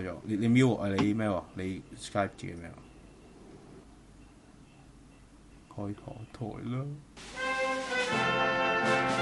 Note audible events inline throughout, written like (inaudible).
咗，你你瞄啊！你咩話、啊？你 skype 自己、啊、咩話？開台台啦～ (music)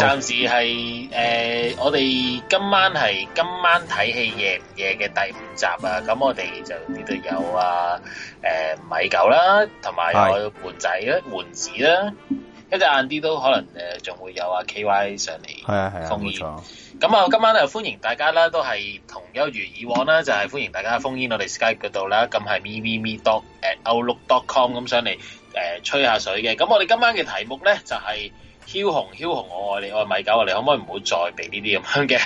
暫時係誒，我哋今晚係今晚睇戲夜唔夜嘅第五集啊！咁我哋就呢度有啊誒米狗啦，同埋我換仔啦、換子啦，一陣晏啲都可能誒仲會有啊 K Y 上嚟，係啊係啊，冇錯。咁啊，今晚咧歡迎大家啦，都係同一如以往啦，就係歡迎大家封煙我哋 skype 嗰度啦，咁係咪咪咪 dog atoutlookdot com 咁上嚟誒吹下水嘅。咁我哋今晚嘅題目咧就係梟雄梟雄我。我你我米九，哎、你可唔可以唔好再俾呢啲咁樣嘅，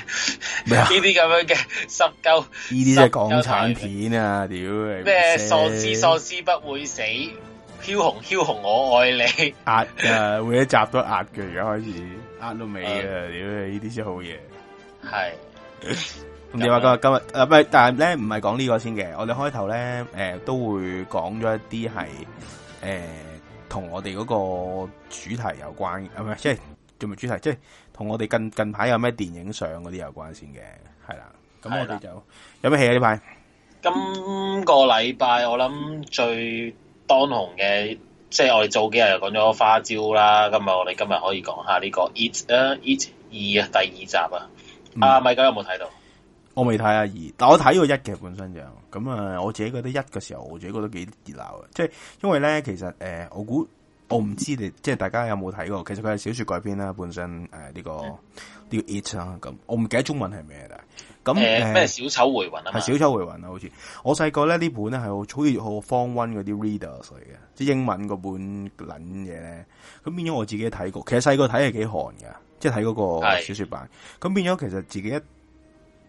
呢啲咁樣嘅濕鳩？呢啲真係港產片啊！屌，咩喪屍喪屍不會死，梟雄梟雄我愛你，壓嘅每一集都壓嘅、嗯，而家開始壓到尾啊，屌，呃、呢啲先好嘢。係，咁你話今日今日誒，唔係，但係咧唔係講呢個先嘅，我哋開頭咧誒都會講咗一啲係誒同我哋嗰個主題有關，唔係即係。即係主題，即係同我哋近近排有咩電影上嗰啲有關先嘅，係啦。咁我哋就有咩戲啊？呢排今個禮拜我諗最當紅嘅，即係我哋早幾日又講咗花招啦。咁啊，我哋今日可以講下呢個《It》啊，《It》二啊，第二集啊、嗯。啊，米狗有冇睇到？我未睇啊二，但我睇過一嘅本身就咁啊。我自己覺得一嘅時候，我自己覺得幾熱鬧嘅，即係因為咧，其實誒、呃，我估。我唔知你即係大家有冇睇過？其實佢係小說改編啦，本身誒呢、呃這個呢、嗯這個 it 啊咁，我唔記得中文係咩啦。咁咩、呃呃、小丑回魂啊？係小丑回魂啊，好似、嗯、我細個咧呢本咧係好超越好方 one 嗰啲 readers 嚟嘅，即係英文嗰本撚嘢咧。咁變咗我自己睇過，其實細個睇係幾寒㗎，即係睇嗰個小說版。咁、嗯、變咗其實自己一。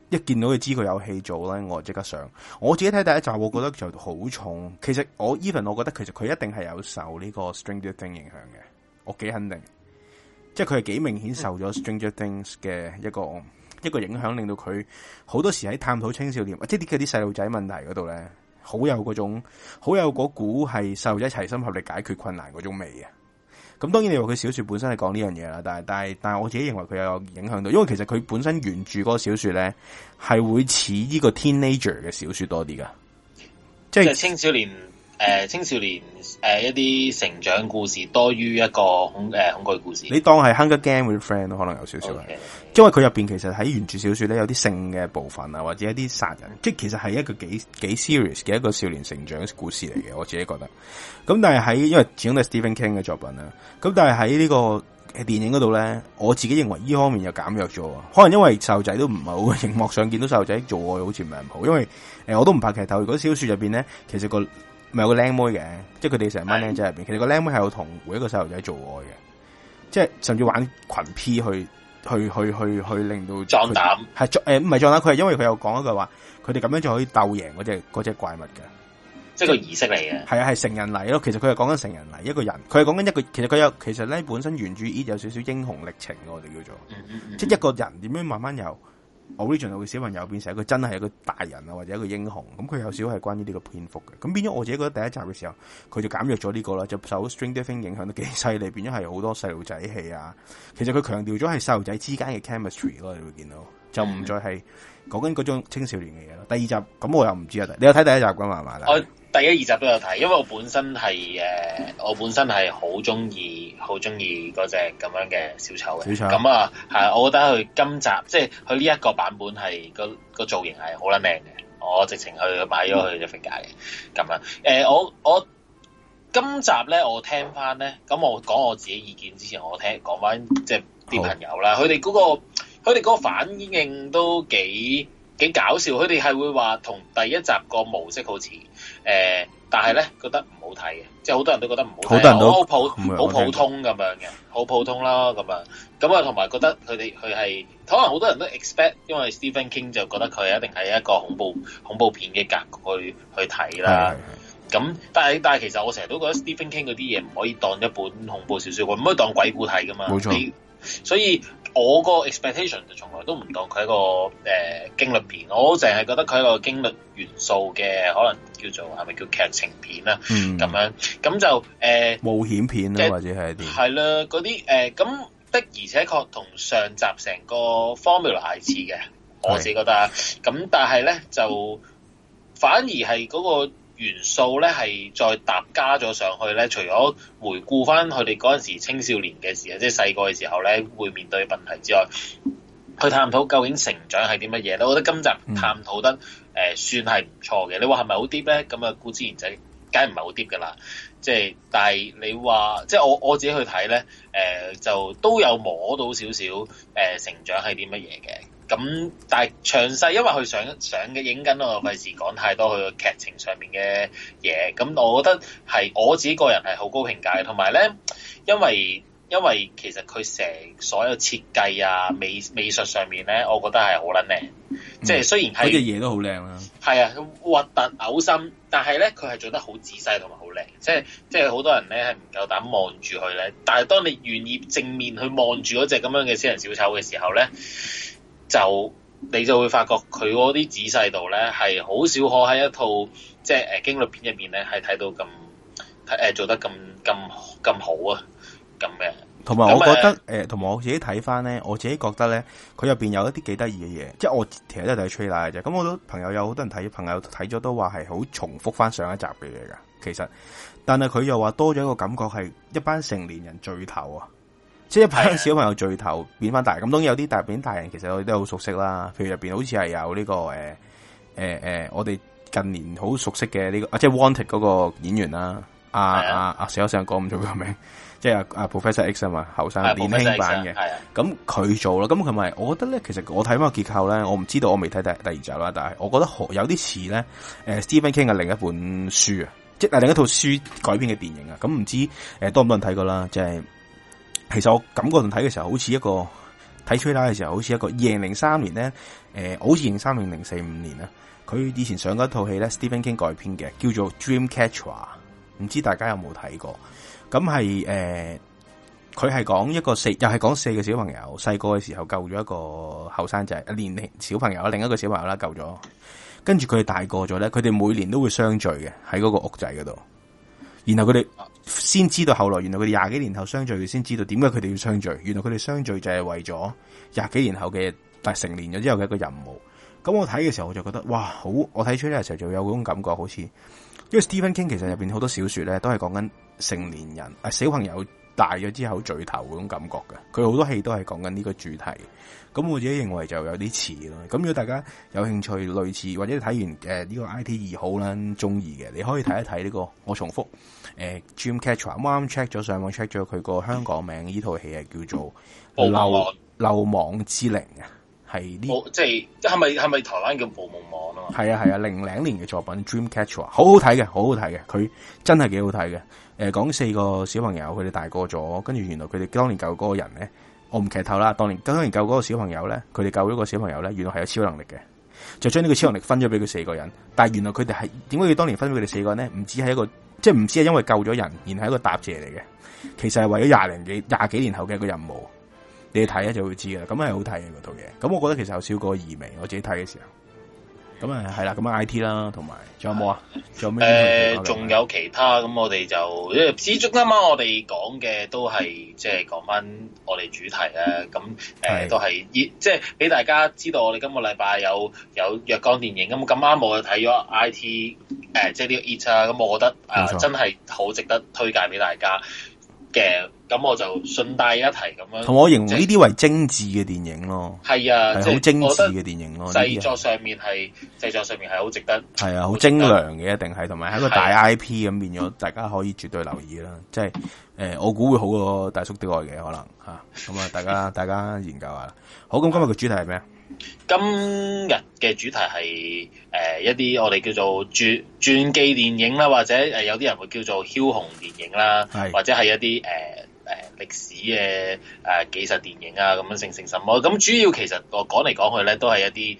一見到佢知佢有戲做咧，我即刻上我自己睇第一集，我覺得就好重。其實我 even 我覺得其實佢一定係有受呢個《Stranger Things》影響嘅，我幾肯定，即係佢係幾明顯受咗《Stranger Things》嘅一個一個影響，令到佢好多時喺探討青少年，即係啲啲細路仔問題嗰度咧，好有嗰種好有嗰股係細路仔一齊心合力解決困難嗰種味啊！咁當然你話佢小説本身係講呢樣嘢啦，但係但係但係我自己認為佢有影響到，因為其實佢本身原著嗰個小説咧係會似呢個 Teenager 嘅小説多啲噶，即係青少年。誒，青少年誒、呃、一啲成長故事多於一個恐誒、呃、恐懼故事。你當係《Hunger Game with Friend》咯，可能有少少係。Okay. 因為佢入邊其實喺原著小說咧有啲性嘅部分啊，或者一啲殺人，即係其實係一個幾幾 serious 嘅一個少年成長故事嚟嘅。 (laughs) 我自己覺得。咁但係喺因為始終都係 Stephen King 嘅作品啦，咁但係喺呢個電影嗰度咧，我自己認為呢方面又減弱咗。可能因為細路仔都唔係好熒幕上見到細路仔做愛好似唔係唔好，因為誒、呃、我都唔怕劇透，如果小說入邊咧，其實個。咪有個靚妹嘅，即係佢哋成班靚仔入邊，其實個靚妹係有同每一個細路仔做愛嘅，即係甚至玩群 P 去去去去去令到壯膽，係誒唔係壯膽，佢係、呃、因為佢有講一句話，佢哋咁樣就可以鬥贏嗰隻嗰隻怪物嘅，即係個儀式嚟嘅，係啊係成人禮咯，其實佢係講緊成人禮，一個人，佢係講緊一個，其實佢有其實咧本身原著有少少英雄歷程嘅，我哋叫做，嗯嗯嗯嗯即係一個人點樣慢慢由。Original 嘅小朋友變成一個真係一個大人啊，或者一個英雄。咁佢有少少係關於呢個蝙蝠嘅。咁變咗我自己覺得第一集嘅時候，佢就減弱咗呢個啦，就受 String Differing 影響得幾犀利。變咗係好多細路仔戲啊。其實佢強調咗係細路仔之間嘅 chemistry 咯，你會見到，就唔再係講緊嗰種青少年嘅嘢咯。第二集咁我又唔知啊，你有睇第一集嘅嘛嘛啦？第一二集都有睇，因為我本身係誒、呃，我本身係好中意、好中意嗰隻咁樣嘅小丑嘅。咁啊，係、啊，我覺得佢今集即係佢呢一個版本係個、嗰個造型係好撚靚嘅。我直情去買咗佢隻 figure 嘅咁啊。誒、嗯呃，我我今集咧，我聽翻咧，咁我講我自己意見之前，我聽講翻即係啲朋友啦，佢哋嗰個佢哋嗰個反應都幾幾搞笑，佢哋係會話同第一集個模式好似。誒、呃，但係咧，覺得唔好睇嘅，即係好多人都覺得唔好睇，好多人都好普好普通咁樣嘅，好普通啦咁啊，咁啊，同埋覺得佢哋佢係，可能好多人都 expect，因為 Stephen King 就覺得佢一定係一個恐怖恐怖片嘅格局去去睇啦。咁但係但係，其實我成日都覺得 Stephen King 嗰啲嘢唔可以當一本恐怖小說，佢唔可以當鬼故睇噶嘛。冇錯，所以，所以。我個 expectation 就從來都唔當佢係一個誒驚慄片，我淨係覺得佢係一個驚慄元素嘅，可能叫做係咪叫劇情片啦、啊，咁、嗯、樣咁就誒、呃、冒險片啦、啊，或者係啲係啦嗰啲誒咁的，呃、的而且確同上集成個 formula 係似嘅，我自己覺得，咁但係咧就反而係嗰個。元素咧係再搭加咗上去咧，除咗回顧翻佢哋嗰陣時青少年嘅時，時候，即係細個嘅時候咧，會面對問題之外，去探討究竟成長係啲乜嘢咧？我覺得今集探討得、呃、算係唔錯嘅。你話係咪好啲 e 咧？咁、那、啊、個，顧之前仔梗唔係好啲 e 噶啦。即係但係你話，即係我我自己去睇咧、呃，就都有摸到少少、呃、成長係啲乜嘢嘅。咁但係詳細，因為佢上上嘅影緊，我費事講太多佢嘅劇情上面嘅嘢。咁我覺得係我自己個人係好高評價嘅，同埋咧，因為因為其實佢成所有設計啊美美術上面咧，我覺得係好撚靚。即係雖然係嘅嘢都好靚係係啊，核突嘔心，但係咧佢係做得好仔細同埋好靚。即係即係好多人咧係唔夠膽望住佢咧，但係當你願意正面去望住嗰隻咁樣嘅小人小丑嘅時候咧。就你就會發覺佢嗰啲仔細度咧，係好少可喺一套即係，就是呃、驚慄片入面咧，係睇到咁，呃、做得咁咁咁好啊咁嘅。同埋我覺得同埋，呃呃、我自己睇翻咧，我自己覺得咧，佢入面有一啲幾得意嘅嘢，即係我其實都睇 trailer 嘅啫，咁我都朋友有好多人睇，朋友睇咗都話係好重複翻上一集嘅嘢噶，其實。但係佢又話多咗一個感覺係一班成年人聚頭啊，即係小朋友聚頭變翻大人，咁當然有啲大變大人，其實我哋都好熟悉啦。譬如入邊好似係有呢個誒誒誒，我哋近年好熟悉嘅呢個，即係 Wanted 嗰個演員啦。阿阿阿，上一上講唔出個名，即係阿 Professor X 啊嘛，後生年輕版嘅。咁佢做啦，咁佢咪？我覺得咧，其實我睇翻個結構咧，我唔知道我未睇第第二集啦。但係我覺得有啲似咧，誒、呃、Stephen King 嘅另一本書啊，即係另一套書改編嘅電影啊。咁唔知誒、呃、多唔多人睇過啦？即係。其實我感覺同睇嘅時候，好似一個睇吹拉嘅時候，好似一個二零零三年咧，誒、呃，好似二零零零四五年啦。佢以前上嗰套戲咧，Stephen King 改編嘅，叫做《Dreamcatcher》，唔知大家有冇睇過？咁係誒，佢係講一個四，又係講四個小朋友細個嘅時候救咗一個後生仔，一年輕小朋友另一個小朋友啦救咗，跟住佢大個咗咧，佢哋每年都會相聚嘅喺嗰個屋仔嗰度，然後佢哋。先知道後來，原來佢哋廿幾年後相聚，佢先知道點解佢哋要相聚。原來佢哋相聚就係為咗廿幾年後嘅，但係成年咗之後嘅一個任務。咁我睇嘅時候，我就覺得哇，好！我睇出嚟嘅時候就有嗰種感覺，好似因為 Stephen King 其實入邊好多小說咧都係講緊成年人啊小朋友大咗之後聚頭嗰種感覺嘅。佢好多戲都係講緊呢個主題。咁我自己認為就有啲似咯。咁如果大家有興趣類似或者睇完誒呢個 I T 二好啦，中意嘅，你可以睇一睇呢個。我重複。誒，Dream Catcher，啱啱 check 咗，上網 check 咗佢個香港名，呢套戲係叫做《漏漏網之靈》，即是是是是台網啊，係呢即係係咪係咪台灣叫《捕夢網》啊？係啊係啊，零零年嘅作品《Dream Catcher》好，好好睇嘅，好好睇嘅，佢真係幾好睇嘅。誒，講四個小朋友，佢哋大個咗，跟住原來佢哋當年救嗰個人咧，我唔劇透啦。當年當年救嗰個小朋友咧，佢哋救咗個小朋友咧，原來係有超能力嘅，就將呢個超能力分咗俾佢四個人。但係原來佢哋係點解要當年分俾佢哋四個人咧？唔止係一個。即係唔知係因為救咗人，然係一個答謝嚟嘅，其實係為咗廿零幾廿幾年後嘅一個任務，你哋睇咧就會知噶啦，咁係好睇嘅嗰套嘢，咁、那個、我覺得其實有少過意味，我自己睇嘅時候。咁、嗯、啊，係、嗯、啦，咁 I T 啦，同埋仲有冇啊？仲、嗯、有咩？誒、呃，仲有其他咁，我哋就，因為始終啱啱我哋講嘅都係，即係講翻我哋主題啊。咁誒，呃、都係，即係俾大家知道，我哋今個禮拜有有若干電影咁，咁啱冇去睇咗 I T，誒，即係呢個 IT 啊。咁我覺得誒、啊，真係好值得推介俾大家。嘅，咁我就順帶一提咁樣。同我形容呢啲為精緻嘅電影咯，係啊，好精緻嘅電影咯製，製作上面係，製作上面係好值得，係啊，好精良嘅一定係，同埋喺個大 IP 咁變咗，大家可以絕對留意啦。即係、呃、我估會好過大叔對外嘅可能嚇。咁啊，大家 (laughs) 大家研究下。好，咁今日嘅主題係咩啊？今日嘅主題係誒、呃、一啲我哋叫做傳傳記電影啦，或者誒有啲人會叫做梟雄電影啦，或者係一啲誒誒歷史嘅誒紀實電影啊，咁樣成成什麼，咁主要其實我講嚟講去咧，都係一啲誒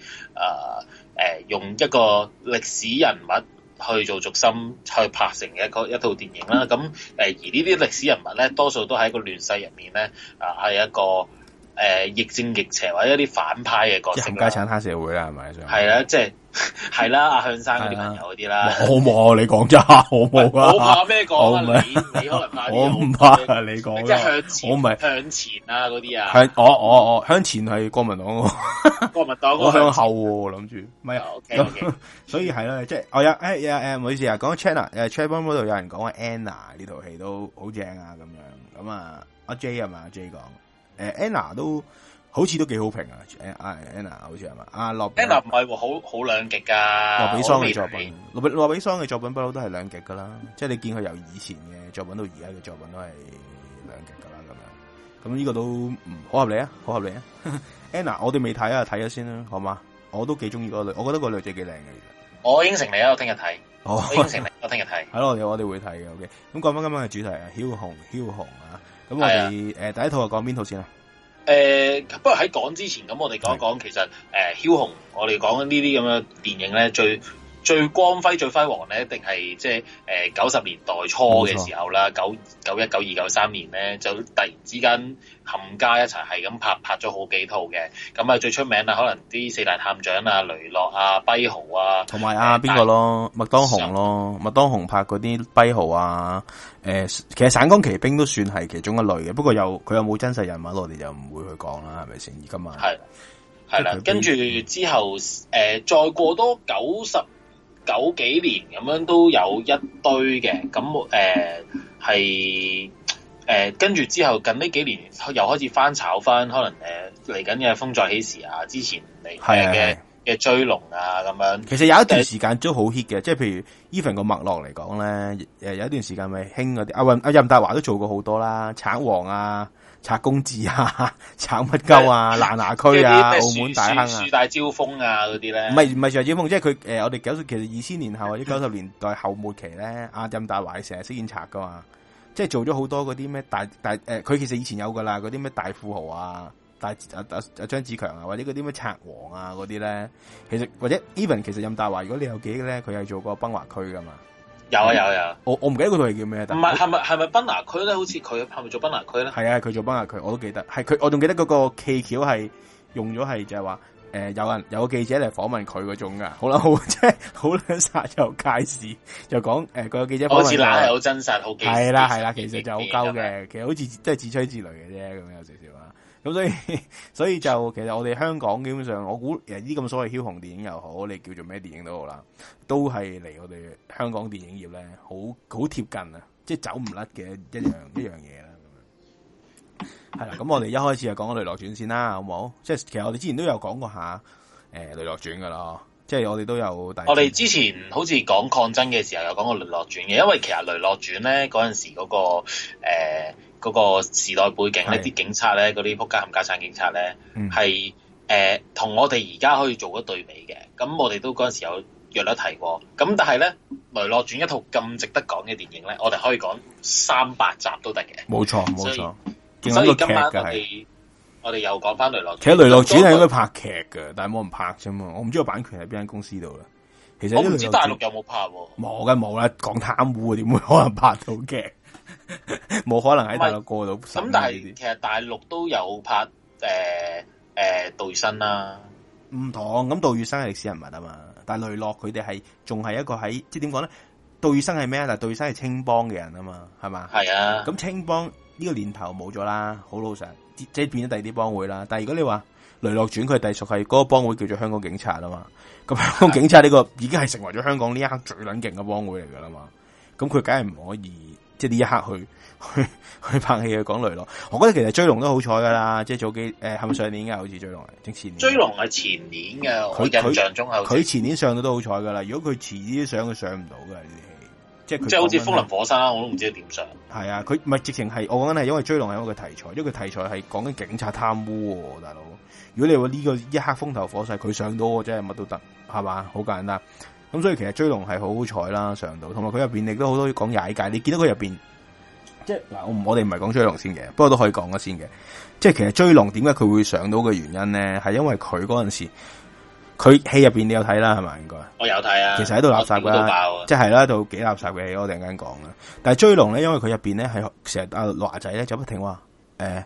誒用一個歷史人物去做軸心去拍成嘅一個一套電影啦。咁誒而呢啲歷史人物咧，多數都喺個亂世入面咧，啊係一個。誒、呃，亦正亦邪或者一啲反派嘅角色啦，產黑社會啦，係咪？係、 (laughs) 啊即係啊、啦，即係係啦，阿向生嗰啲朋友嗰啲啦，好冇你講真好我冇啊我怕咩講啊？你我唔怕你講，即係向前，我唔係向前啊！嗰啲啊，向我我我向前係國民黨， (laughs) 國民黨、啊 (laughs) 啊，我向後諗住，，OK。 (laughs) okay. (laughs) 所以係啦即係我有誒誒唔好意思啊，講 channel channel 嗰度有人講 Anna 呢套戲都好正啊，咁樣咁啊，阿 J 係嘛？J 講。啊 Jay 啊 Jay 啊啊啊 Jay 啊誒、uh,，Anna 都好似都幾好評啊！Anna 好似係嘛？阿羅 Anna 唔係喎，好好兩極噶。羅比桑嘅作品，羅羅比桑嘅作品不嬲都係兩極噶啦，即係你見佢由以前嘅作品到而家嘅作品都係兩極噶啦咁樣。咁呢個都唔好合理啊，好合理啊 (laughs) ！Anna，我哋未睇，啊，睇咗先啦，好嘛？我都幾中意嗰個女，我覺得個女仔幾靚嘅。我應承你啊，我聽日睇。我應承你，我聽日睇。係、oh, 咯， (laughs) 我哋、 (laughs) (laughs) yeah, 會睇嘅。OK，咁講翻今晚嘅主題啊，梟雄，梟雄啊！咁我哋誒、啊呃、第一套就講邊套先啊？誒、呃，不過喺講之前，咁我哋講一講，其實誒，梟、呃、雄，我哋講緊呢啲咁樣電影咧最。最光輝最輝煌咧，一定係即係誒九十年代初嘅時候啦，九九一、九二、九三年咧，就突然之間冚家一齊係咁拍拍咗好幾套嘅。咁、嗯、啊最出名啦，可能啲四大探長啊，雷洛啊、跛豪啊，同埋啊邊個、呃、咯，咯？麥當雄咯，麥當雄拍嗰啲跛豪啊。呃、其實《省港旗兵》都算係其中一類嘅，不過又佢有冇真實人物，我哋就唔會去講啦，係咪先？而家嘛，係係啦。跟住之後、呃、再過多九十。九幾年咁樣都有一堆嘅。咁誒係誒跟住之後近呢幾年又開始翻炒返，可能誒嚟緊嘅風再起時啊，之前嚟嘅嘅追龍啊咁樣。其實有一段時間都好 hit 嘅，即係譬如 Even 個脈絡嚟講咧，誒有一段時間咪興嗰啲阿阿任達華都做過好多啦，橙王啊。拆公字啊，炒乜鳩啊，難拿區啊， (laughs) 澳門大坑啊，樹大招風啊嗰啲咧，唔係唔係樹大招風，即係佢誒，我哋九十其實二千年後或者九十年代後末期咧，阿任大華成日飾演賊噶嘛，即係做咗好多嗰啲咩大大誒，佢、呃、其實以前有噶啦，嗰啲咩大富豪啊，大阿阿阿張子強啊，或者嗰啲咩賊王啊嗰啲咧，其實或者 even 其實任大華如果你有記憶咧，佢係做過崩華區噶嘛。有啊、嗯、有啊有啊！我我唔記得嗰套戲叫咩，唔係係咪係咪崩牙駒咧？好似佢係咪做崩牙駒咧？係啊，佢做崩牙駒，我都記得。係佢，我仲記得嗰個技巧係用咗係就係話誒，有人有個記者嚟訪問佢嗰種噶。好啦，好即係好煞有介事，就講誒，呃、個記者好似係好真實，好係啦係啦，其實就好鳩嘅，其實好似即係自吹自擂嘅啫，咁有少少啊。咁所以，所以就其實我哋香港基本上，我估誒呢咁所謂梟雄電影又好，你叫做咩電影都好啦，都係嚟我哋香港電影業咧，好好貼近啊，即係走唔甩嘅一樣一樣嘢啦。咁樣係啦，咁我哋一開始就講《雷洛傳》先啦，好唔好？即係其實我哋之前都有講過下誒、呃《雷洛傳》噶喇，即係我哋都有第一。我哋之前好似講抗爭嘅時候，有講過《雷洛傳》嘅，因為其實《雷洛傳》咧嗰陣時嗰個誒。呃嗰、那個時代背景呢，啲警察咧，嗰啲仆街冚家鏟警察咧，係誒同我哋而家可以做咗對比嘅。咁我哋都嗰陣時有約咗提過。咁但係咧，《雷洛傳》一套咁值得講嘅電影咧，我哋可以講三百集都得嘅。冇錯，冇錯。所以今晚我哋我哋又講翻《雷洛》，其實《雷洛傳》係應該拍劇嘅，但係冇人拍啫嘛。我唔知個版權喺邊間公司度啦。其實我唔知大陸有冇拍？冇嘅，冇啦，講貪污點會可能拍到劇？冇 (laughs) 可能喺大陸過到，咁但係其實大陸都有拍誒、誒杜月笙啦，唔同咁杜月笙係歷史人物啊嘛，但係雷洛佢哋係仲係一個喺即係點講咧？杜月笙係咩？但係杜月笙係青幫嘅人啊嘛，係嘛？係啊，咁青幫呢個年頭冇咗啦，好老實，即係變咗第二啲幫會啦。但係如果你話雷洛轉佢哋，屬係嗰個幫會，叫做香港警察啊嘛，咁香港警察呢個已經係成為咗香港呢一刻最冷勁嘅幫會嚟噶啦嘛，咁佢梗係唔可以。即係呢一刻去去去拍戲去講雷咯，我覺得其實追龍都好彩噶啦，即係早幾誒係咪上年噶，好似追龍前追龍係前年嘅，佢印象中係佢前年上嘅，都好彩噶啦，如果佢遲啲上佢上唔到嘅，呢啲戲，即係即係好似風林火山我都唔知點上，係啊，佢唔係直情係我講緊係因為追龍係一個題材，因為佢題材係講緊警察貪污、哦、大佬，如果你話呢個一刻風頭火勢佢上到，我真係乜都得，係嘛，好簡單。咁、嗯、所以其實追龍係好好彩啦，上到同埋佢入邊亦都好多講踩界。你見到佢入邊即係嗱，我不我哋唔係講追龍先嘅，不過都可以講一先嘅。即係其實追龍點解佢會上到嘅原因咧，係因為佢嗰陣時佢戲入邊你有睇啦，係咪？應該我有睇啊。其實喺度垃圾噶，即係啦，度、就、幾、是、垃圾嘅戲我突然間講啦。但係追龍咧，因為佢入邊咧係成日阿華仔咧就不停話誒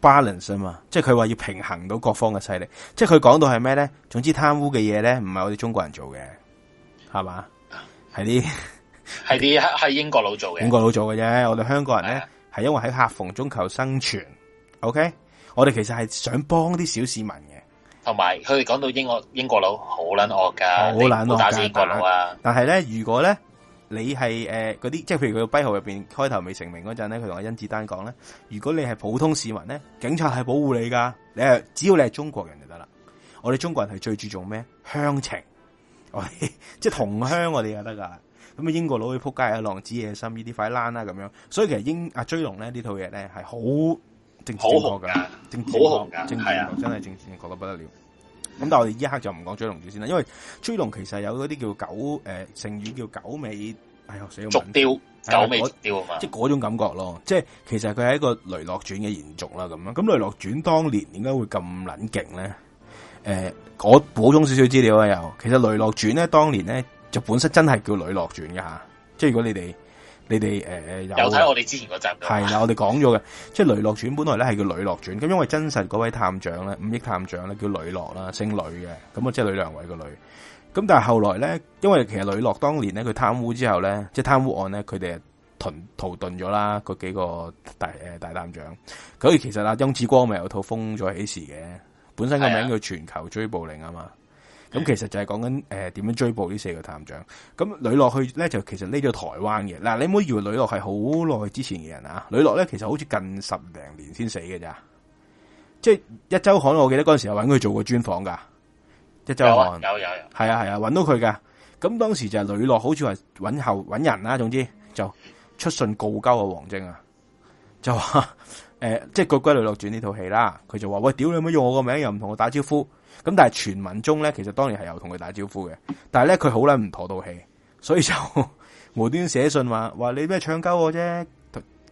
balance 啊嘛，即係佢話要平衡到各方嘅勢力。即係佢講到係咩咧？總之貪污嘅嘢，咧唔係我哋中國人做嘅。係嘛？係啲係啲係英國佬做嘅，英國佬做嘅啫。我哋香港人咧，係因為喺客逢中求生存。OK，我哋其實係想幫啲小市民嘅，同埋佢哋講到英國英國佬好撚惡噶，好撚惡打死英國佬啊！但係咧，如果咧你係誒嗰啲，即係譬如佢個跛豪入邊開頭未成名嗰陣咧，佢同阿甄子丹講咧，如果你係普通市民咧，警察係保護你噶，你係只要你係中國人就得啦。我哋中國人係最注重咩鄉情。 (laughs) 即係同鄉，我哋又得噶。咁啊，英國佬去扑街啊，狼子野心呢啲，快爛啦咁樣。所以其實英啊追龍咧呢套嘢咧係好正正我噶，正正係啊，真係正 (laughs) 正確確不得了。咁但係我哋依刻就唔講追龍住先啦，因為追龍其實有嗰啲叫狗誒成語叫狗尾，哎死咗，貂，狗尾續貂即係嗰種感覺咯。即係其實佢係一個雷洛傳嘅延續啦。咁啊，咁雷洛傳當年點解會咁撚勁咧？誒、呃，我補充少少資料啊，又其實《雷洛傳》咧，當年咧就本身真係叫《呂樂傳》嘅吓，即係如果你哋你哋誒誒有睇我哋之前嗰集的，係啦，我哋講咗嘅，即係《雷洛傳》本來咧係叫《呂樂傳》，咁因為真實嗰位探長咧，五億探長咧叫呂樂啦，姓呂嘅，咁啊即係呂良偉個呂，咁但係後來咧，因為其實呂樂當年咧佢貪污之後咧，即係貪污案咧，佢哋屯逃遁咗啦，嗰幾個大誒、呃、大探長，咁而其實阿張志光咪有套封咗喜事嘅。本身個名叫全球追捕令啊嘛，咁、嗯嗯、其實就係講緊誒點樣追捕呢四個探長，咁雷洛去咧就其實匿咗台灣嘅，嗱你唔好以為雷洛係好耐之前嘅人啊，雷洛咧其實好似近十零年先死嘅咋，即係一周刊，我記得嗰陣時我搵佢做過專訪噶，一周刊，有有有，係啊係啊搵到佢噶，咁當時就雷洛好似話搵後搵人啦、啊，總之就出信告交個王晶啊，就話。誒、呃，即係《鬼鬼女落傳》呢套戲啦，佢就話喂，屌你媽，用我個名又唔同我打招呼，咁但係傳聞中咧，其實當年係有同佢打招呼嘅，但係咧佢好撚唔妥到戲，所以就無端寫信話，話你咩搶鳩我啫，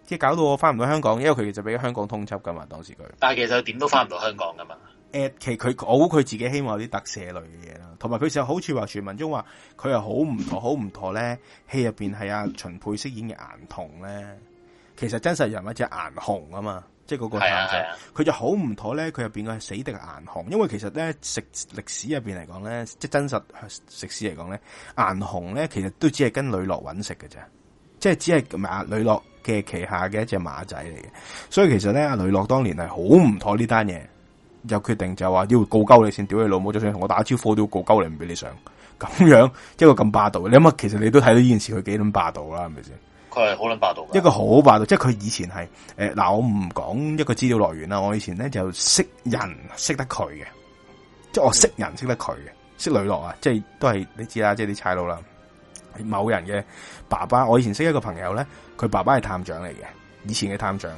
即係搞到我翻唔到香港，因為佢就俾香港通緝噶嘛，當時佢。但係其實點都翻唔到香港噶嘛？誒、呃，其實佢我估佢自己希望有啲特赦類嘅嘢啦，同埋佢就好似話傳聞中話，佢又好唔妥，好唔妥咧，戲入邊係阿秦沛飾演嘅顏童咧。其實真實人物只顏紅啊嘛，即係嗰個探仔，佢就好唔妥咧。佢入邊個死定敵顏紅，因為其實咧食歷史入邊嚟講咧，即係真實食屎嚟講咧，顏紅咧其實都只係跟雷洛搵食嘅啫，即係只係馬雷洛嘅旗下嘅一隻馬仔嚟嘅。所以其實咧，阿雷洛當年係好唔妥呢單嘢，又決定就話要告鳩你先，屌你老母，就算同我打招呼都要告鳩你，唔俾你上。咁樣一個咁霸道，你諗下，其實你都睇到呢件事佢幾咁霸道啦，係咪先？佢係好捻，霸道，就是呃、一個好霸道，即係佢以前係誒，嗱我唔講一個資料來源啦。我以前咧就識人，識得佢嘅，即、就、係、是、我識人識得佢嘅，識雷洛啊，即係都係你知啦，即係啲差佬啦，某人嘅爸爸。我以前識一個朋友咧，佢爸爸係探長嚟嘅，以前嘅探長，誒、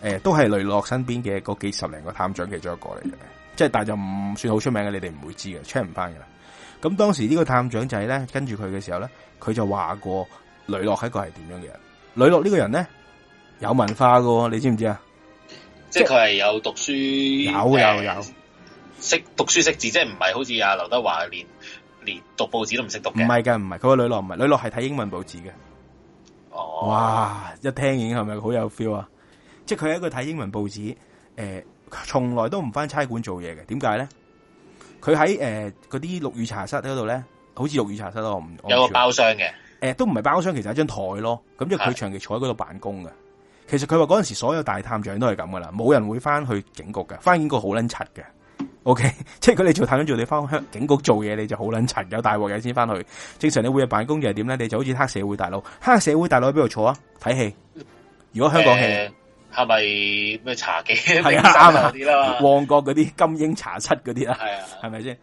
呃、都係雷洛身邊嘅嗰幾十零個探長其中一個嚟嘅，即、就、係、是、但係就唔算好出名嘅，你哋唔會知嘅，check 唔翻嘅。咁當時呢個探長仔咧跟住佢嘅時候咧，佢就話過。呂樂喺個係點樣嘅人？呂樂呢個人咧有文化嘅，你知唔知啊？即係佢係有讀書，有的、呃、有有識讀書識,識,識,識,識字，即係唔係好似阿劉德華連連讀報紙都唔識讀嘅。唔係嘅，唔係佢個呂樂唔係呂樂係睇英文報紙嘅。哦，哇！一聽已經係咪好有 feel 啊？即係佢係一個睇英文報紙，誒、呃，從來都唔返差館做嘢嘅。點解咧？佢喺誒嗰啲陸羽茶室嗰度咧，好似陸羽茶室咯，唔有個包廂嘅。誒，都唔係包廂，其實係張台咯。咁即係佢長期坐喺嗰度辦公嘅。其實佢話嗰陣時所有大探長都係咁噶啦，冇人會翻去警局嘅，翻警局好撚柒嘅。O K，即係佢哋做探長做你翻香警局做嘢，你就好撚柒。有大鑊嘢先翻去。正常你會有辦公又係點咧？你就好似黑社會大佬，黑社會大佬喺邊度坐啊？睇戲？如果香港戲係咪咩茶几、零三啲啦？旺角嗰啲金鷹茶室嗰啲啊？係啊，係咪先？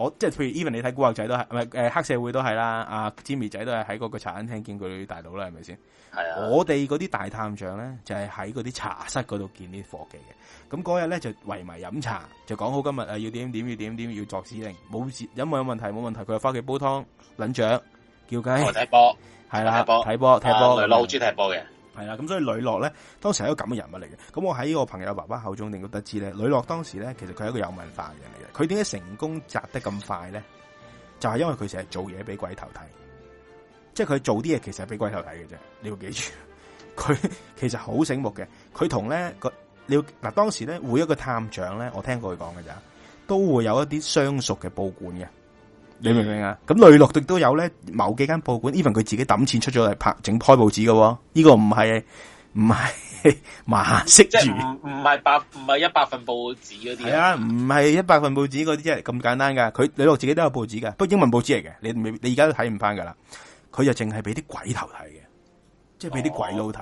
我即係譬如 even 你睇古惑仔都係，唔係誒黑社會都係啦。阿、啊、Jimmy 仔都係喺嗰個茶餐廳見佢大佬啦，係咪先？係啊。我哋嗰啲大探長咧就係喺嗰啲茶室嗰度見啲伙計嘅。咁嗰日咧就圍埋飲茶，就講好今日啊要點點要點點要，要作指令，冇事飲有冇問題冇問題。佢又翻屋企煲湯攆獎，叫雞睇波，係啦睇波睇波睇波，我好中意睇波嘅。係啦，咁所以雷洛咧，當時係一個咁嘅人物嚟嘅。咁我喺我朋友爸爸口中，令到得知咧，雷洛當時咧，其實佢係一個有文化嘅人嚟嘅。佢點解成功摘得咁快咧？就係、是、因為佢成日做嘢俾鬼頭睇，即係佢做啲嘢其實係俾鬼頭睇嘅啫。你要記住，佢其實好醒目嘅。佢同咧個，你要嗱，當時咧每一個探長咧，我聽過佢講嘅咋，都會有一啲相熟嘅報館嘅。你明唔明啊？咁雷洛都都有咧，某幾間報館，even 佢自己抌錢出咗嚟拍整開報紙嘅，呢、這個唔係唔係馬識住，即係唔唔係百唔係一百份報紙嗰啲，係啊，唔係一百份報紙嗰啲即係咁簡單噶。佢雷洛自己都有報紙噶，不過英文報紙嚟嘅，你你你而家都睇唔翻噶啦。佢就淨係俾啲鬼頭睇嘅，即係俾啲鬼佬睇。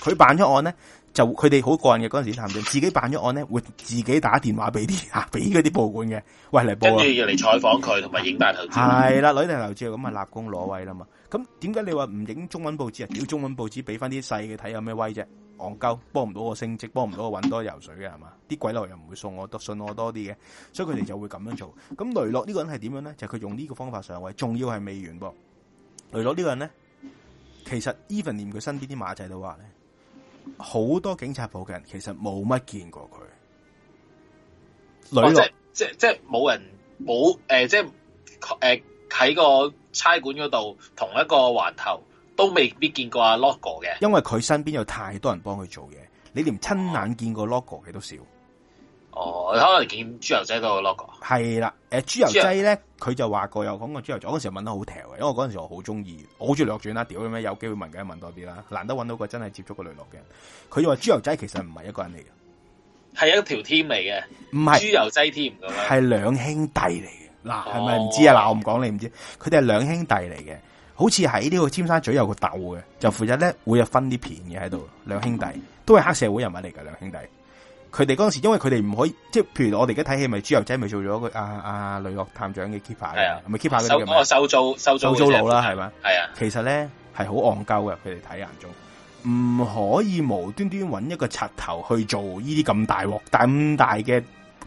佢、哦、辦咗案咧。就佢哋好過癮嘅，嗰陣時探長，自己辦咗案咧，會自己打電話俾啲吓，俾啲報館嘅，喂，嚟報啊！跟住要嚟採訪佢，同埋影大頭。係啦，女定頭子啊，咁啊立功攞位啦嘛。咁點解你話唔影中文報紙啊？屌中文報紙，俾翻啲細嘅睇，有咩威啫？戇鳩，幫唔到我升職，幫唔到我揾多油水嘅係嘛？啲鬼佬又唔會送我多，都信我多啲嘅，所以佢哋就會咁樣做。咁雷洛呢個人係點樣咧？就係佢用呢個方法上位，仲要係未完噃。雷洛呢個人咧，其實 Even 連佢身邊啲馬仔都話咧。好多警察部嘅人其實冇乜見過佢。女即係即係冇人冇誒，即係誒喺個差館嗰度同一個環頭都未必見過阿 logo 嘅。因為佢身邊有太多人幫佢做嘢，你連親眼見過 logo 嘅都少。哦，可能見豬油仔都個 logo。係啦，誒、呃，豬油仔咧，佢就話過有講過豬油仔嗰時候，問得好條嘅，因為我嗰陣時我好中意，我好中意落轉啦屌咁樣，有機會問嘅問多啲啦，難得揾到個真係接觸過雷洛嘅人。佢話豬油仔其實唔係一個人嚟嘅，係一條 team 嚟嘅，唔係豬油仔 team，係兩兄弟嚟嘅。嗱、哦，係咪唔知啊？嗱，我唔講你唔知，佢哋係兩兄弟嚟嘅，好似喺呢個尖沙咀有個斗嘅，就負責咧會有分啲片嘢喺度，兩兄弟都係黑社會人物嚟嘅，兩兄弟。佢哋嗰陣時，因為佢哋唔可以，即係譬如我哋而家睇戲，咪豬油仔咪做咗個啊阿雷洛探長嘅 keeper。係啊，咪 keeper 嗰個收收租收租收租佬啦，係嘛？係啊，其實咧係好戇鳩嘅，佢哋睇眼中，唔可以無端端揾一個柒頭去做呢啲咁大鑊、咁大嘅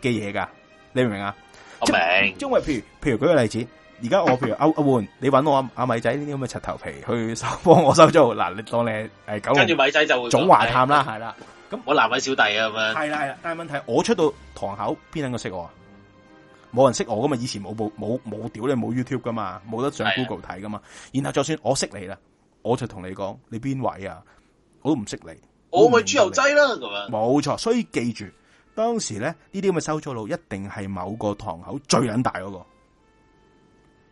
嘅嘢噶，你明唔明啊？我明，因為譬如譬如，譬如舉個例子，而家我譬如歐阿煥，你揾我阿阿啊、米仔呢啲咁嘅柒頭皮去收幫我收租，嗱，你當你係九探探，跟住米仔就會總華探啦，係啦。咁我南位小弟啊嘛，係啦係啦，但係問題我出到堂口，邊兩個識我啊？冇人識我噶嘛，以前冇冇冇冇屌你冇 YouTube 噶嘛，冇得上 Google 睇噶嘛。然後就算我識你啦，我就同你講你邊位啊？我都唔識你，我咪豬油渣啦咁啊！冇錯，所以記住，當時咧呢啲咁嘅收租佬一定係某個堂口最撚大嗰個。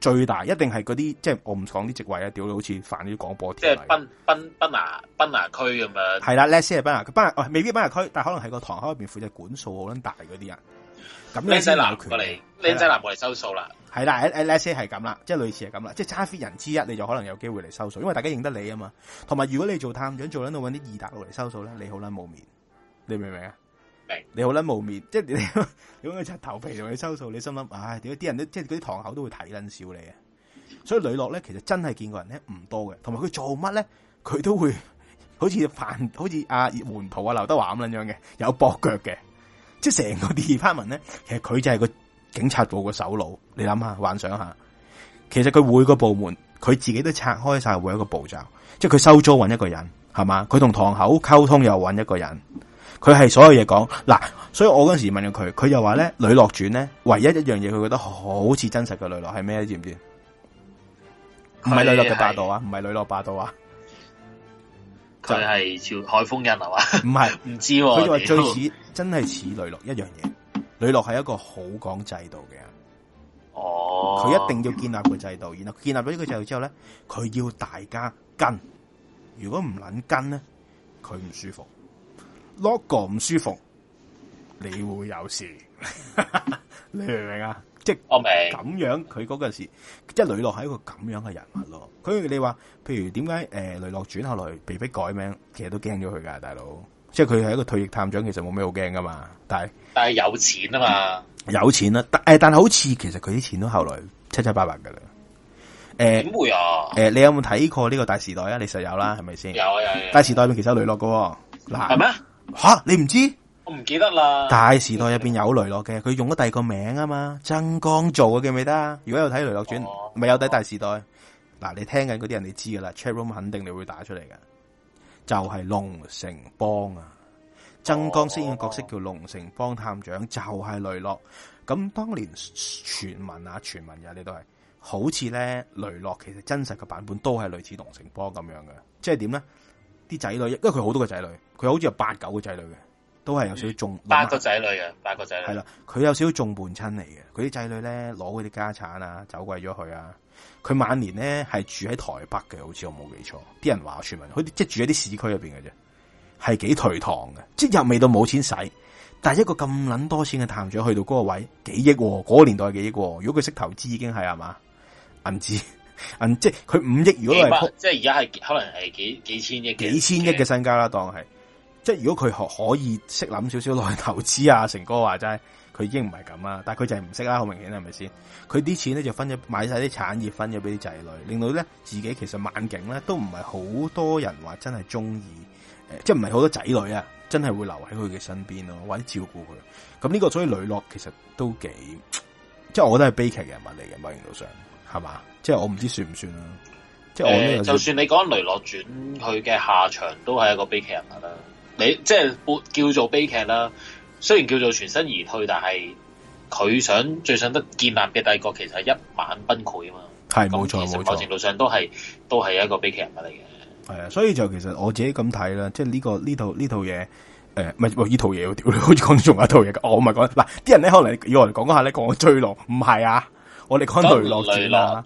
最大一定係嗰啲，即係我唔講啲職位啊，屌到好似煩啲廣播，即係賓賓賓拿賓拿區咁樣。係啦，Leslie 係賓拿區，牙未必賓拿區，但可能係個堂口入邊負責管數好撚大嗰啲人。咁 Leslie 拿過，嚟，Leslie 拿過嚟收數啦。係啦，Les Leslie 係咁啦，即係類似係咁啦，即係差 fit 人之一，你就可能有機會嚟收數，因為大家認得你啊嘛。同埋如果你做探長做緊到，喺度搵啲二打六嚟收數咧，你好撚冇面，你明唔明啊？你好撚冇面，即係你咁樣擦頭皮同你收數，你心諗，唉、哎，點解啲人都即係嗰啲堂口都會睇撚小你啊？所以雷洛咧，其實真係見過人咧唔多嘅，同埋佢做乜咧，佢都會好似犯，好似阿、啊、門徒啊劉德華咁樣樣嘅，有駁腳嘅，即係成個 department 咧，其實佢就係個警察部個首腦，你諗下，幻想下，其實佢每個部門，佢自己都拆開晒每一個步驟，即係佢收租搵一個人係嘛，佢同堂口溝通又搵一個人。佢係所有嘢講嗱，所以我嗰陣時問咗佢，佢又話咧《雷洛傳》咧，唯一一樣嘢佢覺得好似真實嘅雷洛係咩？你知唔知？唔係雷洛嘅霸道啊，唔係雷洛霸道啊。佢係朝海風人係、啊、嘛？唔係唔知佢哋話最似真係似雷洛一樣嘢。雷洛係一個好講制度嘅人，哦，佢一定要建立個制度，然後建立咗呢個制度之後咧，佢要大家跟，如果唔捻跟咧，佢唔舒服。logo 唔舒服，你會有事， (laughs) 你明唔明啊？即係我明咁樣，佢嗰陣時，即係雷洛係一個咁樣嘅人物咯。佢你話，譬如點解誒雷洛傳後來被逼改名，其實都驚咗佢噶，大佬。即係佢係一個退役探長，其實冇咩好驚噶嘛。但係但係有錢啊嘛，有錢啦。但係但係好似其實佢啲錢都後來七七八八噶啦。誒、呃、點會啊？誒、呃、你有冇睇過呢個大時代啊？你實有啦，係咪先？有有，有大時代其實有雷洛噶嗱係咩？吓，你唔知？我唔記得啦。大時代入邊有雷洛嘅，佢用咗第二個名啊嘛。曾江做嘅，記得？如果有睇雷洛傳，咪、哦、有睇大時代。嗱、哦，你聽緊嗰啲人，你知噶啦。Chatroom 肯定你會打出嚟㗎，就係龍城邦啊。哦、曾江飾演嘅角色叫龍城邦探長，哦、就係、是、雷洛。咁、哦、當年傳聞啊，傳聞啊，你都係好似咧，雷洛其實真實嘅版本都係類似龍城邦咁樣嘅。即係點咧？啲仔女，因為佢好多個仔女。佢好似有八九個仔女嘅，都係有少少重八個仔女嘅，八個仔女係啦。佢有少少重伴親嚟嘅，佢啲仔女咧攞佢啲家產啊，走鬼咗去啊。佢晚年咧係住喺台北嘅，好似我冇記錯。啲人話傳聞，佢即係住喺啲市區入邊嘅啫，係幾頹唐嘅，即係又未到冇錢使。但係一個咁撚多錢嘅探長去到嗰個位，幾億、啊？嗰、嗰個年代幾億、啊？如果佢識投資，已經係係嘛銀紙銀？即係佢五億？如果係即係而家係可能係幾幾千億？幾千億嘅身家啦，當係。即係如果佢可可以識諗少少落去投資啊，成哥話齋，佢已經唔係咁啊。但係佢就係唔識啦，好明顯係係咪先？佢啲錢咧就分咗買晒啲產業，分咗俾啲仔女，令到咧自己其實晚景咧都唔係好多人話真係中意，誒、呃，即係唔係好多仔女啊，真係會留喺佢嘅身邊咯、啊，或者照顧佢。咁呢、這個所以雷洛其實都幾，即係我都係悲劇人物嚟嘅，某程度上係嘛？即係我唔知算唔算啊？即係我、呃，就算你講雷洛傳佢嘅下場，都係一個悲劇人物啦。你即係叫做悲劇啦，雖然叫做全身而退，但係佢想最想得建立嘅帝國，其實係一晚崩潰啊嘛。係冇錯冇錯，某程度上都係、嗯、都係一個悲劇人物嚟嘅。係啊，所以就其實我自己咁睇啦，即係、呢、呢個呢、呢個呢個呃、套呢套嘢，誒，唔係依套嘢，好似講仲有一套嘢、哦、我唔係講嗱，啲人咧可能要我嚟講講下咧，講《追龍》。唔係啊，我哋講《雷洛傳》啦，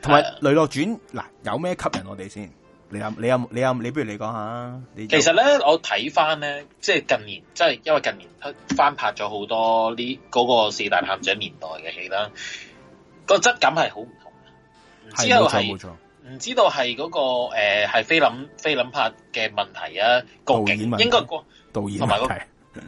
同埋《雷洛傳、啊》，嗱、uh,，有咩吸引我哋先？你有你有你有你，你你你你不如你講下啊！其實咧，我睇翻咧，即係近年，即係因為近年翻拍咗好多呢嗰、嗰個四大探長年代嘅戲啦，個質感係好唔同，唔知道係唔知道係嗰、嗰個誒係、呃、菲林菲林拍嘅問題啊？個景應該個導演同埋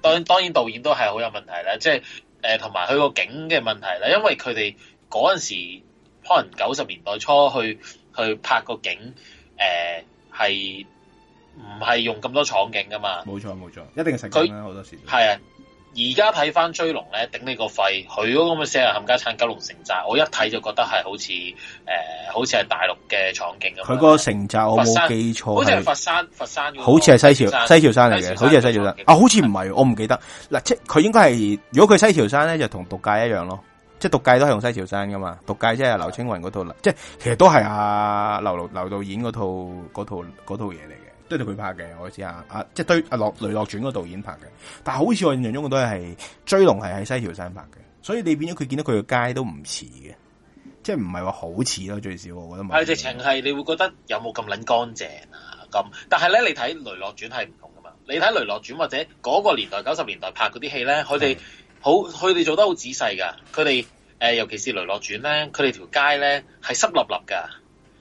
當當然導演都係好有問題啦，即係誒同埋佢個景嘅問題啦。因為佢哋嗰陣時可能九十年代初去去拍個景。誒、呃，係唔係用咁多場景噶嘛沒？冇錯冇錯，一定係城。佢好多時係啊，而家睇翻追龍咧，頂你個肺！佢嗰個咩四人冚家產九龍城寨，我一睇就覺得係好似誒、呃，好似係大陸嘅場景噶。佢嗰個城寨，我冇記錯係佛、佛山，佛山，那個、好似係西樵，西樵山嚟嘅，好似係西樵山、西樵山、西樵山啊，好似唔係，我唔記得嗱，即係佢應該係如果佢西樵山咧，就同毒誡一樣咯。即係毒誡都係用西樵山噶嘛，毒誡即係劉青雲嗰套，嗯、即係其實都係阿劉劉導演嗰套套套嘢嚟嘅，都係佢拍嘅。我知阿阿即係對阿、啊《雷雷洛傳》嗰導演拍嘅，但係好似我印象中都，我都係追龍係喺西樵山拍嘅，所以你變咗佢見到佢個街都唔似嘅，即係唔係話好似咯，最少我覺得係直情係你會覺得有冇咁捻乾淨啊咁，但係咧你睇《雷洛傳》係唔同噶嘛，你睇《雷洛傳》或者嗰個年代九十年代拍嗰啲戲咧，佢哋。好，佢哋做得好仔細噶。佢哋、呃、尤其是《雷洛傳》咧，佢哋條街咧係濕立立噶。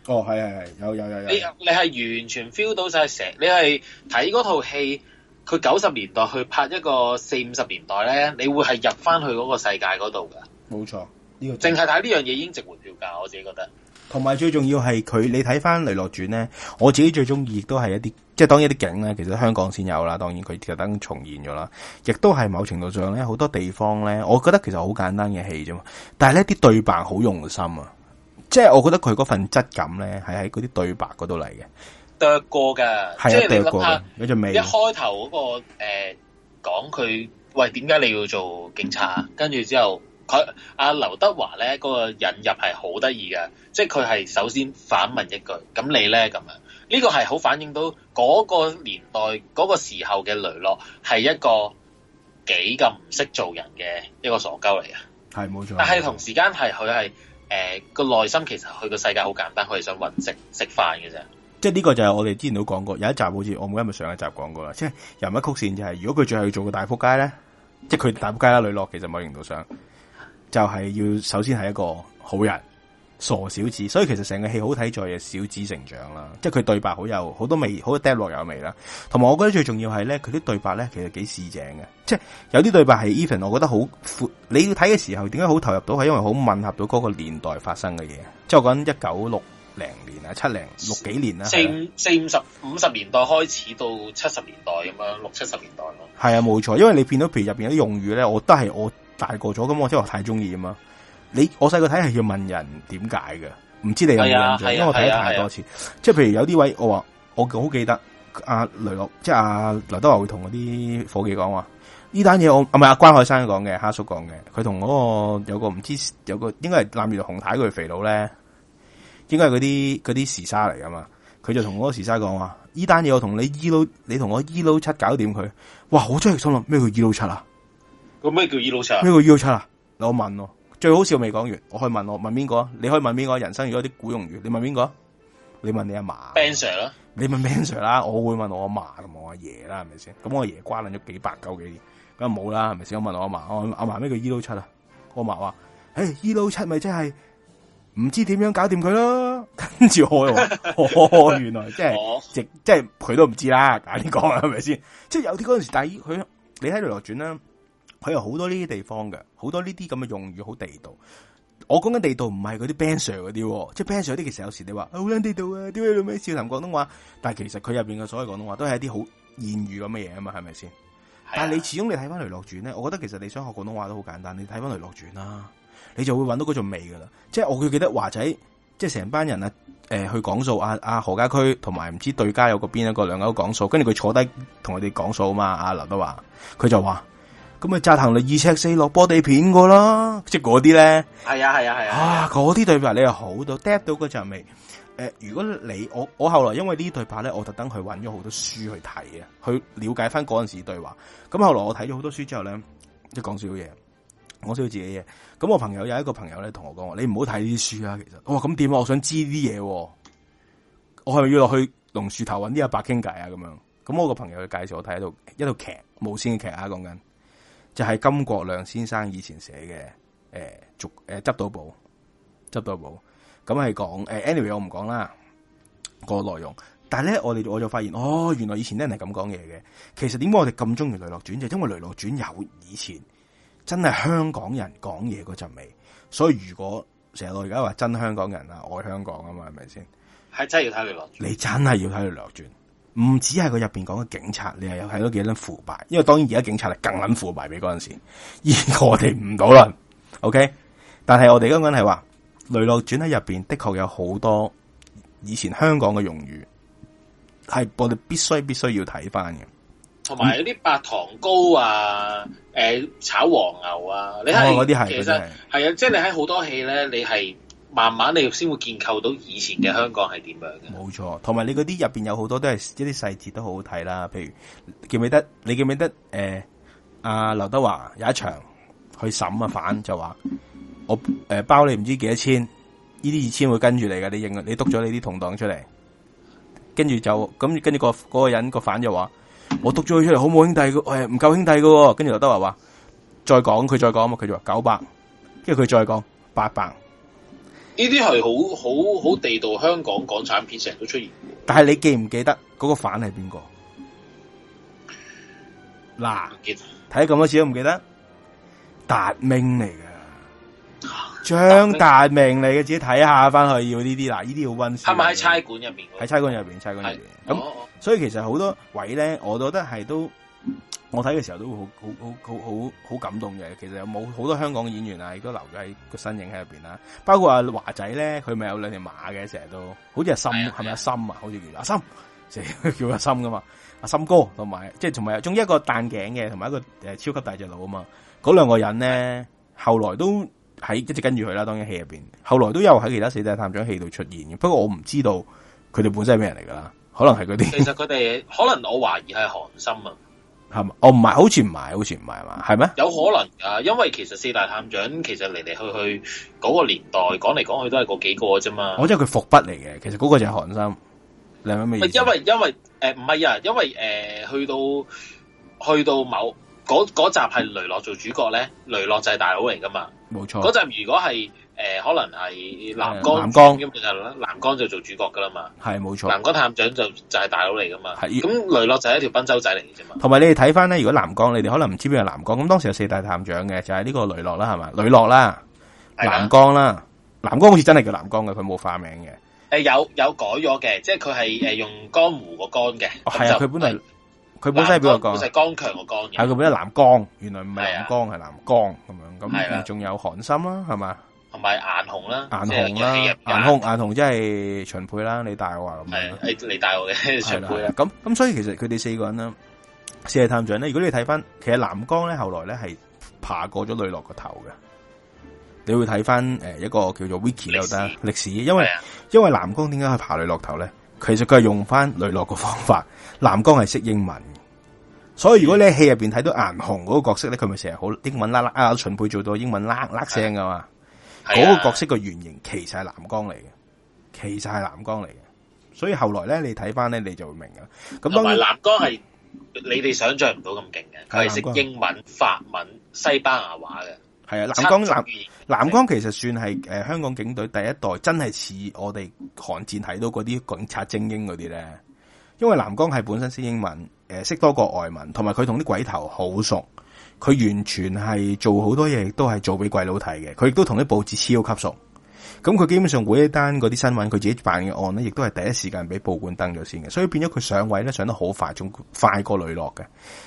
哦，係係係，有有有有。你有有你係完全 feel 到晒成，你係睇嗰套戲，佢九十年代去拍一個四五十年代咧，你會係入翻去嗰個世界嗰度噶。冇錯，呢、這個淨係睇呢樣嘢已經值回票價，我自己覺得。同埋最重要係佢，你睇翻《雷洛傳》咧，我自己最中意亦都係一啲，即係當一啲景咧，其實香港先有啦。當然佢特登重現咗啦，亦都係某程度上咧，好多地方咧，我覺得其實好簡單嘅戲啫嘛。但係呢啲對白好用心啊，即係我覺得佢嗰份質感咧，係喺嗰啲對白嗰度嚟嘅。對過噶，即係、就係、你諗下，一開頭嗰、嗰個誒講佢，喂，點解你要做警察？跟住之後。佢阿劉德華咧嗰個引入係好得意嘅，即係佢係首先反問一句：咁你咧咁樣？呢個係好反映到嗰個年代嗰個時候嘅雷洛係一個幾咁唔識做人嘅一個傻鳩嚟嘅。係冇錯，但係同時間係佢係誒個內心其實佢個世界好簡單，佢係想揾食食飯嘅啫。即係呢個就係我哋之前都講過，有一集好似我而家咪上一集講過啦，即係人物曲線就係，如果佢最後要做個大仆街咧，即係佢大仆街啦，雷洛其實某程度上。就係、是、要首先係一個好人，傻小子，所以其實成個戲好睇在嘅小子成長啦，即係佢對白好有好多味，好多掉落油味啦。同埋我覺得最重要係咧，佢啲對白咧其實幾市井嘅，即係有啲對白係 Even，我覺得好闊。你要睇嘅時候，點解好投入到？係因為好吻合到嗰個年代發生嘅嘢，即係我講緊一九六零年啊，七零六幾年啦，四五四五十五十年代開始到七十年代咁樣，六七十年代咯。係啊，冇錯，因為你見到譬如入邊啲用語咧，我都係我。大個咗，咁我真係太中意啊嘛！你我細個睇係要問人點解嘅，唔知你有冇印象？啊啊、因為我睇得太多次，啊啊、即係譬如有啲位我話，我好記得阿、啊、雷洛，即係阿劉德華會同嗰啲伙計講話呢單嘢，我係唔係阿關海山講嘅，蝦叔講嘅，佢同嗰個有個唔知有個應該係南粵紅太佢、那個、肥佬咧，應該係嗰啲嗰啲時沙嚟噶嘛？佢就同嗰個時沙講話呢單嘢，我同你伊、e、你同我伊 low 七搞掂佢。哇！我真係心諗咩叫伊 low 七啊？個咩叫伊老七？咩叫伊老七啊？我問咯，最好笑未講完，我可以問我，我問邊個？你可以問邊個？人生如果啲古用語，你問邊個？你問你阿嫲，啊。Ben Sir 啦、啊、你問 Ben Sir 啦、啊？我會問我阿嫲同我阿爺啦，係咪先？咁我阿爺瓜撚咗幾百九幾咁冇啦，係咪先？我問我阿嫲。我阿嫲咩叫伊老七啊？我阿嫲話：，誒、欸，伊老七咪真係唔知點樣搞掂佢咯。跟住我、 (laughs) 哦、原來、就是、 (laughs) 即係即係係佢都唔知啦。咁呢個係咪先？即係有啲嗰陣時，但係佢你喺度落轉啦。佢有好多呢啲地方嘅，好多呢啲咁嘅用語好地道。我講緊地道唔係嗰啲 Ben Sir 嗰啲，即係 Ben Sir 嗰啲其實有時你話好撚地道啊，啲咩啲咩笑談廣東話，但係其實佢入邊嘅所謂廣東話都係一啲好諺語咁嘅嘢啊嘛，係咪先？但係你始終你睇翻雷洛傳咧，我覺得其實你想學廣東話都好簡單，你睇翻雷洛傳啦，你就會搵到嗰種味噶啦。即係我記記得華仔即係成班人、呃、去啊，誒去講數啊，阿何家駒同埋唔知對家有個邊一個兩個講數，跟住佢坐低同我哋講數啊嘛，阿劉德華佢就話。咁咪扎行你二尺四落波地片個啦，即係嗰啲咧。係、哎、啊，係啊，係啊。啊，嗰啲對白你又好到 d 到嗰陣味。誒、呃，如果你我我後來因為呢對白咧，我特登去搵咗好多書去睇啊，去了解翻嗰陣時對話。咁後來我睇咗好多書之後咧，即係講少嘢，講少自己嘢。咁我朋友有一個朋友咧，同我講話：你唔好睇呢啲書啊。其實，哇，咁點啊？我想知呢啲嘢，我係咪要落去榕樹頭搵啲阿伯傾偈啊？咁樣。咁我個朋友去介紹我睇喺度一道劇，無線嘅劇啊，講緊。就係、是、金國亮先生以前寫嘅誒，逐誒執到寶，執到寶，咁係講誒，anyway 我唔講啦個內容，但係咧我哋我就發現哦，原來以前啲人係咁講嘢嘅。其實點解我哋咁中意《雷洛傳》，就因為雷洛傳有以前真係香港人講嘢嗰陣味，所以如果成日我而家話真香港人啊，愛香港啊嘛，係咪先？係真係要睇雷洛傳，你真係要睇雷洛傳。唔只係佢入邊講嘅警察，你係有睇到幾多腐敗？因為當然而家警察係更撚腐敗俾嗰陣時，而我哋唔到啦。OK，但係我哋根本係話《雷洛傳》喺入邊的確有好多以前香港嘅用語，係我哋必須必須要睇翻嘅。同埋有啲白糖糕啊，誒、嗯、炒黃牛啊，你係嗰啲係，其實係啊，即係你喺好多戲咧，你係。慢慢你先會建構到以前嘅香港係點樣嘅。冇錯，同埋你嗰啲入邊有好多都係一啲細節都很好好睇啦。譬如記唔記得，你記唔記得？誒、呃，阿、啊、劉德華有一場去審啊，犯就話我誒、呃、包你唔知幾多千，呢啲二千會跟住你噶。你認為你督咗你啲同黨出嚟，跟住就咁跟住個嗰個人、嗰個犯就話我督咗佢出嚟好冇兄弟嘅，誒唔夠兄弟嘅。跟住劉德華話再講，佢再講嘛，佢就話九百，跟住佢再講八百。800，呢啲係好好好地道香港港產片，成日都出現。但係你記唔記得嗰個反係邊個？嗱，睇咁多次都唔記得，達明嚟噶，張達明嚟嘅，自己睇下翻去要呢啲啦，呢啲要溫。係咪喺差館入邊？喺差館入邊，差館入邊。咁所以其實好多位咧，我覺得係都。我睇嘅時候都會好好好好好感動嘅。其實有冇好多香港演員啊，都留咗喺個身影喺入邊啦。包括阿華仔咧，佢咪有兩條馬嘅，成日都好似阿心，係咪阿心啊？好似叫，叫阿心，成日叫阿心噶嘛？阿心哥同埋即係同埋，仲一個彈頸嘅，同埋一個誒超級大隻佬啊嘛。嗰兩個人咧，後來都喺一直跟住佢啦。當然戲入邊，後來都有喺其他《四大探長》戲度出現嘅。不過我唔知道佢哋本身係咩人嚟噶啦，可能係嗰啲。其實佢哋可能我懷疑係韓心啊。係嘛？哦，唔係，好似唔係，好似唔係嘛？係咩？有可能噶，因為其實四大探長其實嚟嚟去去嗰個年代講嚟講去都係嗰幾個啫嘛。我知佢伏筆嚟嘅，其實嗰個就係韓森兩樣咩？唔係因為因為誒唔係啊，因為誒、呃、去到去到某嗰嗰集係雷洛做主角咧，雷洛就係大佬嚟噶嘛。冇錯。嗰集如果係。誒，可能係南江，南江，因為就南江就做主角噶啦嘛，係冇錯。南江探長就就係大佬嚟噶嘛，係，咁雷洛就係一條濱州仔嚟嘅啫嘛。同埋你哋睇翻咧，如果南江，你哋可能唔知邊係南江。咁當時有四大探長嘅，就係呢個雷洛啦，係嘛？雷洛啦，南江啦，南江好似真係叫南江嘅，佢冇化名嘅。誒，有有改咗嘅，即係佢係誒用江湖個江嘅，係啊，佢本來佢本身係叫個江，係江強個江嘅，係佢變咗南江，原來唔係南江，係南江咁樣，咁仲有韓森啦，係嘛？同埋顏雄啦，顏雄啦，顏雄，顏雄即係秦沛啦，你大我啊咁。係，你大我嘅秦沛啊。咁咁，所以其實佢哋四個人啦，四大探長咧。如果你睇翻，其實南江咧後來咧係爬過咗雷洛個頭嘅。你會睇翻誒一個叫做 Wiki 咧，得歷史，史，因為因為南江點解去爬雷洛頭咧？其實佢係用翻雷洛個方法。南江係識英文，所以如果你喺戲入邊睇到顏雄嗰個角色咧，佢咪成日好英文啦啦啊！秦沛做到英文啦啦聲噶嘛。嗰、那個角色嘅原型其實係藍光嚟嘅，其實係藍光嚟嘅，所以後來咧你睇翻咧你就會明嘅。咁，當然，藍光係你哋想象唔到咁勁嘅，佢係識英文、法文、西班牙話嘅。係啊，藍光藍藍光其實算係誒香港警隊第一代，是真係似我哋寒戰睇到嗰啲警察精英嗰啲咧。因為藍光係本身識英文，誒識多個外文，同埋佢同啲鬼頭好熟。佢完全係做好多嘢，都係做俾鬼佬睇嘅。佢亦都同啲報紙超級熟。咁佢基本上每一單嗰啲新聞，佢自己辦嘅案咧，亦都係第一時間俾報館登咗先嘅。所以變咗佢上位咧，上得好快，仲快過呂樂嘅。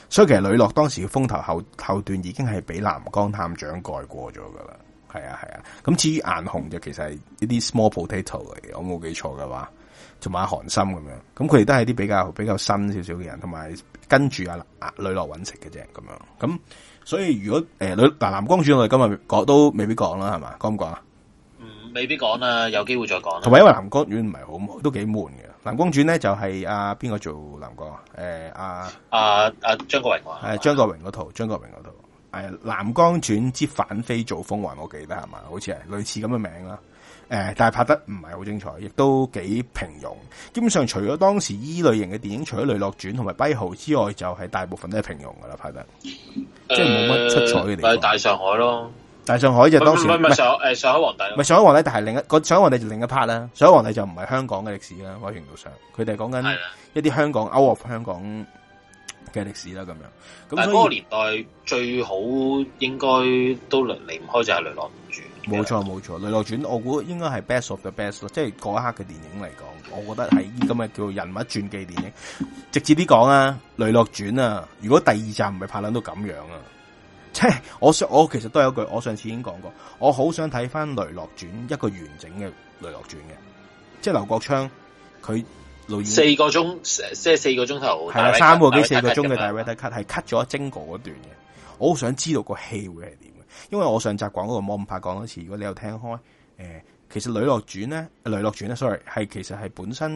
所以其實呂樂當時嘅風頭後後段已經係俾藍江探長蓋過咗噶啦。係啊係啊。咁、啊、至於顏紅就其實係一啲 small potato 嚟，嘅。我冇記錯嘅話。同埋韓森咁樣，咁佢哋都係啲比較比較新少少嘅人，同埋跟住阿阿呂樂揾食嘅啫咁樣，咁所以如果誒呂嗱《藍江傳》我哋今日講都未必講啦，係嘛，講唔講啊？嗯，未必講啦，有機會再講。同埋因為南光都悶《藍江傳》唔係好都幾悶嘅，南啊啊啊啊啊啊啊啊《藍江傳》咧就係阿邊個做藍江啊？誒阿阿阿張國榮啊？係張國榮嗰套，張國榮嗰套誒《藍江傳》之反飛組風雲，我記得係嘛？好似係類似咁嘅名啦。誒，但係拍得唔係好精彩，亦都幾平庸。基本上，除咗當時依類型嘅電影，除咗《雷洛傳》同埋《跛豪》之外，就係、是、大部分都係平庸噶啦，拍得、呃、即係冇乜出彩嘅地方。係、呃、大上海咯，大上海就當時唔係上海、呃、上海皇帝咪上海皇帝，但係另一上海皇帝就另一 part 啦。上海皇帝就唔係香港嘅歷史啦，喺程度上，佢哋講緊一啲香港歐亞香港嘅歷史啦，咁樣咁。所以嗰個年代最好應該都離唔開就係《雷洛傳》。冇錯冇錯，沒錯，《雷洛傳》我估應該係 best of the best 咯，即係嗰一刻嘅電影嚟講，我覺得喺呢咁嘅叫做人物傳記電影，直接啲講啊。《雷洛傳》啊，如果第二集唔係拍捻到咁樣啊，即係我上我其實都有句，我上次已經講過，我好想睇翻《雷洛傳》一個完整嘅《雷洛傳》嘅，即係劉國昌佢四個鐘，即係四個鐘頭係啊，三個幾，三個幾四個鐘嘅大 director's cut 係 cut 咗一精過嗰段嘅，我好想知道個戲會係點。因為我上集講、那、嗰個我唔怕講多次，如果你有聽開，誒、呃，其實《雷洛傳》咧，樂《雷洛傳》咧，sorry，係其實係本身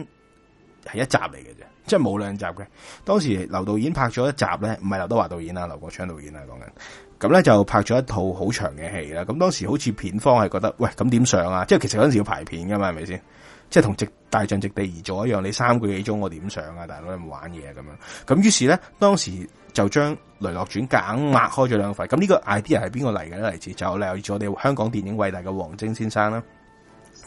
係一集嚟嘅啫，即係冇兩集嘅。當時劉導演拍咗一集咧，唔係劉德華導演啊，劉國昌導演啊講緊，咁咧就拍咗一套好長嘅戲啦。咁當時好似片方係覺得，喂，咁點上啊？即係其實嗰陣時要排片噶嘛，係咪先？即係同《直大象席地而坐》一樣，你三個幾鐘我點上啊？大佬們玩嘢咁樣，咁於是咧，當時。就將《雷洛傳》夾硬抹開咗兩塊，咁呢個 idea 係邊個嚟嘅咧？嚟自就嚟自我哋香港電影偉大嘅王晶先生啦。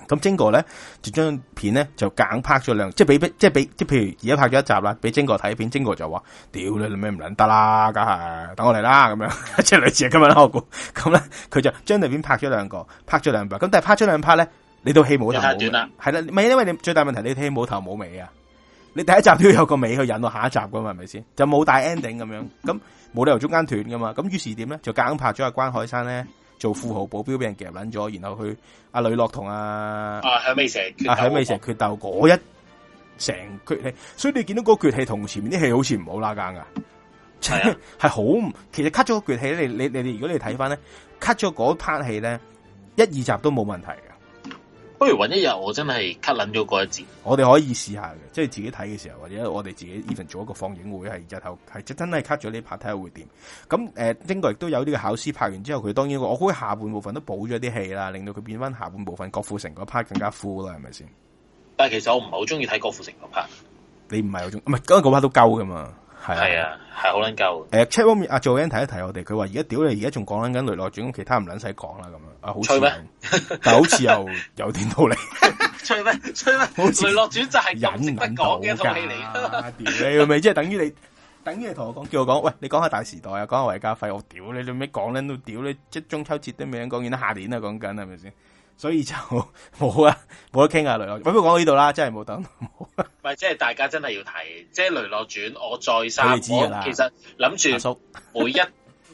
咁晶哥咧就將片咧就夾硬拍咗兩，即係俾即係俾即係譬如而家拍咗一集啦，俾晶哥睇片，晶哥就話：，屌你你咩唔卵得啦，梗係等我嚟啦，咁樣即係類似今日啦，我估咁咧，佢就將條片拍咗兩個，拍咗兩拍兩，咁但係拍咗兩拍咧，你都戲冇頭，係啦，尾因為你最大問題你戲冇頭冇尾啊。你第一集都要有個尾去引到下一集噶嘛，係咪先？就冇大 ending 咁樣，咁冇理由中間斷噶嘛。咁於是點咧，就硬拍咗阿關海山咧做富豪保鏢俾人夾撚咗，然後去阿呂樂同阿阿許美成阿、啊、美成決鬥嗰一成決氣，所以你見到個決氣同前面啲戲好似唔好拉硬噶，係好。其實 cut 咗個決氣，你你你哋如果你睇翻咧，cut 咗嗰 part 戲咧，一,一二集都冇問題嘅。不如揾一日，我真係 cut 撚咗嗰一節。我哋可以試下嘅，即係自己睇嘅時候，或者我哋自己 even 做一個放映會，係日後係真真係 cut 咗呢 part 睇下會點。咁誒，英國亦都有呢個考試，拍完之後，佢當然我估下半部分都補咗啲戲啦，令到佢變翻下半部分郭富城嗰 part 更加 full 啦，係咪先？但係其實我唔係好中意睇郭富城嗰 part。你唔係好中唔係嗰個 part 都夠噶嘛？係啊，係好卵夠。誒 Chatroom 阿 Joan 提一提我哋，佢話而家屌你，而家仲講緊緊雷洛傳，其他唔卵使講啦咁樣。啊，好咩？但好似又有點道理。吹咩？吹咩？雷洛傳就係忍唔到嘅東西，嚟。 (laughs) 屌你，咪即係等於你，等於你同我講，叫我講，喂，你講下大時代啊，講下維家費，我屌你，你咩講咧？都屌你，即係中秋節都未講完啦，到下年啊？講緊係咪先？所以就冇啊，冇得傾啊！雷洛，不如講到呢度啦，真係冇等。唔係， (laughs) 即係大家真係要提，即係雷洛傳，我再三我其實諗住每一 (laughs)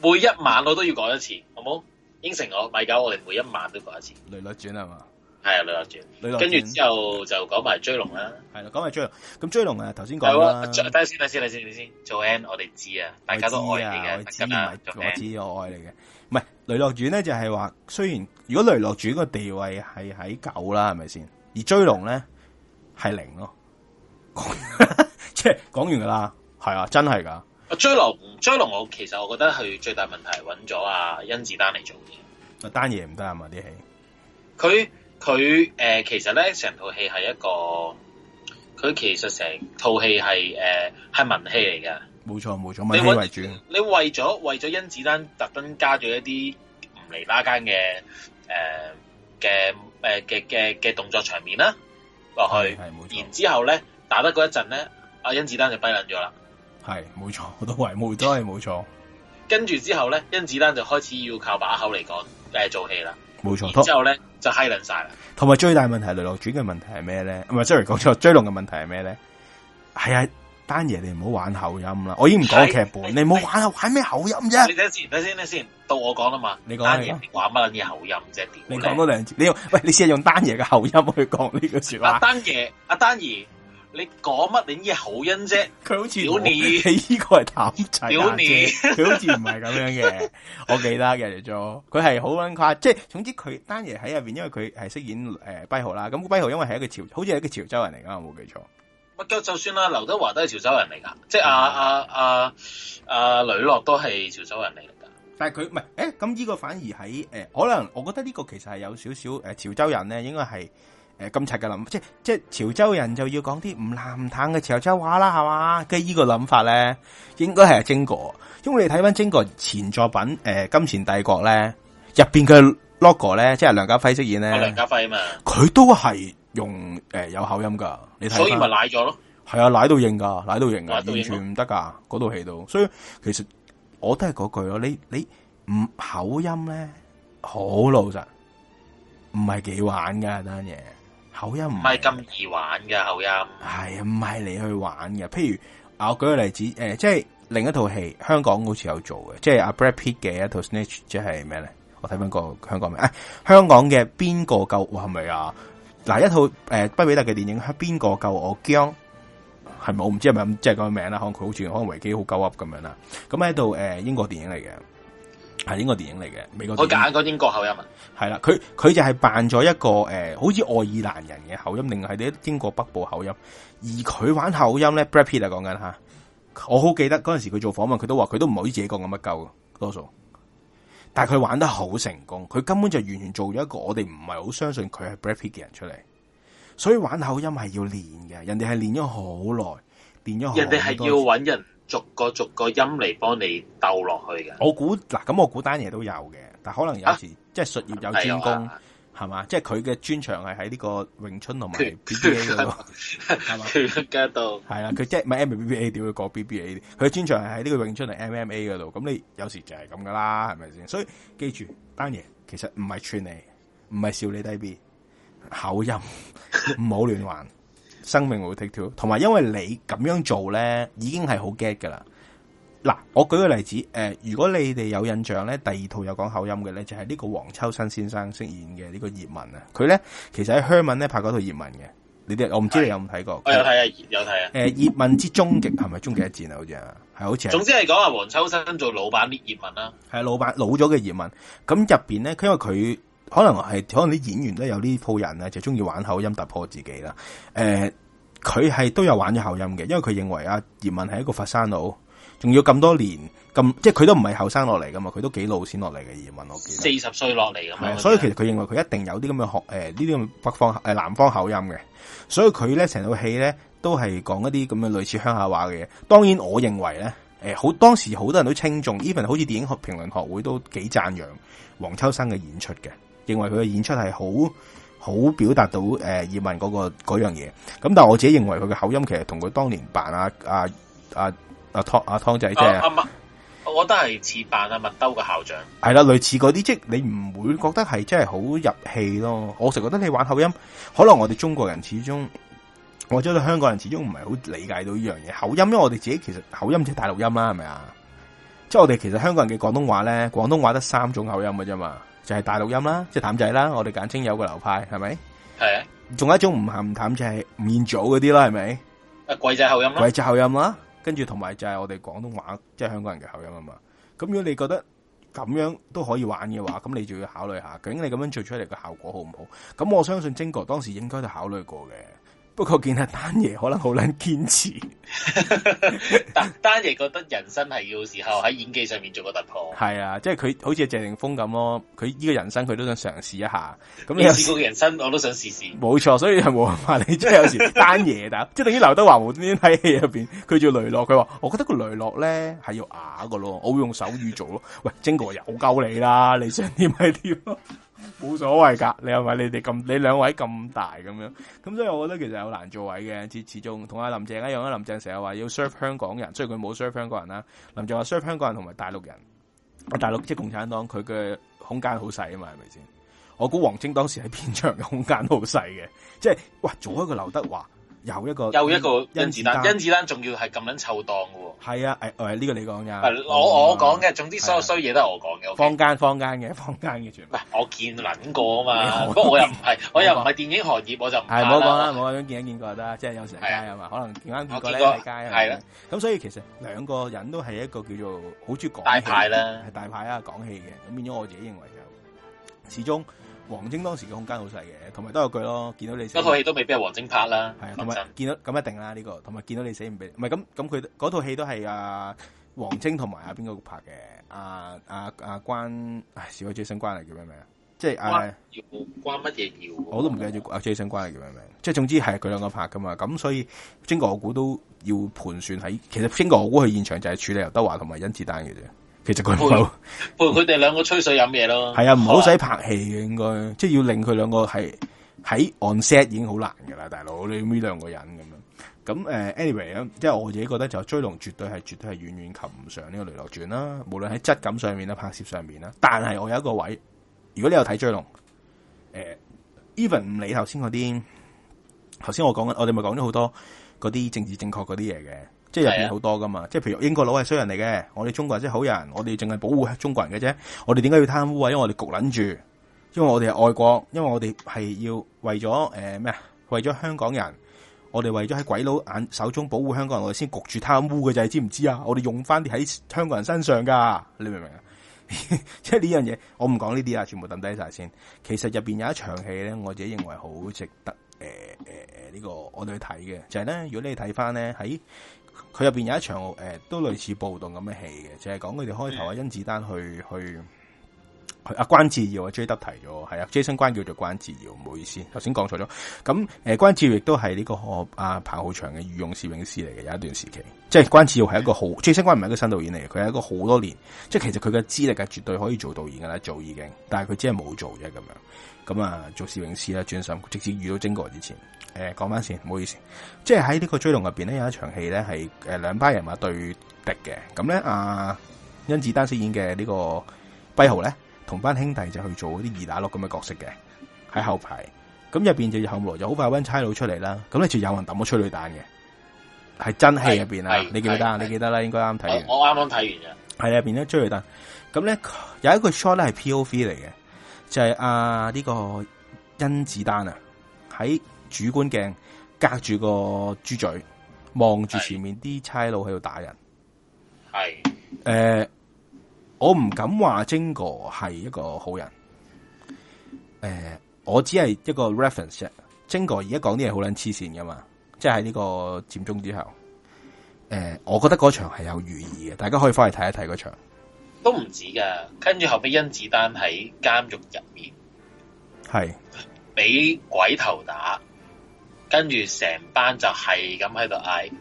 每一晚我都要講一次，好冇？應承我咪搞，我哋每一晚都講一次。雷洛傳係嘛？係 (noise) 啊，雷洛傳。跟住之後就講埋追龍啦。係啦，講埋追龍。咁追龍啊，頭先講啦。等下先等先啦先你先做 N 我哋知啊，大家都愛你嘅，我知，我知，我知，我愛你嘅。唔係雷洛傳咧，就係話雖然如果雷洛傳個地位係喺九啦，係咪先？而追龍咧係零咯，即係講完噶啦，係啊，真係噶。啊追龍追龍，我其實我覺得佢最大問題係揾咗阿甄子丹嚟做嘢，阿丹爺唔得啊嘛啲戲，佢佢誒，其實咧成套戲係一個，佢其實成套戲係誒係文戲嚟㗎。冇錯冇錯，咪為主。你為咗為咗甄子丹特登加咗一啲唔嚟拉更嘅誒嘅誒嘅嘅嘅動作場面啦落去，係冇錯。然之後咧打得嗰一陣咧，阿甄子丹就跛撚咗啦，係冇錯，好多圍毆都係冇 (laughs) 錯。跟住之後咧，甄子丹就開始要靠把口嚟講誒做戲啦，冇錯。之後咧就 hi 撚晒啦。同埋最大問題雷洛傳嘅問題係咩咧？唔係 sorry 講錯，追龍嘅問題係咩咧？係、哎、啊。丹爺，你唔好玩口音啦！我已經唔講劇本，你唔好玩啊！玩咩口音啫？你睇先，睇先，睇先，到我講啦嘛！你講，丹爺玩乜嘢口音啫？你講多兩次。你用，喂，你試下用丹爺嘅口音去講呢句說話？丹爺，阿丹爺，你講乜嘢口音啫？佢好似你！聶，呢個係譚仔阿姐，佢好似唔係咁樣嘅。我記得嘅嚟咗，佢係好溫誇。即係總之，佢丹爺喺入邊，因為佢係飾演誒跛豪啦。咁跛豪因為係一個潮，好似係一個潮州人嚟噶，我冇記錯。就算阿劉德華都係潮州人嚟噶，即係阿阿阿阿呂樂都係潮州人嚟噶。但係佢唔係，誒咁呢個反而喺誒、呃，可能我覺得呢個其實係有少少誒，潮州人咧應該係誒金賊嘅諗，即係即係潮州人就要講啲唔咸唔淡嘅潮州話啦，係嘛？咁呢個諗法咧，應該係阿晶哥，因為你睇翻晶哥前作品《誒、呃、金錢帝國呢》咧，入邊嘅 logo 咧，即係梁家輝飾演咧，梁家輝嘛，佢都係。用誒、呃、有口音噶，所以咪奶咗咯。係啊，奶到認噶，奶到認㗎。完全唔得噶。嗰套戲都戲，所以其實我都係嗰句咯。你你唔口音咧，好老實，唔係幾玩噶單嘢口音，唔係咁易玩㗎。口音。係啊，唔係、哎、你去玩嘅。譬如啊，我舉個例子，誒、呃，即係另一套戲，香港好似有做嘅，即係阿 Brad Pitt 嘅一套 Snatch，即係咩咧？我睇翻個香港名，誒、哎，香港嘅邊個夠哇？係、呃、咪啊？嗱，一套誒，畢彼特嘅電影係邊個救我驚？係冇，我唔知係咪咁，即係個名啦。可能佢好似可能維基好鳩噏咁樣啦。咁喺度誒，英國電影嚟嘅，係英國電影嚟嘅，美國電影。我揀嗰英國口音。係啦，佢佢就係扮咗一個誒、呃，好似愛爾蘭人嘅口音，定係啲英國北部口音。而佢玩口音咧，Brad Pitt 嚟講緊吓，我好記得嗰陣時佢做訪問，佢都話佢都唔可以自己講咁乜鳩，多數。但係佢玩得好成功，佢根本就完全做咗一個我哋唔係好相信佢係 b r e a t h e 嘅人出嚟，所以玩口音係要練嘅，人哋係練咗好耐，練咗好人哋係要揾人逐個逐個音嚟幫你鬥落去嘅。我估嗱，咁我估單嘢都有嘅，但可能有時、啊、即係術業有專攻。哎係嘛？即係佢嘅專長係喺呢個詠春同埋 BBA 嘅喎，係 (laughs) 嘛是吧？佢 get 到係啦，佢即係唔係 MBA 點去講 BBA？佢嘅專長係喺呢個詠春同 MMA 嗰度。咁你有時就係咁噶啦，係咪先？所以記住，Daniel 其實唔係串你，唔係笑你低 b 口音，唔好亂玩，生命會 take t o 同埋因為你咁樣做咧，已經係好 get 噶啦。嗱，我舉個例子，誒、呃，如果你哋有印象咧，第二套有講口音嘅咧，就係、是、呢個黃秋生先生飾演嘅呢個葉問啊，佢咧其實喺香港咧拍嗰套葉問嘅，你哋我唔知你有冇睇過，我有睇啊，有睇啊，誒、呃，葉問之終極係咪終極一戰啊，好似係，好似係，總之係講阿黃秋生做老闆啲葉問啦，係老闆老咗嘅葉問，咁入邊咧，佢因為佢可能係可能啲演員都有呢鋪人呢，就中、是、意玩口音突破自己啦，誒、呃，佢係都有玩咗口音嘅，因為佢認為阿葉問係一個佛山佬。仲要咁多年咁，即係佢都唔係後生落嚟噶嘛，佢都幾老先落嚟嘅葉問，我記得。四十歲落嚟咁樣，所以其實佢認為佢一定有啲咁嘅學呢啲北方南方口音嘅，所以佢咧成套戲咧都係講一啲咁嘅類似鄉下話嘅嘢。當然，我認為咧好當時好多人都稱重 even 好似電影評論學會都幾讚揚黃秋生嘅演出嘅，認為佢嘅演出係好好表達到誒葉問嗰個嗰樣嘢。咁但我自己認為佢嘅口音其實同佢當年扮阿、啊。啊啊阿湯阿湯仔即、啊啊啊、我覺得係似扮阿麥兜嘅校長。係啦、啊，類似嗰啲即你唔會覺得係真係好入戲咯？我成日覺得你玩口音，可能我哋中國人始終，我覺得香港人始終唔係好理解到呢樣嘢口音。因為我哋自己其實口音即係大陸音啦，係咪啊？即係我哋其實香港人嘅廣東話咧，廣東話得三種口音嘅啫嘛，就係、是、大陸音啦，即係淡仔啦，我哋簡稱有個流派，係咪？係、啊。仲有一種唔鹹唔淡就係吳彥祖嗰啲啦，係咪？啊，貴仔口音啦，貴仔口音啦。跟住同埋就係我哋廣東話，即係香港人嘅口音啊嘛。咁如果你覺得咁樣都可以玩嘅話，咁你就要考慮下，究竟你咁樣做出嚟嘅效果好唔好？咁我相信晶哥當時應該都考慮過嘅。不過見阿丹爺可能好捻堅持 (laughs) ，但丹爺覺得人生係要時候喺演技上面做個突破。係啊，即係佢好似謝霆鋒咁咯，佢呢個人生佢都想嘗試一下。咁你試過嘅人生我都想試試。冇錯，所以係冇辦法。你即係有時 (laughs) 丹爺爺，但 (laughs) 即等於劉德華無端端喺戲入邊，佢叫雷洛，佢話我覺得個雷洛咧係要啞嘅咯，我會用手語做咯。喂，晶哥又好鳩你啦，你想點咪點咯。冇所謂噶，你係咪你哋咁？你兩位咁大咁樣，咁所以我覺得其實好難做位嘅，始始終同阿林鄭一樣。阿林鄭成日話要 serve 香港人，所以佢冇 serve 香港人啦。林鄭話 serve 香港人同埋大陸人，大陸即係共產黨，佢嘅空間好細啊嘛，係咪先？我估王晶當時喺片場嘅空間好細嘅，即係哇，做一個劉德華。有一個又一個甄子丹，甄子丹仲要係咁樣湊檔嘅喎。係啊，誒、哎，呢、這個你講咋、哦？我、啊、我講嘅，總之所有衰嘢都係我講嘅。坊、啊 okay？間坊間嘅，坊間嘅全部。我見捻過啊嘛。不過我又唔係，我又唔係電影行業，我就唔係。唔好講啦，唔好講見一見過得啦，即係有時街啊嘛，可能見一見過咧喺街係。咁、啊啊、所以其實兩個人都係一個叫做好中港大牌啦，係大牌啦，港戲嘅咁變咗，我自己認為就是、始終。王晶當時嘅空間好細嘅，同埋都有句咯。見到你死，嗰套戲都未必係王晶拍啦。係啊，同埋見到咁一定啦呢、呢個，同埋見到你死唔俾。唔係咁咁，佢嗰套戲都係阿、啊、王晶同埋阿邊個拍嘅？阿阿阿關唉，小愛 Jason 關係叫咩名啊？即係阿要關乜嘢叫？我都唔記得住阿、啊、Jason 關係叫咩名？即、啊、係總之係佢兩個拍㗎嘛。咁所以晶哥我估都要盤算喺。其實晶哥我估去現場就係處理劉德華同埋甄子丹嘅啫。其實佢陪佢哋兩個吹水飲嘢咯，係啊，唔好使拍戲嘅，應該即係要令佢兩個係喺 on set 已經好難噶啦，大佬你呢兩個人咁樣，咁誒、呃、，anyway 咁，即係我自己覺得就追龍絕對係絕對係遠遠及唔上呢個雷洛傳啦，無論喺質感上面啦、拍攝上面啦，但係我有一個位，如果你有睇追龍，誒、呃、，even 唔理頭先嗰啲，頭先我講緊，我哋咪講咗好多嗰啲政治正確嗰啲嘢嘅。即係入邊好多噶嘛，即係譬如英國佬係衰人嚟嘅，我哋中國人真係好人，我哋淨係保護中國人嘅啫。我哋點解要貪污啊？因為我哋焗撚住，因為我哋係愛國，因為我哋係要為咗誒咩啊？為咗香港人，我哋為咗喺鬼佬眼手中保護香港人，我哋先焗住貪污嘅就係知唔知啊？我哋用翻啲喺香港人身上噶，你明唔明啊？ (laughs) 即係呢樣嘢，我唔講呢啲啊，全部抌低晒先。其實入邊有一場戲咧，我自己認為好值得誒誒呢個我哋去睇嘅，就係咧，如果你睇翻咧喺。佢入邊有一場誒、欸，都類似暴動咁嘅戲嘅，就係講佢哋開頭啊，甄子丹去去阿、啊、關智耀啊，追得提咗，係啊，Jason 關叫做關智耀，唔好意思，頭先講錯咗。咁誒、欸，關智耀亦都係呢個阿彭浩翔嘅御用攝影師嚟嘅，有一段時期，即係關智耀係一個好、嗯、，Jason 關唔係一個新導演嚟嘅，佢係一個好多年，即係其實佢嘅資歷係絕對可以做導演噶啦，做已經，但係佢只係冇做啫咁樣。咁啊，做攝影師啦，專心，直至遇到《精國》之前。誒、嗯，講翻先，唔好意思，即係喺呢個追龍入邊咧，有一場戲咧係誒兩班人馬對敵嘅，咁咧阿甄子丹飾演嘅呢個跛豪咧，同班兄弟就去做啲二打六咁嘅角色嘅，喺後排，咁入邊就有後來就好快搵差佬出嚟啦，咁咧就有人抌咗催淚彈嘅，係真戲入邊啊，你記得，你記得啦，應該啱睇，我我啱啱睇完嘅，係啊，變咗追淚彈，咁咧有一個 shot 咧係 POV 嚟嘅，就係阿呢個甄子丹啊，喺。主觀鏡隔住個豬嘴望住前面啲差佬喺度打人，係誒、呃，我唔敢話晶哥係一個好人，誒、呃，我只係一個 reference 啫。晶哥而家講啲嘢，好撚黐線噶嘛，即係喺呢個佔中之後，誒、呃，我覺得嗰場係有寓意嘅，大家可以翻去睇一睇嗰場。都唔止噶，跟住後尾甄子丹喺監獄入面係俾鬼頭打。跟住成班就係咁喺度嗌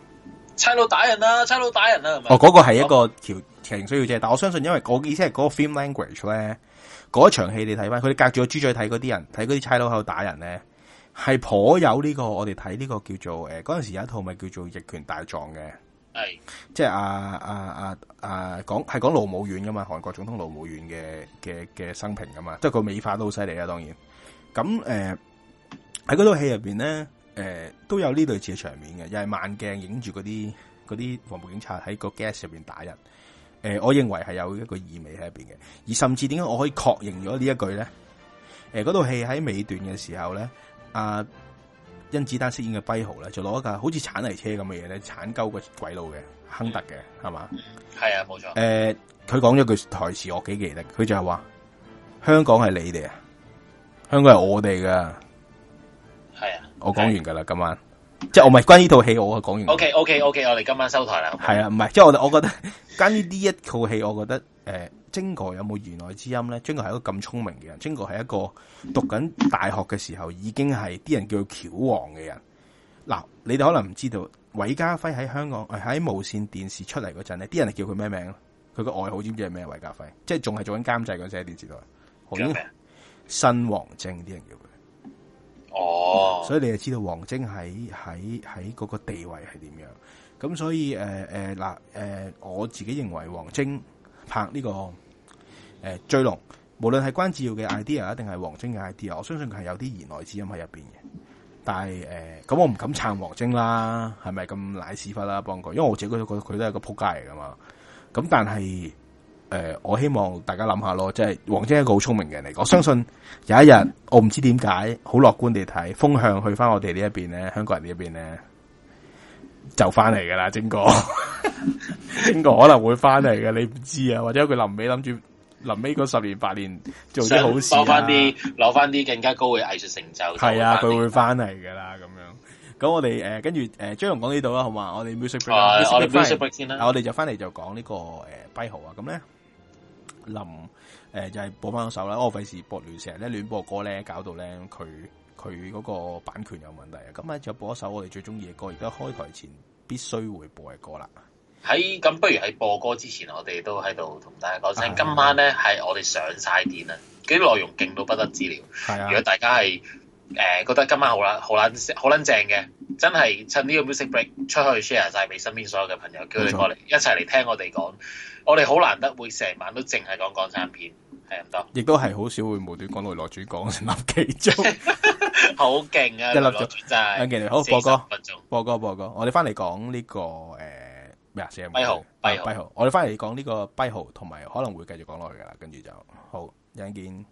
差佬打人啦！」「差佬打人啦！哦是是」哦，嗰、哦那個係一個橋情需要啫，但我相信，因為嗰意思係嗰個 film language 咧，嗰場戲你睇翻，佢哋隔住個豬嘴睇嗰啲人，睇嗰啲差佬喺度打人咧，係頗有呢、這個我哋睇呢個叫做誒，嗰、呃、陣時有一套咪叫做《逆權大狀》嘅，係，即係阿阿阿阿講係講盧武鉉》噶嘛，韓國總統盧武鉉》嘅嘅嘅生平噶嘛，即係佢美化都好犀利啊！當然，咁誒喺嗰套戲入邊咧。呃誒，都有呢類似嘅場面嘅，又係慢鏡影住嗰啲嗰啲防暴警察喺個 gas 上邊打人。誒，我認為係有一個意味喺入邊嘅，而甚至點解我可以確認咗呢一句咧？誒，嗰套戲喺尾段嘅時候咧，阿、啊、甄子丹飾演嘅跛豪咧，就攞一架好似鏟泥車咁嘅嘢咧，鏟鳩個鬼佬嘅，亨特嘅，係嘛？係、嗯、啊，冇錯。誒、啊，佢講咗句台詞，我幾記得，佢就係話：香港係你哋啊，香港係我哋噶。我講完噶啦，今晚即係我唔係關於套戲，okay, okay, okay, 我係講完。O K O K O K，我哋今晚收台啦。係啊，唔係，即係我，我覺得關於呢一套戲，我覺得誒，精哥、呃、精哥有冇弦外之音咧？精哥係一個咁聰明嘅人，精哥係一個讀緊大學嘅時候，已經係啲人叫做橋王嘅人。嗱，你哋可能唔知道，韋家輝喺香港，喺無線電視出嚟嗰陣呢，啲人係叫佢咩名？佢個愛好知唔知係咩？韋家輝，即係仲係做緊監製嗰陣，電視台。好，新王晶啲人叫佢。哦、oh.，所以你就知道王晶喺喺喺個地位係點樣，咁所以誒誒嗱誒，我自己認為王晶拍呢、這個誒《追、呃、龍》，無論係關智耀嘅 idea，定係王晶嘅 idea，我相信佢係有啲言外之音喺入邊嘅。但係誒，咁、呃、我唔敢撐王晶啦，係咪咁賴屎忽啦？幫佢，因為我自己都覺得佢都係一個撲街嚟噶嘛。咁但係。誒、呃，我希望大家諗下咯，即係王晶一個好聰明嘅人嚟講，我相信有一日我唔知點解，好樂觀地睇風向去翻我哋呢一邊咧，香港人呢一邊咧就翻嚟噶啦，晶哥，晶 (laughs) 哥可能會翻嚟嘅，你唔知啊，或者佢臨尾諗住臨尾嗰十年八年做啲好事、啊，攞翻啲，攞翻啲更加高嘅藝術成就，係啊，佢會翻嚟噶啦，咁樣，咁我哋誒，跟住誒，追龍講呢度啦，好嘛，我哋 music，我哋 music 先啦，我哋、啊、就翻嚟就講呢、這個誒，跛、呃、豪啊，咁咧。林誒、呃、就係、是、播翻一首啦，我費事播亂，成日咧亂播歌咧，搞到咧佢佢嗰個版權有問題啊！咁咧就播一首我哋最中意嘅歌，而家開台前必須會播嘅歌啦。喺咁，不如喺播歌之前，我哋都喺度同大家講聲、啊，今晚咧係我哋上曬電啦，啲內容勁到不得之了。係啊！如果大家係誒、呃、覺得今晚好撚好撚好撚正嘅，真係趁呢個 music break 出去 share 晒俾身邊所有嘅朋友，叫佢過嚟一齊嚟聽我哋講。我哋好難得會成晚都淨係講港產片，係咁多。亦都係好少會無端講落落轉講，一粒鐘，好 (laughs) 勁 (laughs) 啊！一粒鐘真係，okay, 好波哥，波哥，波哥，我哋翻嚟講呢個誒咩啊？跛豪，跛豪，豪，我哋翻嚟講呢個跛豪，同埋可能會繼續講落去噶啦，跟住就好，一陣見。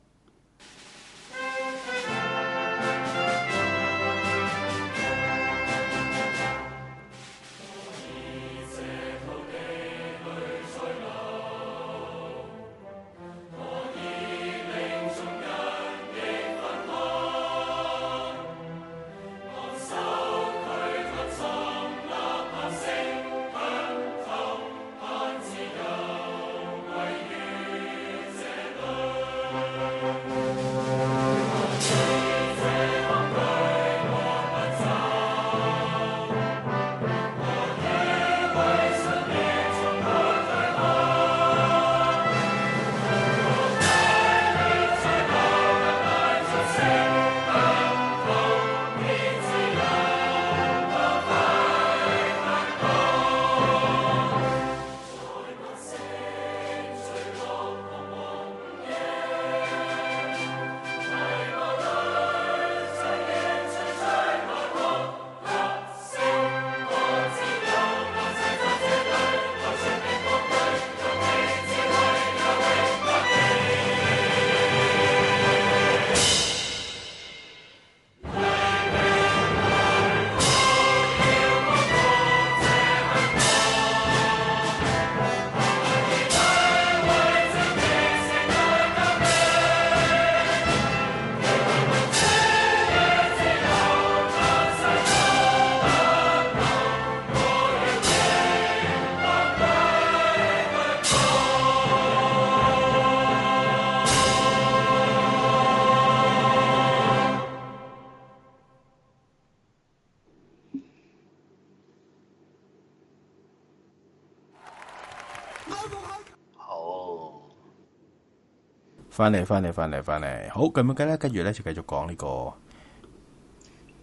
翻嚟翻嚟翻嚟翻嚟，好，咁樣跟咧，跟住咧就繼續講呢、這個《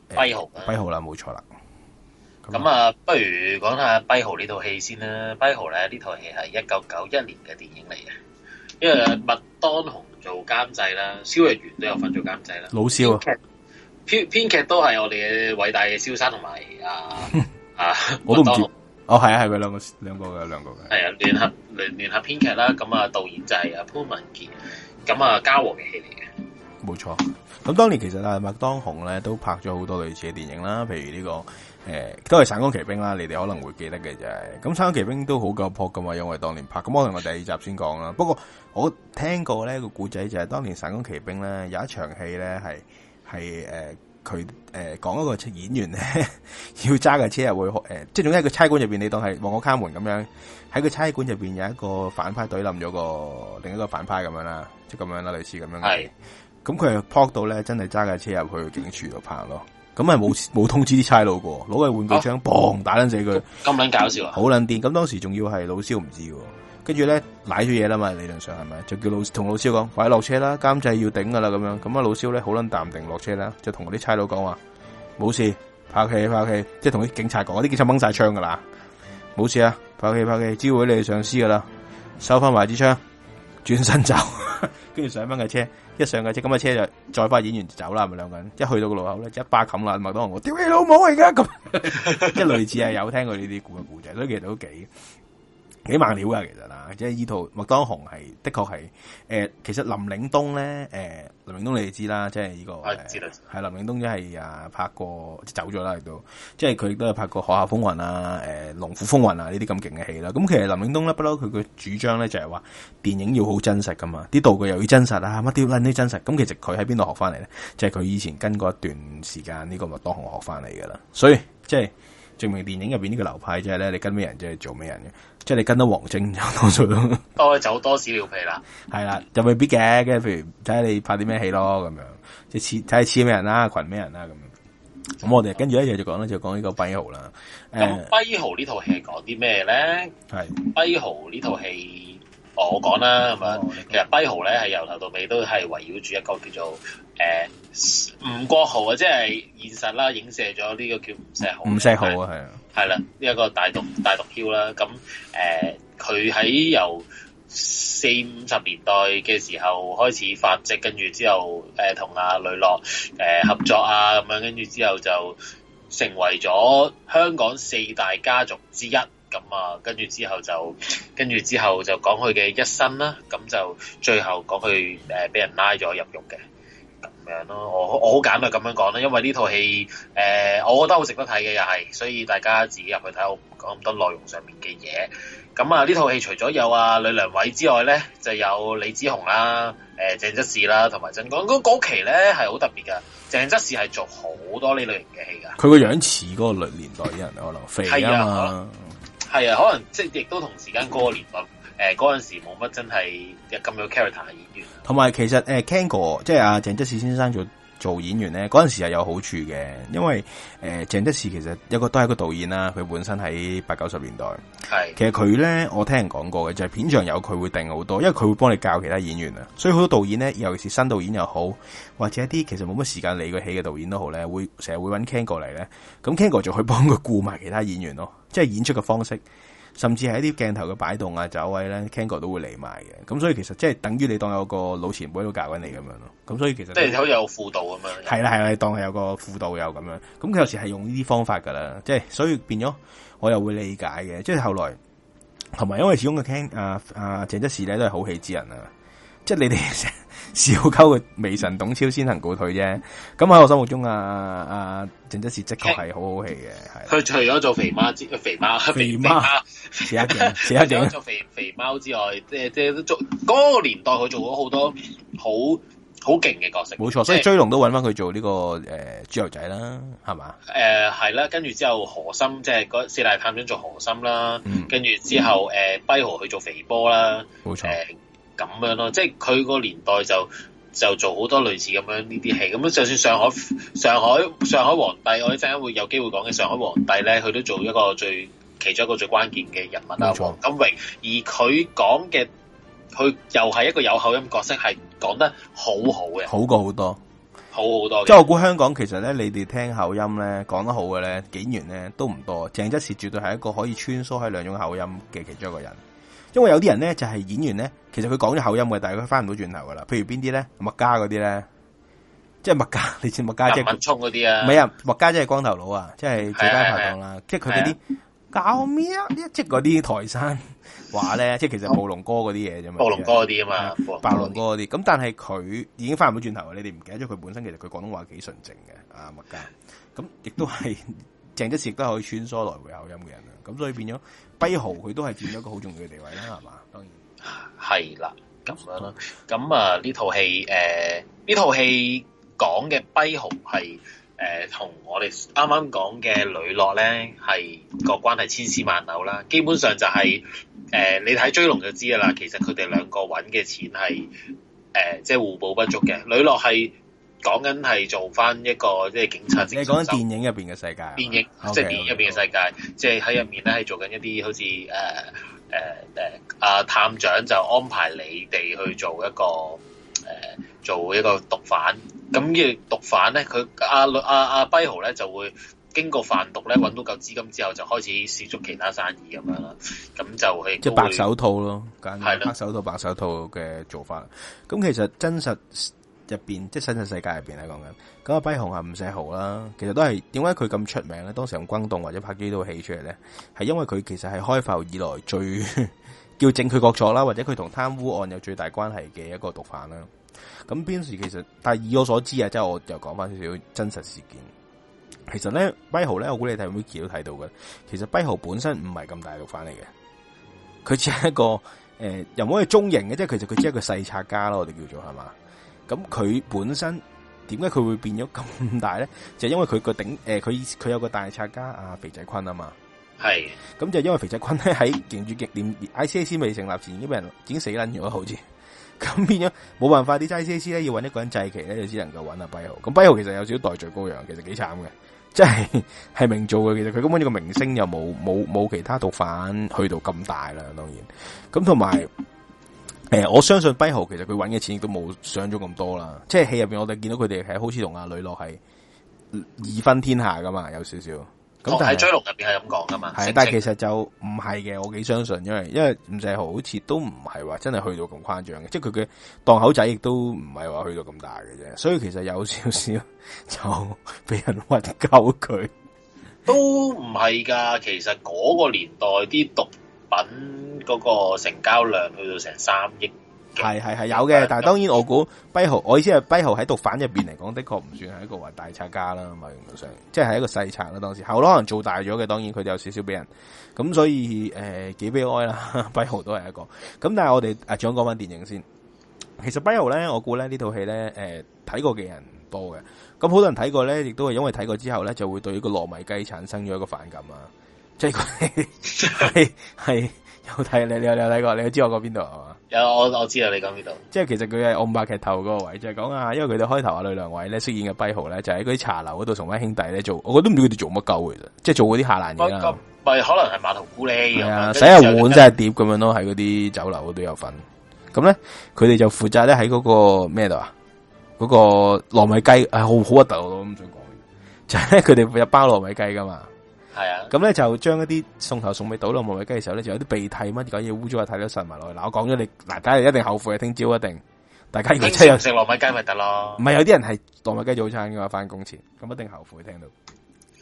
跛豪，啊呃、豪》。跛豪啦，冇錯啦。咁啊，不如講下《跛豪呢》呢套戲先啦。《跛豪》咧呢套戲係一九九一年嘅電影嚟嘅，因為麥當雄做監製啦，蕭若元都有份做監製啦。老蕭啊，編編劇都係我哋嘅偉大嘅蕭生同埋啊啊， (laughs) 啊我都唔知道。哦，係啊，係佢兩個兩個嘅兩個嘅。係啊，聯、啊、合聯聯合編劇啦。咁啊，導演就係阿潘文傑。咁啊，嘉禾嘅戲嚟嘅，冇錯。咁當年其實啊麥當雄咧都拍咗好多類似嘅電影啦，譬如呢、這個誒、呃、都係省港旗兵啦，你哋可能會記得嘅啫。咁省港旗兵都好夠潑噶嘛，因為當年拍。咁我同我第二集先講啦。不過我聽過咧個古仔就係、是、當年省港旗兵咧有一場戲咧係係誒佢誒講一個演員咧 (laughs) 要揸架車入會誒即係總之喺個差館入邊你當係旺角卡門咁樣喺個差館入邊有一個反派隊冧咗個另一個反派咁樣啦。咁樣啦，類似咁樣。係，咁佢係扑到咧，真係揸架車入去警署度拍咯。咁係冇冇通知啲差佬個，攞個玩具槍、啊，砰，砰打死佢。咁捻搞笑啊！好捻癲！咁當時仲要係老蕭唔知嘅，跟住咧買咗嘢啦嘛，理論上係咪？就叫老同老蕭講快落車啦，監製要頂噶啦咁樣。咁啊老蕭咧好捻淡定落車啦，就同嗰啲差佬講話冇事，拍戲拍戲，即係同啲警察講，啲警察掹晒槍噶啦，冇事啊，拍戲拍戲，知會你上司噶啦，收翻埋支槍。轉身走，跟住上翻架車，一上架車咁嘅、那個、車就再發演員就走啦，係咪兩個人？一去到個路口咧，一巴冚啦麥當勞，我屌你老母而家咁，即係類似係有聽過呢啲故嘅故仔，都其實都幾。幾猛料噶，其實啦，即係呢套麥當雄係的確係誒，其實林嶺東咧誒，林嶺東你哋知啦，即係呢、這個係林嶺東，真係啊拍過走咗啦，嚟到，即係佢亦都係拍過《學校風雲》啊，《誒、呃、龍虎風雲》啊呢啲咁勁嘅戲啦。咁其實林嶺東咧不嬲，佢嘅主張咧就係話電影要好真實噶嘛，啲道具又要真實啊，乜啲都真實。咁其實佢喺邊度學翻嚟咧？即係佢以前跟過一段時間呢個麥當雄學翻嚟噶啦，所以即係。證明電影入邊呢個流派，即係咧，你跟咩人即係做咩人嘅，即係你跟到王晶就多數都多走多屎尿屁啦，係啦，就未必嘅。跟譬如睇下你拍啲咩戲咯，咁樣即係似睇下似咩人啦，群咩人啦咁。咁、嗯、我哋跟住咧就呢就講咧就講呢個跛豪啦。誒，跛豪呢套戲講啲咩咧？係跛豪呢套戲。我講啦，咁、嗯、樣、嗯嗯嗯、其實跛豪咧係由頭到尾都係圍繞住一個叫做誒吳、呃、國豪啊，即係現實啦，影射咗呢個叫吳錫豪，吳錫豪啊，係啊，係啦呢一個大毒大毒梟啦。咁、嗯、誒，佢、呃、喺由四五十年代嘅時候開始發跡，跟住之後誒同阿雷洛誒、呃、合作啊，咁樣跟住之後就成為咗香港四大家族之一。咁啊，跟住之後就，跟住之後就講佢嘅一生啦、啊。咁就最後講佢誒，俾、呃、人拉咗入獄嘅，咁樣咯、啊。我我好簡略咁樣講啦，因為呢套戲誒，我覺得好值得睇嘅又係，所以大家自己入去睇。我唔講咁多內容上面嘅嘢。咁啊，呢套戲除咗有啊，呂良偉之外咧，就、呃呃啊、有李子雄啦、誒鄭則仕啦，同埋真講嗰期咧係好特別噶。鄭則仕係做好多呢類型嘅戲噶。佢個樣似嗰個年代啲人， (laughs) 可能肥啊係啊，可能即係亦都同時間嗰個年份，誒、呃，嗰陣時冇乜真係有咁樣 character 嘅演員，同埋其實誒 Congo 即係阿鄭則仕先生就。做演員咧，嗰陣時係有好處嘅，因為誒鄭則仕其實一個都係個導演啦，佢本身喺八九十年代係，其實佢咧我聽人講過嘅就係、是、片場有佢會定好多，因為佢會幫你教其他演員啊，所以好多導演咧，尤其是新導演又好，或者一啲其實冇乜時間理佢起嘅導演都好咧，會成日會揾 Ken 過嚟咧，咁 Ken 過就去幫佢顧埋其他演員咯，即係演出嘅方式。甚至係一啲鏡頭嘅擺動啊、走位咧 Ken 哥都會嚟埋嘅。咁所以其實即係等於你當有個老前輩喺度教緊你咁樣咯。咁所以其實即係好似有輔導咁樣。係啦係啦，你當係有個輔導又咁樣。咁佢有時係用呢啲方法噶啦。即係所以變咗，我又會理解嘅。即係後來同埋，因為始終個 Ken 啊啊鄭則仕咧都係好戲之人啊。即係你哋。 (laughs) 小鳩嘅美神董超先行告退啫，咁喺我心目中啊，阿鄭則仕的確係好好戲嘅，係佢除咗做肥媽之肥媽肥媽，肥做肥肥貓之外，即即、呃、做嗰、那個年代佢做咗好多好好勁嘅角色，冇錯。所、就、以、是、追龍都揾翻佢做呢、這個誒豬油仔啦，係嘛？誒係啦，跟住之後何心即係四大探長做何心啦，跟、嗯、住之後誒跛、呃、豪去做肥波啦，冇、嗯、錯。嗯咁樣咯，即係佢個年代就就做好多類似咁樣呢啲戲，咁樣就算上海上海上海皇帝，我一陣間會有機會講嘅上海皇帝咧，佢都做一個最其中一個最關鍵嘅人物啊，黃金榮。而佢講嘅，佢又係一個有口音角色，係講得好好嘅，好過好多，好好多。即係我估香港其實咧，你哋聽口音咧講得好嘅咧，演員咧都唔多。鄭則仕絕對係一個可以穿梭喺兩種口音嘅其中一個人。因為有啲人咧就係、是、演員咧，其實佢講咗口音嘅，但係佢翻唔到轉頭噶啦。譬如邊啲咧，麥家嗰啲咧，即係麥家，你似麥，麥家即係文冲嗰啲啊？唔係啊，麥家即係光頭佬啊，即係最佳拍檔啦。即係佢嗰啲搞咩啊？即係嗰啲台山話咧，即係其實暴龍哥嗰啲嘢啫嘛，暴龍哥嗰啲啊嘛，暴龍哥嗰啲。咁但係佢已經翻唔到轉頭啊！你哋唔記得咗佢本身其實佢廣東話幾純正嘅啊！麥家咁亦都係鄭則士都可以穿梭來回口音嘅人。咁所以變咗，跛豪佢都係佔咗一個好重要嘅地位啦，係嘛？當然係啦，咁樣啦。咁啊，呢套戲誒，呢套戲講嘅跛豪係誒，同我哋啱啱講嘅呂樂咧係個關係千絲萬縷啦。基本上就係、是、誒、呃，你睇追龍就知嘅啦。其實佢哋兩個揾嘅錢係誒，即、呃、係、就是、互補不足嘅。呂樂係。講緊係做翻一個即係、就是、警察，你講電影入邊嘅世界，電影即係、okay，電影入邊嘅世界，即係喺入面咧係、嗯、做緊一啲好似誒誒誒啊探長就安排你哋去做一個誒、呃、做一個毒販，咁、嗯、要毒販咧佢阿阿阿跛豪咧就會經過販毒咧揾到嚿資金之後就開始涉足其他生意咁樣啦，咁、嗯、就係即係白手套咯，講緊白手套白手套嘅做法。咁其實真實。入邊即係真實世界入邊啊，講緊咁阿跛豪係吳世豪啦，其實都係點解佢咁出名咧？當時用轟動或者拍幾多戲出嚟咧？係因為佢其實係開埠以來最 (laughs) 叫正佢國錯啦，或者佢同貪污案有最大關係嘅一個毒販啦。咁邊時其實，但係以我所知啊，即係我就講翻少少真實事件。其實咧，跛豪咧，我估你睇 Vicky 都睇到嘅。其實跛豪本身唔係咁大毒犯嚟嘅，佢只係一個誒、呃，又唔可以中型嘅，即係其實佢只係個細拆家咯，我哋叫做係嘛。咁佢本身點解佢會變咗咁大咧？就是、因為佢個頂誒，佢、呃、佢有個大拆家阿肥仔坤啊嘛，係咁就因為肥仔坤咧喺頂住極點，I C A C 未成立前已經俾人剪死捻咗，好似咁變咗冇辦法，啲 I C A C 咧要搵一個人制其咧，只能夠搵阿跛豪。l l 咁 b i 其實有少少代罪羔羊，其實幾慘嘅，即係係明做嘅。其實佢根本呢個明星又冇冇冇其他毒販去到咁大啦，當然咁同埋。誒、嗯，我相信跛豪其實佢搵嘅錢亦都冇上咗咁多啦，即係戲入邊我哋見到佢哋係好似同阿呂樂係二分天下噶嘛，有少少。咁但係、哦、追龍入邊係咁講噶嘛？係，但係其實就唔係嘅，我幾相信，因為因為吳世豪好似都唔係話真係去到咁誇張嘅，即係佢嘅檔口仔亦都唔係話去到咁大嘅啫，所以其實有少少就俾人屈鳩佢，都唔係噶。其實嗰個年代啲毒。搵嗰個成交量去到億成三億，係係係有嘅，但係當然我估跛豪，我意思係跛豪喺毒販入邊嚟講的確唔算係一個話大拆家啦，咁樣上，即係係一個細拆啦。當時後嚟可能做大咗嘅，當然佢有少少俾人咁，所以誒幾、呃、悲哀啦。跛豪都係一個，咁但係我哋啊，想講翻電影先。其實跛豪咧，我估咧呢套戲咧，誒、呃、睇過嘅人多嘅，咁好多人睇過咧，亦都係因為睇過之後咧，就會對呢個糯米雞產生咗一個反感啊。即係係係有睇你你有睇過，你有知我講邊度係嘛？有我我知道你講邊度？即係其實佢係《五佰》劇頭嗰個位，就係講啊，因為佢哋開頭啊，女兩位咧飾演嘅跛豪咧，就喺嗰啲茶樓嗰度同啲兄弟咧做，我都唔知佢哋做乜救嘅實，即係做嗰啲下難嘢啦。可能係抹塗糊咧？係啊，洗下碗，真係碟咁樣咯，喺嗰啲酒樓嗰度有份。咁咧，佢哋就負責咧喺嗰個咩度啊？嗰、那個糯米雞好好核突，我咁想講，就係佢哋入包糯米雞噶嘛。係啊，咁 (noise) 咧樂就將一啲送頭送尾倒落糯米雞嘅時候咧，就有啲鼻涕乜鬼嘢、污糟啊，睇到神埋落去。嗱，我講咗你，嗱，大家一定後悔嘅，聽朝一定，大家唔食又食糯米雞咪得咯。唔係， (music) 有啲人係糯米雞早餐嘅話，翻工前咁一定後悔聽到。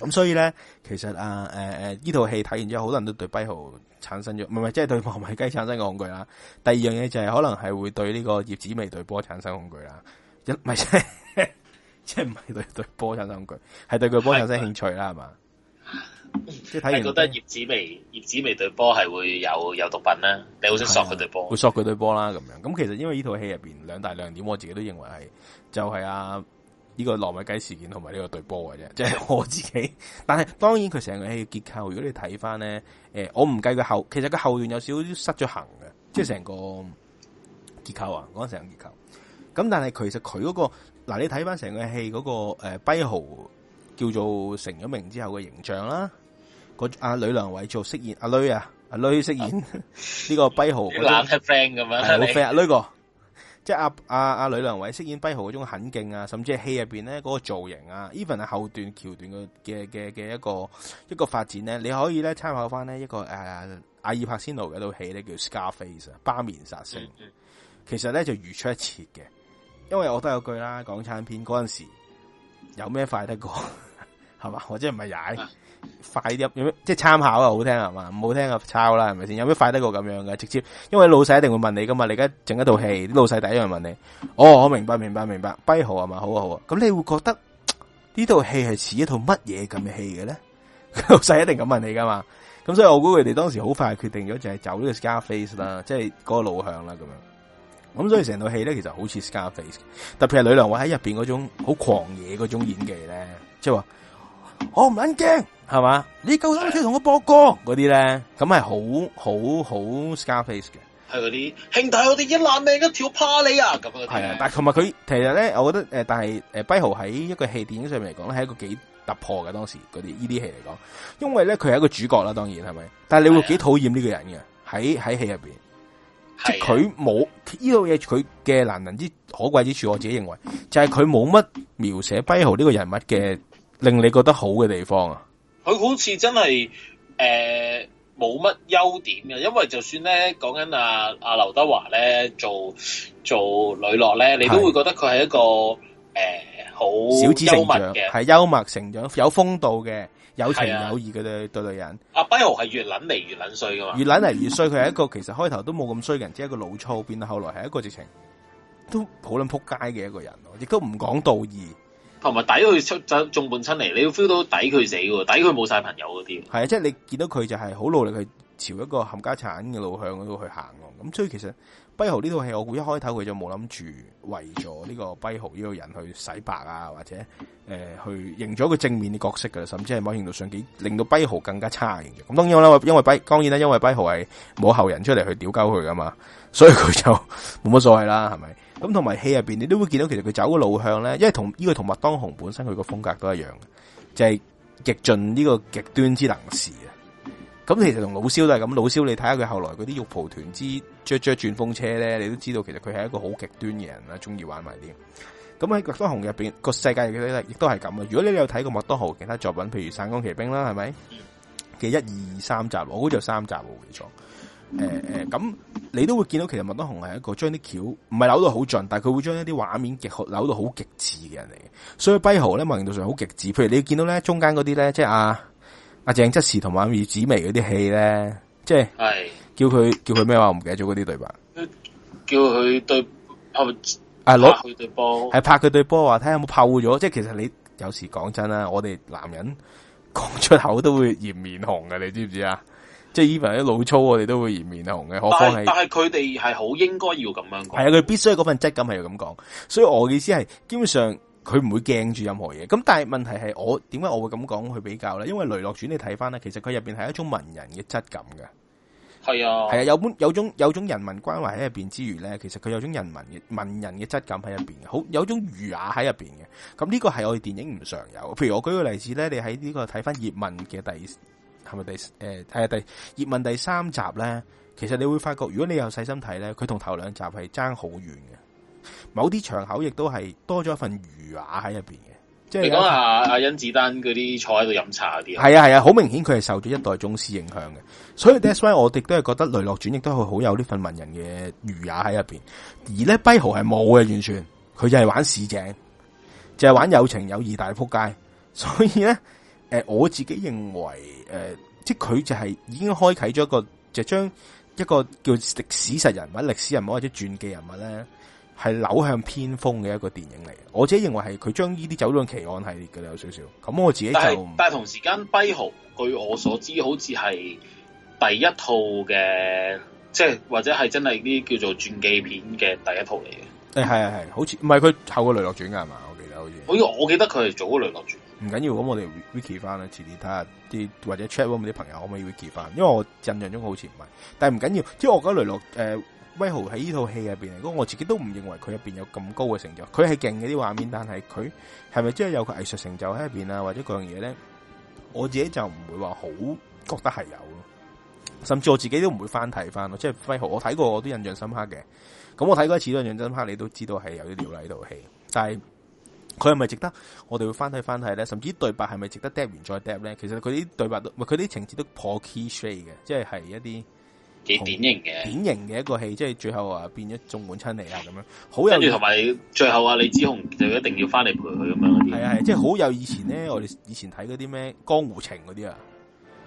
咁所以咧，其實啊，誒、呃、誒，呢套戲睇完之後，好多人都對跛豪產生咗，唔係即係對糯米雞產生恐懼啦。第二樣嘢就係可能係會對呢個葉子楣對波產生恐懼啦。一唔係即係唔係對對波產生恐懼，係對佢波產生興趣啦，係嘛？即係你覺得葉子楣、葉子楣對波係會有有毒品啦？你好想索佢對波？會索佢對波啦咁樣。咁其實因為呢套戲入邊兩大亮點，我自己都認為係就係阿呢個糯米雞事件同埋呢個對波嘅啫，即係我自己，但係當然佢成個戲嘅結構，如果你睇翻咧，誒，我唔計佢後，其實佢後段有少少失咗行嘅，即係成個結構啊，嗰陣時嘅結構。咁但係其實佢嗰個嗱，你睇翻成個戲嗰個誒，跛豪叫做成咗名之後嘅形象啦。阿呂良偉做飾演阿女啊，阿女飾演呢、啊啊啊，這個跛豪，你攬客 friend 咁啊？係好 friend 啊，呢個即係阿阿阿呂良偉飾演跛豪嗰種狠勁啊，甚至係戲入邊咧嗰個造型啊，even 係後段橋段嘅嘅嘅一個一個發展咧，你可以咧參考翻呢一個誒、啊，阿爾帕仙奴嘅套戲咧叫 Scarface 啊，疤面煞星，其實咧就如出一轍嘅，因為我都有句啦，港產片嗰陣時有咩快得過，係、啊、嘛？ (laughs) 或者唔係曳。啊快啲有咩即係參考啊？好聽係嘛？唔好聽啊，抄啦，係咪先？有咩快得過咁樣嘅？直接，因為老細一定會問你噶嘛。你而家整一套戲，啲老細第一樣問你。哦，我明白，明白，明白。跛豪係嘛？好啊，好啊。咁你會覺得呢套戲係似一套乜嘢咁嘅戲嘅咧？ (laughs) 老細一定咁問你噶嘛？咁所以我估佢哋當時好快決定咗，就係走呢個 Scarface 啦，即係嗰個路向啦，咁樣。咁所以成套戲咧，其實好似 Scarface，特別係呂良偉喺入邊嗰種好狂野嗰種演技咧，即係話我唔撚驚。係嘛？你夠膽要同我播歌嗰啲咧？咁係好好好 scarface 嘅。係嗰啲兄弟，我哋一爛命一條，怕你啊！咁嘅係啊，但係琴日佢其實咧，我覺得誒，但係誒，跛豪喺一個戲電影上面嚟講咧，係一個幾突破嘅。當時嗰啲呢啲戲嚟講，因為咧佢係一個主角啦，當然，係咪？但係你會幾討厭呢個人嘅？喺喺戲入邊，即係佢冇呢套嘢，佢嘅難能之可貴之處，我自己認為 (laughs) 就係佢冇乜描寫跛豪呢個人物嘅令你覺得好嘅地方啊。佢好似真係誒冇乜優點嘅，因為就算咧講緊阿阿劉德華咧做做雷洛咧，你都會覺得佢係一個誒好、呃、小資成著嘅，係幽默成長有風度嘅，有情有義嘅、啊、對對女人。阿跛豪係越捻嚟越捻衰噶嘛，越捻嚟越衰。佢係一個其實開頭都冇咁衰嘅人，只係一個老粗，變到後來係一個直情都好捻撲街嘅一個人，亦都唔講道義。同埋抵佢出走，眾叛親離，你要 feel 到抵佢死嘅，抵佢冇晒朋友嘅添。係啊，即係你見到佢就係好努力去朝一個冚家產嘅路向嗰度去行咯。咁所以其實跛豪呢套戲，我估一開頭佢就冇諗住為咗呢個跛豪呢個人去洗白啊，或者誒、呃、去認咗個正面嘅角色噶，甚至係某程度上幾令到跛豪更加差嘅。咁當然啦，因為跛當然啦，因為跛豪係冇後人出嚟去屌鳩佢噶嘛，所以佢就冇乜所謂啦，係咪？咁同埋戲入邊，你都會見到其實佢走嘅路向咧，因為同呢個同麥當雄本身佢個風格都一樣，就係極盡呢個極端之能事啊！咁其實同老蕭都係咁，老蕭你睇下佢後來嗰啲玉蒲團之雀雀轉風車咧，你都知道其實佢係一個好極端嘅人啦，中意玩埋啲。咁喺麥當雄入邊個世界亦都係都係咁嘅，如果你有睇過麥當雄其他作品，譬如《省港旗兵》啦，係咪？嘅一二三集，我好似有三集喎，冇錯。誒、呃、誒，咁你都會見到，其實麥當雄係一個將啲橋唔係扭到好盡，但係佢會將一啲畫面極扭到好極致嘅人嚟。所以跛豪咧，文道上好極致。譬如你見到咧中間嗰啲咧，即係阿阿鄭則仕同埋葉子楣嗰啲戲咧，即係叫佢叫佢咩話？我唔記得咗嗰啲對白。叫佢對拍，啊攞佢對波，係拍佢對波，話睇下有冇泡咗。即係其實你有時講真啦，我哋男人講出口都會嫌面紅嘅，你知唔知啊？即係 even 啲老粗，我哋都會嫌面紅嘅。何況係，但係佢哋係好應該要咁樣講。係啊，佢必須嗰份質感係要咁講。所以我嘅意思係，基本上佢唔會驚住任何嘢。咁但係問題係，我點解我會咁講去比較咧？因為雷洛傳你睇翻咧，其實佢入邊係一種文人嘅質感嘅。係啊，係啊，有本有種有種人文關懷喺入邊之餘咧，其實佢有種人文嘅文人嘅質感喺入邊嘅。好有種儒雅喺入邊嘅。咁呢個係我哋電影唔常有。譬如我舉個例子咧，你喺呢個睇翻葉問嘅第。係咪第誒誒第葉問第三集咧？其實你會發覺，如果你有細心睇咧，佢同頭兩集係爭好遠嘅。某啲場口亦都係多咗一份儒雅喺入邊嘅。即係講阿阿甄子丹嗰啲坐喺度飲茶嗰啲，係啊係啊，好、啊、明顯佢係受咗一代宗師影響嘅。所以 that's why 我哋都係覺得雷洛傳亦都係好有呢份文人嘅儒雅喺入邊。而咧跛豪係冇嘅，完全佢就係玩市井，就係、是、玩有情有義大撲街。所以咧。誒、呃，我自己認為，誒、呃，即係佢就係已經開啟咗一個，就將一個叫歷史實人物、歷史人物或者傳記人物咧，係扭向偏鋒嘅一個電影嚟。我自己認為係佢將呢啲《走佬奇案》系列嘅有少少。咁我自己就，但係同時間《跛豪》，據我所知，好似係第一套嘅，即係或者係真係啲叫做傳記片嘅第一套嚟嘅。誒、哎，係係係，好似唔係佢透過雷洛傳噶係嘛？我記得好似，好似我，我記得佢係做過雷洛傳。唔緊要，咁我哋 wiki 翻啦，遲啲睇下啲或者 chat 咁啲朋友可唔可以 wiki 翻？因為我印象中好似唔係，但係唔緊要。即係我覺得雷洛誒、呃、威豪喺呢套戲入邊嚟，我自己都唔認為佢入邊有咁高嘅成就。佢係勁嘅啲畫面，但係佢係咪真係有個藝術成就喺入邊啊？或者嗰樣嘢咧，我自己就唔會話好覺得係有咯。甚至我自己都唔會翻睇翻咯。即係威豪，我睇過，我都印象深刻嘅。咁我睇過一次都印象深刻，你都知道係有啲了解呢套戲，但係。佢係咪值得我哋會翻睇翻睇咧？甚至對白係咪值得嗒完再嗒咧？其實佢啲對白都，佢啲情節都破 key shape 嘅，即係係一啲幾典型嘅典型嘅一個戲，即係最後啊變咗眾叛親離啊咁樣，好有跟住同埋最後啊李子雄就一定要翻嚟陪佢咁樣嗰啲，係啊，係啊，即係好有以前咧，我哋以前睇嗰啲咩江湖情嗰啲啊。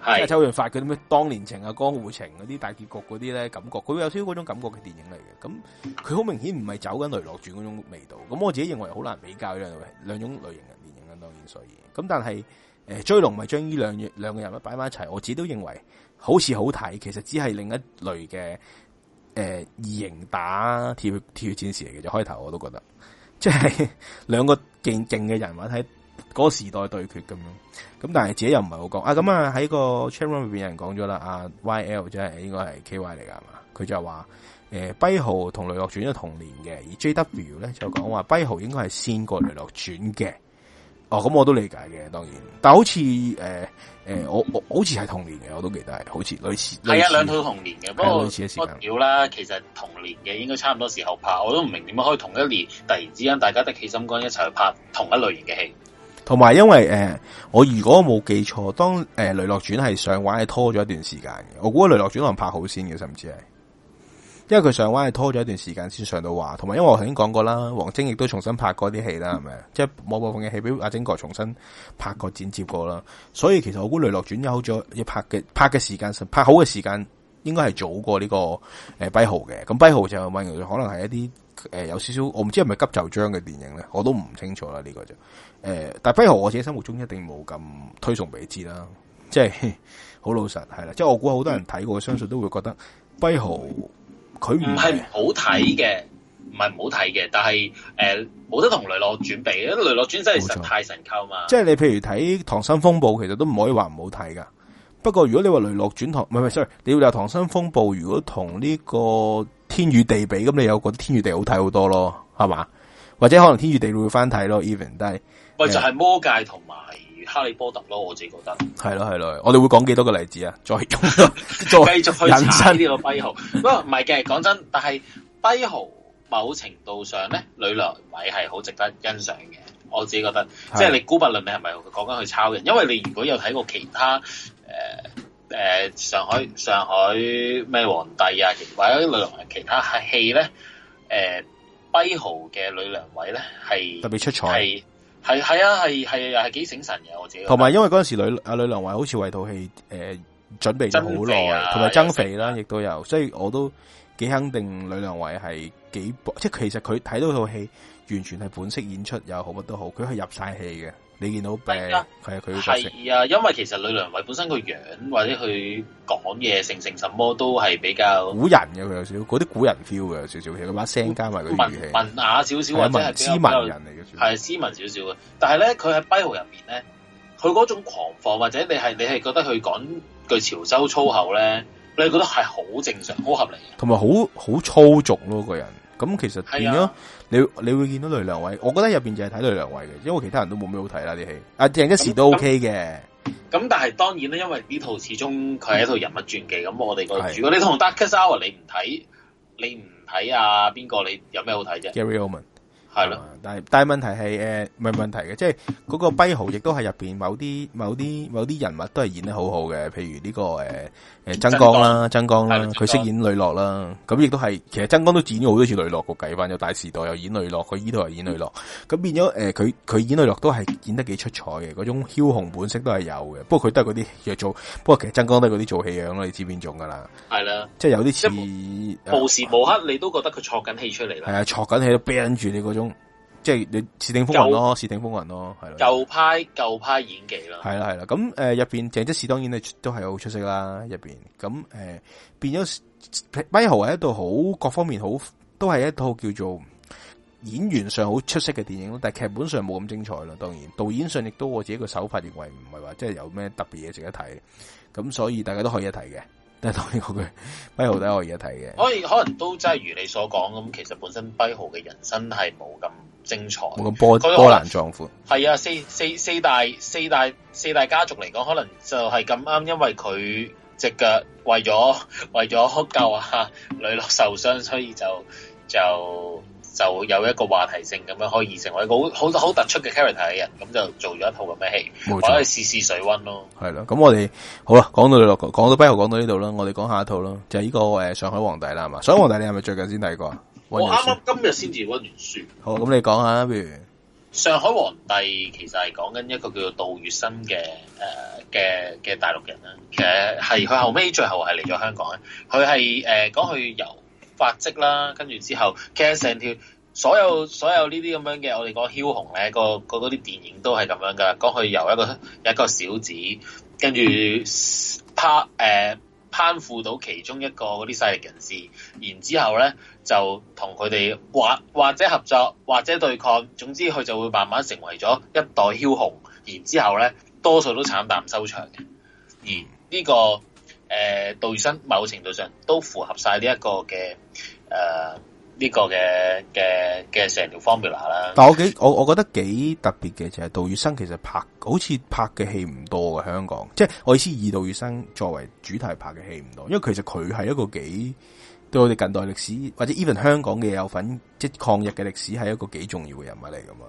即係周潤發嗰啲咩當年情啊、江湖情嗰啲大結局嗰啲咧感覺，佢有少少嗰種感覺嘅電影嚟嘅。咁佢好明顯唔係走緊雷洛傳嗰種味道。咁我自己認為好難比較呢兩種類型嘅電影啊。當然，所以咁但係誒、呃，追龍咪將呢兩兩個人物擺埋一齊。我自己都認為好似好睇，其實只係另一類嘅誒異形打鐵鐵血戰士嚟嘅。就開頭我都覺得，即係兩個勁勁嘅人物喺。嗰、那個時代對決咁樣，咁但係自己又唔係好講啊。咁啊喺個 channel 入邊有人講咗啦，啊 Y L 即係應該係 K Y 嚟噶係嘛？佢就話誒，跛、呃、豪同雷洛傳都同年嘅，而 J W 咧就講話跛豪應該係先過雷洛傳嘅。哦，咁我都理解嘅，當然，但好似誒誒，我我，我好似係同年嘅，我都記得係好似類似係一兩套同年嘅，不過我少啦。其實同年嘅應該差唔多時候拍，我都唔明點樣可以同一年突然之間大家凸起心肝一齊去拍同一類型嘅戲。同埋，因為誒、呃，我如果冇記錯，當誒、呃《雷洛傳》係上畫係拖咗一段時間嘅。我估《雷洛傳》可能拍好先嘅，甚至係，因為佢上畫係拖咗一段時間先上到畫。同埋，因為我頭先講過啦，王晶亦都重新拍過啲戲啦，係咪、嗯？即係某部分嘅戲俾阿晶哥重新拍過剪接過啦。所以其實我估《雷洛傳有》有咗要拍嘅拍嘅時間，拍好嘅時間應該係早過呢、這個誒《跛、呃、豪》嘅。咁《跛豪》就可能係一啲誒、呃、有少少，我唔知係咪急就章嘅電影咧，我都唔清楚啦。呢、這個就。誒，但係跛豪我自己心目中一定冇咁推崇美姿啦，即係好老實係啦，即係我估好多人睇過，相信都會覺得跛豪佢唔係好睇嘅，唔係唔好睇嘅，但係誒冇得同雷洛轉比，因為雷洛轉真係實太神構嘛。即係你譬如睇《溏心風暴》，其實都唔可以話唔好睇噶。不過如果你話雷洛轉溏，唔係唔係，sorry，你要話《溏心風暴》，如果同呢個《天與地》比，咁你又覺得《天與地》好睇好多咯，係嘛？或者可能《天與地》會翻睇咯，even 但係。喂、啊，就係、是、魔戒同埋哈利波特咯，我自己覺得係咯係咯，我哋會講幾多個例子啊？再，用再 (laughs) 繼續去查呢 (laughs) 個跛豪，不過唔係嘅，講真，但係跛豪某程度上咧，呂良偉係好值得欣賞嘅，我自己覺得，是啊、即係你估，不論你係咪講緊去抄人，因為你如果有睇過其他誒誒、呃呃、上海上海咩皇帝啊，或者呂良偉其他戲咧，誒、呃、跛豪嘅呂良偉咧係特別出彩。係係啊，係係又係幾醒神嘅我自己。同埋因為嗰陣時呂啊呂良偉好似為套戲誒準備咗好耐，同埋增肥啦，啊，亦都有，所以我都幾肯定呂良偉係幾即係其實佢睇到套戲完全係本色演出，又好乜都好，佢係入晒戲嘅。你見到病係啊，佢係啊，因為其實呂良偉本身個樣或者佢講嘢成成什麼，都係比較古人嘅，佢有少少，嗰啲古人 feel 嘅，少少佢把聲加埋佢語氣文雅少少或者係斯文，文人嚟嘅，係斯文少少嘅。但係咧，佢喺《跛豪》入邊咧，佢嗰種狂放或者你係你係覺得佢講句潮州粗口咧，你係覺得係好正常，好合理嘅，同埋好好粗俗咯，啊嗰個人咁其實點啊？你你會見到呂良偉，我覺得入邊就係睇呂良偉嘅，因為其他人都冇咩好睇啦啲戲。啊，鄭、嗯、則仕都 OK 嘅、嗯，咁、嗯、但係當然啦，因為呢套始終佢係一套人物傳記，咁、嗯嗯、我哋個如果你同 Darkest Hour 你唔睇，你唔睇啊邊個，你，看、啊、個你有咩好睇啫？Gary Oldman 係啦。但係，但係問題係誒，唔、呃、係問題嘅，即係嗰個跛豪，亦都係入邊某啲、某啲、某啲人物都係演得很好好嘅。譬如呢、這個誒誒、呃、曾江啦，曾江啦，佢飾演雷洛啦，咁、嗯、亦都係。其實曾江都演咗好多次雷洛個計，翻有大時代又演雷洛，佢依度又演雷洛，咁、嗯、變咗誒，佢、呃、佢演雷洛都係演得幾出彩嘅，嗰種梟雄本色都係有嘅。不過佢都係嗰啲若做，不過其實曾江都係嗰啲做戲樣咯，你知邊種噶啦？係啦，即係有啲似無時無刻你都覺得佢坐緊戲出嚟啦，係啊，坐緊戲都 ban 住你嗰種。即係你歲月風雲咯，歲月風雲咯，係咯，舊派舊派演技咯，係啦，係啦。咁入、呃、面鄭則仕當然都係好出色啦，入面咁、呃、變咗。跛豪係一套好各方面好，都係一套叫做演員上好出色嘅電影咯，但係劇本上冇咁精彩啦，當然導演上亦都我自己個手法認為唔係話即係有咩特別嘢值得睇，咁所以大家都可以一睇嘅。即係同一個跛豪都係我而家睇嘅。所以可能都真係如你所講咁，其實本身跛豪嘅人生係冇咁精彩，冇咁波可能可能波瀾壯闊。係啊，四四四大四大四大家族嚟講，可能就係咁啱，因為佢隻腳為咗為咗救啊女落受傷，所以就就。就有一個話題性咁樣可以成為一個好好好突出嘅 character 嘅人，咁就做咗一套咁嘅戲，可以試試水溫咯。係咯，咁我哋好啦，講到落講到畢後，講到呢度啦，我哋講下一套咯，就係呢個誒上海皇帝啦，係嘛？上海皇帝你係咪最近先睇過啊？我啱啱今日先至溫完書。好，咁你講下啦，譬如上海皇帝其實係講緊一個叫做杜月笙嘅誒嘅嘅大陸人啦，其實係佢後尾最後係嚟咗香港咧，佢係誒講佢由。發跡啦，跟住之後，其實成條所有所有呢啲咁樣嘅我哋講梟雄咧，個嗰啲、嗰個、電影都係咁樣噶，講佢由一個一個小子，跟住攀誒攀附到其中一個嗰啲勢力人士，然之後咧就同佢哋或或者合作或者對抗，總之佢就會慢慢成為咗一代梟雄，然之後咧多數都慘淡收場嘅。而呢、呢個誒、呃，杜月笙某程度上都符合晒呢一個嘅，誒呢個嘅嘅嘅成條 formula 啦。但我幾我我覺得幾特別嘅就係、是、杜月笙其實拍好似拍嘅戲唔多嘅香港，即係我意思，以杜月笙作為主題拍嘅戲唔多，因為其實佢係一個幾對我哋近代歷史或者 even 香港嘅，有份即係抗日嘅歷史係一個幾重要嘅人物嚟噶嘛。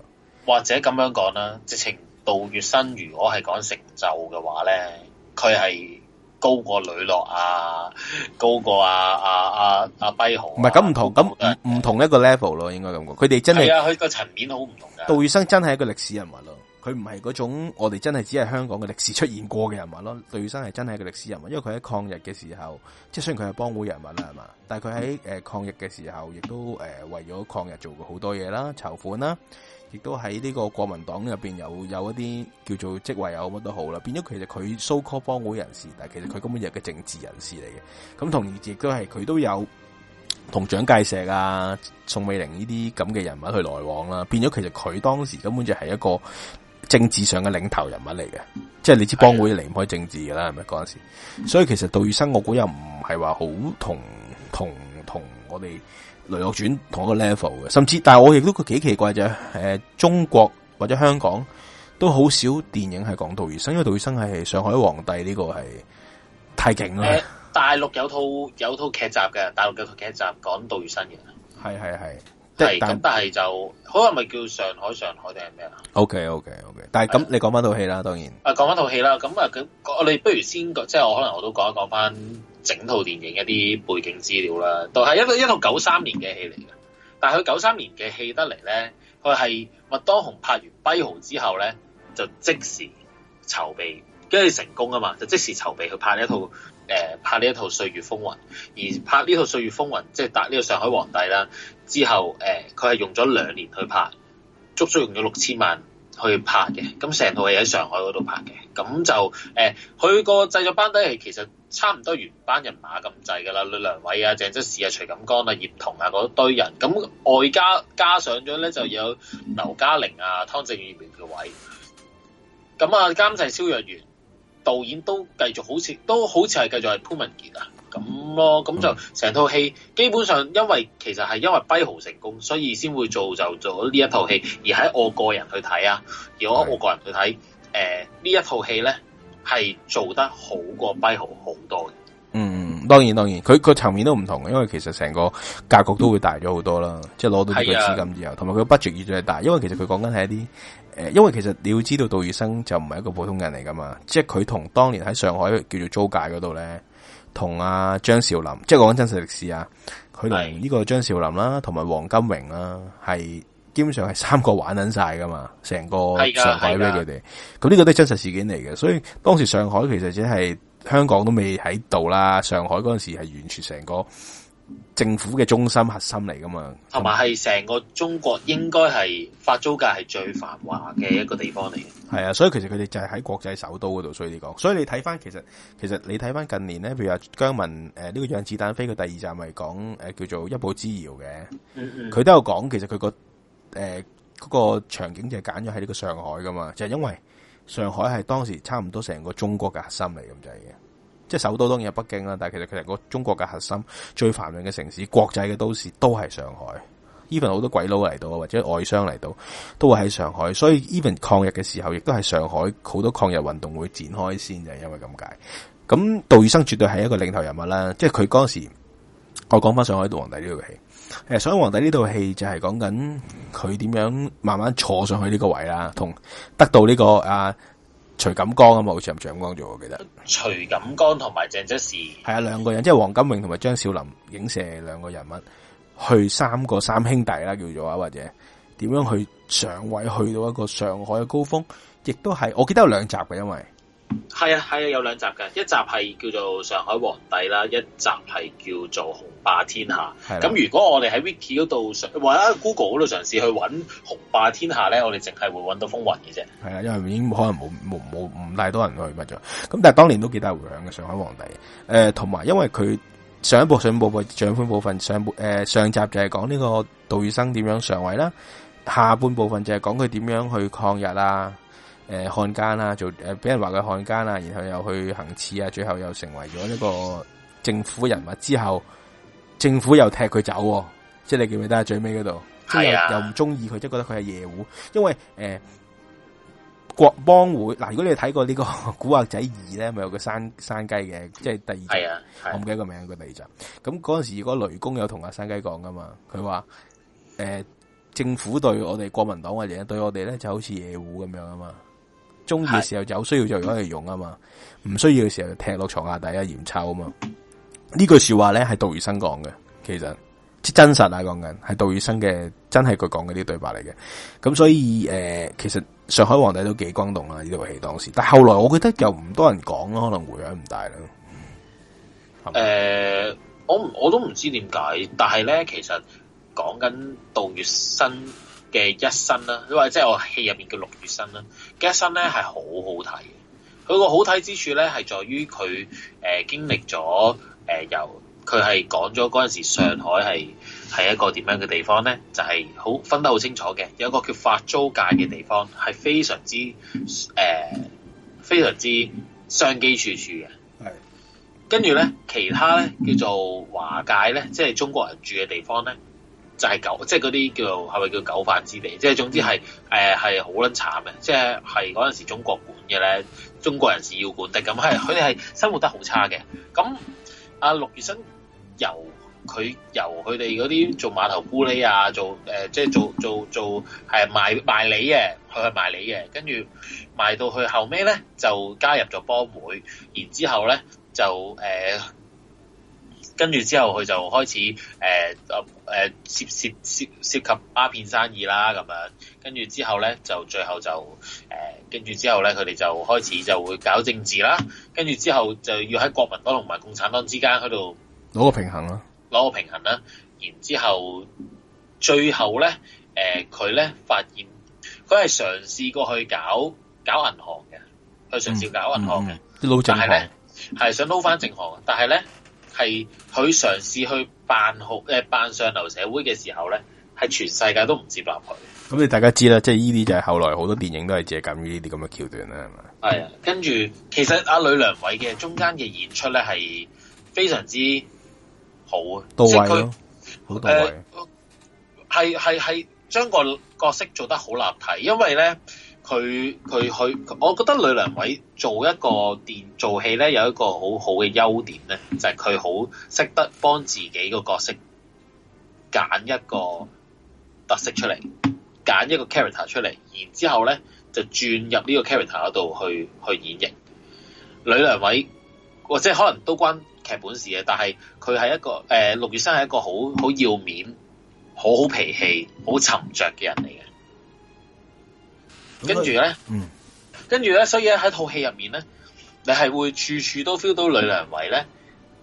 或者咁樣講啦，直情杜月笙如果係講成就嘅話咧，佢係。高過呂樂啊，高過阿阿阿阿跛豪，唔係咁唔同，咁唔同一個 level 咯，應該咁講，佢哋真係，係啊，佢個層面好唔同噶杜月笙真係一個歷史人物咯，佢唔係嗰種我哋真係只係香港嘅歷史出現過嘅人物咯。杜月笙係真係一個歷史人物，因為佢喺抗日嘅時候，即係雖然佢係幫會人物啦，係嘛，但係佢喺誒抗日嘅時候，亦都誒為咗抗日做過好多嘢啦，籌款啦。亦都喺呢個國民黨入邊有有一啲叫做職位有乜都好啦，變咗其實佢 so call 幫會人士，但係其實佢根本就係個政治人士嚟嘅，咁同而亦都係佢都有同蔣介石啊、宋美齡呢啲咁嘅人物去來往啦，變咗其實佢當時根本就係一個政治上嘅領頭人物嚟嘅，嗯，即係你知幫會離唔開政治噶啦，係咪嗰陣時，嗯？所以其實杜月笙我估又唔係話好同同同我哋。雷洛傳同一個 level 嘅，甚至，但係我亦都幾幾奇怪就誒、呃，中國或者香港都好少電影係講杜月笙，因為杜月笙係上海皇帝呢、這個係太勁啦、呃。大陸有套有套劇集嘅，大陸有套劇集講杜月笙嘅，係係係。係，咁但係就好，可能咪叫上海上海定係咩啊？OK OK OK，但係咁， (noise) 你講翻套戲啦，當然。啊，講翻套戲啦，咁啊咁，我你不如先，即係我可能我都講一講翻整套電影一啲背景資料啦。都係 (noise) 一一套九三年嘅戲嚟嘅，但係佢九三年嘅戲得嚟咧，佢係麥當雄拍完《跛豪》之後咧，就即時籌備，跟住成功啊嘛，就即時籌備去拍一套。 (noise) 誒、呃、拍呢一套《歲月風雲》，而拍呢套《歲月風雲》即係打呢個上海皇帝啦。之後誒，佢、呃、係用咗兩年去拍，足足用咗六千萬去拍嘅。咁成套係喺上海嗰度拍嘅。咁就誒，佢、呃、個製作班底係其實差唔多原班人馬咁滯㗎啦。呂良偉啊、鄭則仕啊、徐錦江啊、葉童啊嗰堆人，咁外加加上咗咧就有劉嘉玲啊、湯鎮業嘅位。咁啊，監製蕭若元。導演都繼續好似都好似係繼續係潘文傑啊咁咯，咁就成套戲、嗯、基本上因為其實係因為跛豪成功，所以先會做就做呢一套戲。而喺我個人去睇啊，而我我個人去睇，誒呢、呃、一套戲咧係做得好過跛豪好多嘅。嗯，當然當然，佢個層面都唔同，因為其實成個格局都會大咗好多啦，即係攞到呢個資金之後，同埋佢 budget 亦係大，因為其實佢講緊係一啲。誒，因為其實你要知道杜月笙就唔係一個普通人嚟噶嘛，即係佢同當年喺上海叫做租界嗰度咧，同阿張嘯林，即係講緊真實歷史啊，佢同呢個張嘯林啦，同埋黃金榮啦，係基本上係三個玩緊晒噶嘛，成個上海俾佢哋，咁呢個都係真實事件嚟嘅，所以當時上海其實只係香港都未喺度啦，上海嗰陣時係完全成個政府嘅中心核心嚟噶嘛，同埋係成個中國應該係法租界係最繁華嘅一個地方嚟嘅，係啊，所以其實佢哋就係喺國際首都嗰度，所以你講，所以你睇翻其實，其實你睇翻近年咧，譬如話姜文誒呢、呃這個《讓子彈飛》嘅第二站咪講誒叫做一步之遙嘅，佢、mm -hmm. 都有講，其實佢個誒嗰個場景就係揀咗喺呢個上海噶嘛，就係、是、因為上海係當時差唔多成個中國嘅核心嚟咁就係、是、嘅。即係首都當然係北京啦，但係其實佢係個中國嘅核心、最繁榮嘅城市、國際嘅都市都係上海。even 好多鬼佬嚟到或者外商嚟到，都會喺上海。所以 even 抗日嘅時候，亦都係上海好多抗日運動會展開先，就係因為咁解。咁杜月笙絕對係一個領頭人物啦。即係佢嗰時，我講翻上海杜皇帝呢套戲。誒，上海皇帝呢套戲就係講緊佢點樣慢慢坐上去呢個位啦，同得到呢個啊。徐錦江啊嘛，好似係長江做，我記得。徐錦江同埋鄭則仕係啊，兩個人即係黃金榮同埋張小林影射兩個人物，去三個三兄弟啦，叫做啊，或者點樣去上位，去到一個上海嘅高峰，亦都係我記得有兩集嘅，因為。係啊，係啊，有兩集嘅，一集係叫做《上海皇帝》啦，一集係叫做《雄霸天下》。咁如果我哋喺 Wiki 嗰度上，或者 Google 嗰度嘗試去搵《雄霸天下》咧，我哋淨係會搵到風雲嘅啫。係啊，因為已經可能冇冇冇唔太多人去乜咗。咁但係當年都幾大回響嘅《上海皇帝》呃。誒，同埋因為佢上一部上半部，部部分，上半誒上，部、呃、上集就係講呢個杜月笙點樣上位啦，下半部分就係講佢點樣去抗日啦誒、呃，漢奸啦、啊，做誒，俾、呃、人話佢漢奸啦、啊，然後又去行刺啊，最後又成為咗呢個政府人物之後，政府又踢佢走、啊，即係你記唔記得喺最尾嗰度？係又唔中意佢，即係覺得佢係夜壺，因為誒、呃、國邦會嗱、呃，如果你睇過個呢個《古惑仔二》咧，咪有個山山雞嘅，即係第二集，我唔記得個名，個第二集。咁嗰陣時，如果雷公有同阿、啊、山雞講噶嘛，佢話誒，政府對我哋國民黨或者對我哋咧，就好似夜壺咁樣啊嘛。中意嘅時候有需要就攞嚟用啊嘛，唔需要嘅時候踢落床下底啊，嫌臭啊嘛。這句呢句說話咧係杜月笙講嘅，其實即真實啊講緊係杜月笙嘅，真係佢講嗰啲對白嚟嘅。咁所以誒、呃，其實上海皇帝都幾轟動啊呢部戲當時，但係後來我覺得又唔多人講咯，可能回響唔大咯。誒、呃，我唔我都唔知點解，但係咧其實講緊杜月笙嘅一生啦，因為即係我戲入面叫陸月笙啦。g u 呢咧係好好睇嘅，佢個好睇之處咧係在於佢誒、呃、經歷咗、呃、由佢係講咗嗰陣時上海係係一個點樣嘅地方咧，就係、是、好分得好清楚嘅，有一個叫法租界嘅地方係非常之誒、呃、非常之商機處處嘅，跟住咧其他咧叫做華界咧，即係中國人住嘅地方咧。就係、是、狗，即係嗰啲叫做係咪叫狗患之地？即、就、係、是、總之係誒係好撚慘嘅，即係係嗰陣時中國管嘅咧，中國人士要管的咁，係佢哋係生活得好差嘅。咁阿陸月笙由佢由佢哋嗰啲做碼頭咕喱啊，做誒即係做做做係賣賣梨嘅，佢去賣梨嘅，跟住賣到去後尾咧就加入咗幫會，然後呢、呃、之後咧就誒跟住之後佢就開始誒。呃誒涉涉涉涉及鴉片生意啦，咁樣跟住之後咧，就最後就誒跟住之後咧，佢哋就開始就會搞政治啦，跟住之後就要喺國民黨同埋共產黨之間喺度攞個平衡啦、啊，攞個平衡啦、啊，然之後最後咧，誒佢咧發現佢係嘗試過去搞搞銀行嘅，去嘗試搞銀行嘅，撈、嗯、正、嗯、行，係想撈翻正行，但係咧。係佢嘗試去扮好誒，扮上流社會嘅時候咧，係全世界都唔接納佢。咁你大家知啦，即係呢啲就係、是、後來好多電影都係借鑑於呢啲咁嘅橋段啦，係咪？係啊，跟住其實阿呂良偉嘅中間嘅演出咧，係非常之好啊，到位咯、啊，好到位、啊。係係係，將、呃、個角色做得好立體，因為咧。佢佢佢，我覺得呂良偉做一個電做戲咧，有一個好好嘅優點咧，就係佢好識得幫自己個角色揀一個特色出嚟，揀一個 character 出嚟，然之後咧就轉入呢個 character 嗰度去去演繹。呂良偉或者可能都關劇本事嘅，但係佢係一個誒、呃、陸月生係一個好好要面、好好脾氣、好沉着嘅人嚟。跟住咧，嗯，跟住咧，所以咧喺套戲入面咧，你係會處處都 feel 到呂良偉咧，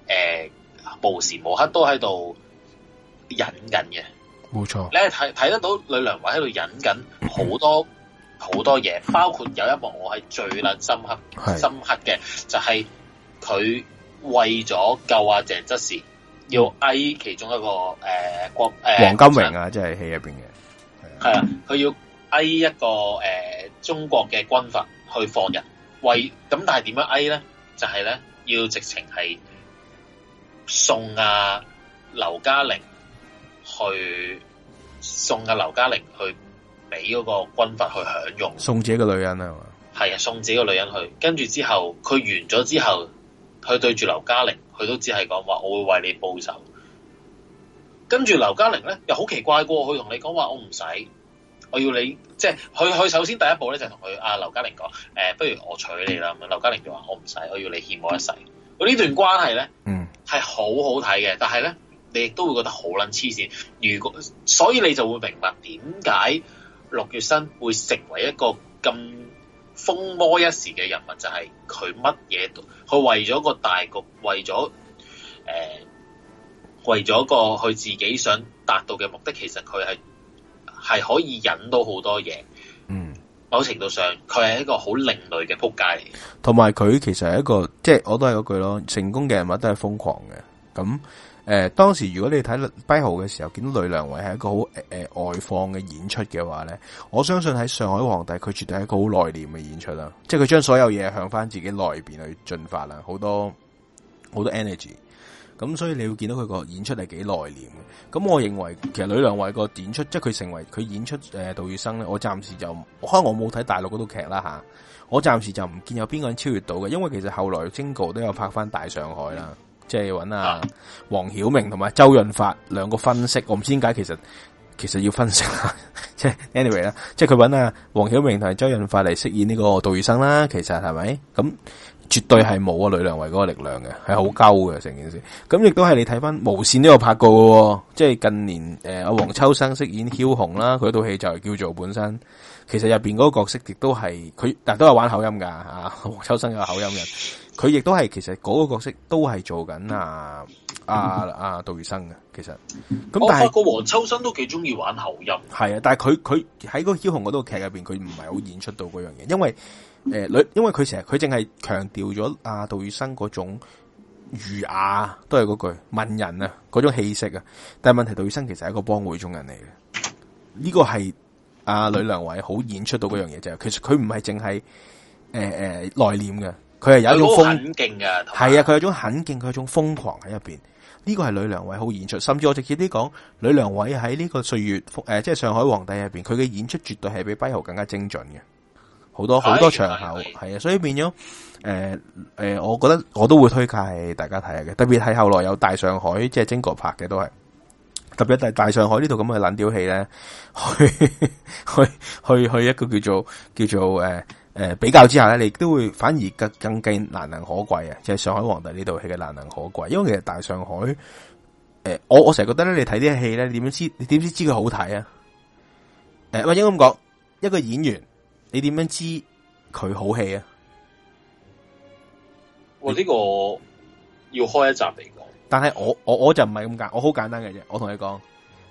誒、嗯，無時無刻都喺度忍緊嘅，冇錯。你係睇睇得到呂良偉喺度忍緊好多好、嗯、多嘢，包括有一幕我係最印象深刻、深刻嘅，就係、是、佢為咗救阿鄭則仕，要嗌其中一個誒郭誒黃金榮啊，即係戲入邊嘅，係啊，佢要。A 一個誒、呃、中國嘅軍閥去放人，為咁但係點樣 A 咧？就係、是、咧要直情係送啊劉嘉玲去送阿劉嘉玲去俾嗰個軍閥去享用，送自己個女人係嘛？係啊，送自己個女人去，跟住之後佢完咗之後，佢對住劉嘉玲，佢都只係講話我會為你報仇。跟住劉嘉玲咧又好奇怪過，佢同你講話我唔使。我要你，即係佢，佢首先第一步咧就同佢阿劉嘉玲講，誒、呃，不如我娶你啦。劉嘉玲就話我唔使，我要你欠我一世。我呢段關係咧，嗯，係好好睇嘅。但係咧，你亦都會覺得好撚黐線。如果所以你就會明白點解杜月笙會成為一個咁瘋魔一時嘅人物，就係佢乜嘢都，佢為咗個大局，為咗誒、呃，為咗個佢自己想達到嘅目的，其實佢係。係可以引到好多嘢，嗯，某程度上佢係一個好另類嘅撲街，同埋佢其實係一個即係我都係嗰句咯，成功嘅人物都係瘋狂嘅。咁誒、呃，當時如果你睇跛豪嘅時候，見到呂良偉係一個好誒、呃、外放嘅演出嘅話咧，我相信喺上海皇帝，佢絕對係一個好內斂嘅演出啦，即係佢將所有嘢向翻自己內邊去進發啦，好多好多 energy。咁所以你要見到佢個演出係幾內斂嘅，咁我認為其實呂良偉個演出，即係佢成為佢演出誒、呃、杜月笙咧，我暫時就，可能我冇睇大陸嗰套劇啦吓，我暫時就唔見有邊個人超越到嘅，因為其實後來王晶都有拍翻《大上海》啦，即係搵啊黃曉明同埋周潤發兩個分析，我唔知點解其實其實要分析 (laughs) anyway，啊，即係 anyway 啦，即係佢搵啊黃曉明同埋周潤發嚟飾演呢個杜月笙啦，其實係咪咁？絕對係冇啊呂良偉嗰個力量嘅，係好鳩嘅成件事。咁亦都係你睇翻無線都有拍過嘅，即係近年誒阿黃秋生飾演梟雄啦，佢套戲就叫做本身，其實入邊嗰個角色亦，啊、都係佢，但係都係玩口音噶吓。啊、黃秋生有口音嘅，佢亦都係其實嗰個角色都係做緊阿阿阿杜月笙嘅。其實咁，但係個黃秋生都幾中意玩口音，係啊，但係佢佢喺嗰梟雄嗰套劇入邊，佢唔係好演出到嗰樣嘢，因為。誒、呃，因為佢成日佢淨係強調咗阿杜月笙嗰種儒雅，都係嗰句文人啊嗰種氣息啊。但係問題，杜月笙其實係一個幫會中人嚟嘅，呢個係阿呂良偉好演出到嗰樣嘢就係，其實佢唔係淨係誒誒內斂嘅，佢、呃、係、呃、有一種瘋勁嘅，係啊，佢有一種很勁，佢有一種瘋狂喺入邊。呢個係呂良偉好演出，甚至我直接啲講，呂良偉喺呢個歲月誒、呃，即係上海皇帝入邊，佢嘅演出絕對係比跛豪更加精準嘅。好多好多場合係啊，所以變咗誒誒，我覺得我都會推介大家睇下嘅，特別係後來有大上海即係晶哥拍嘅都係，特別係大上海呢套咁嘅冷調戲咧，去去去去一個叫做叫做誒誒、呃呃、比較之下咧，你都會反而更更難難能可貴啊！即、就、係、是、上海皇帝呢套戲嘅難能可貴，因為其實大上海誒、呃，我我成日覺得咧，你睇啲戲咧，點樣知你點知知佢好睇啊？誒，喂，應該咁講，一個演員。你點樣知佢好戲啊？我、哦、呢、這個要開一集嚟講，但係我我我就唔係咁解，我好簡單嘅啫。我同你講，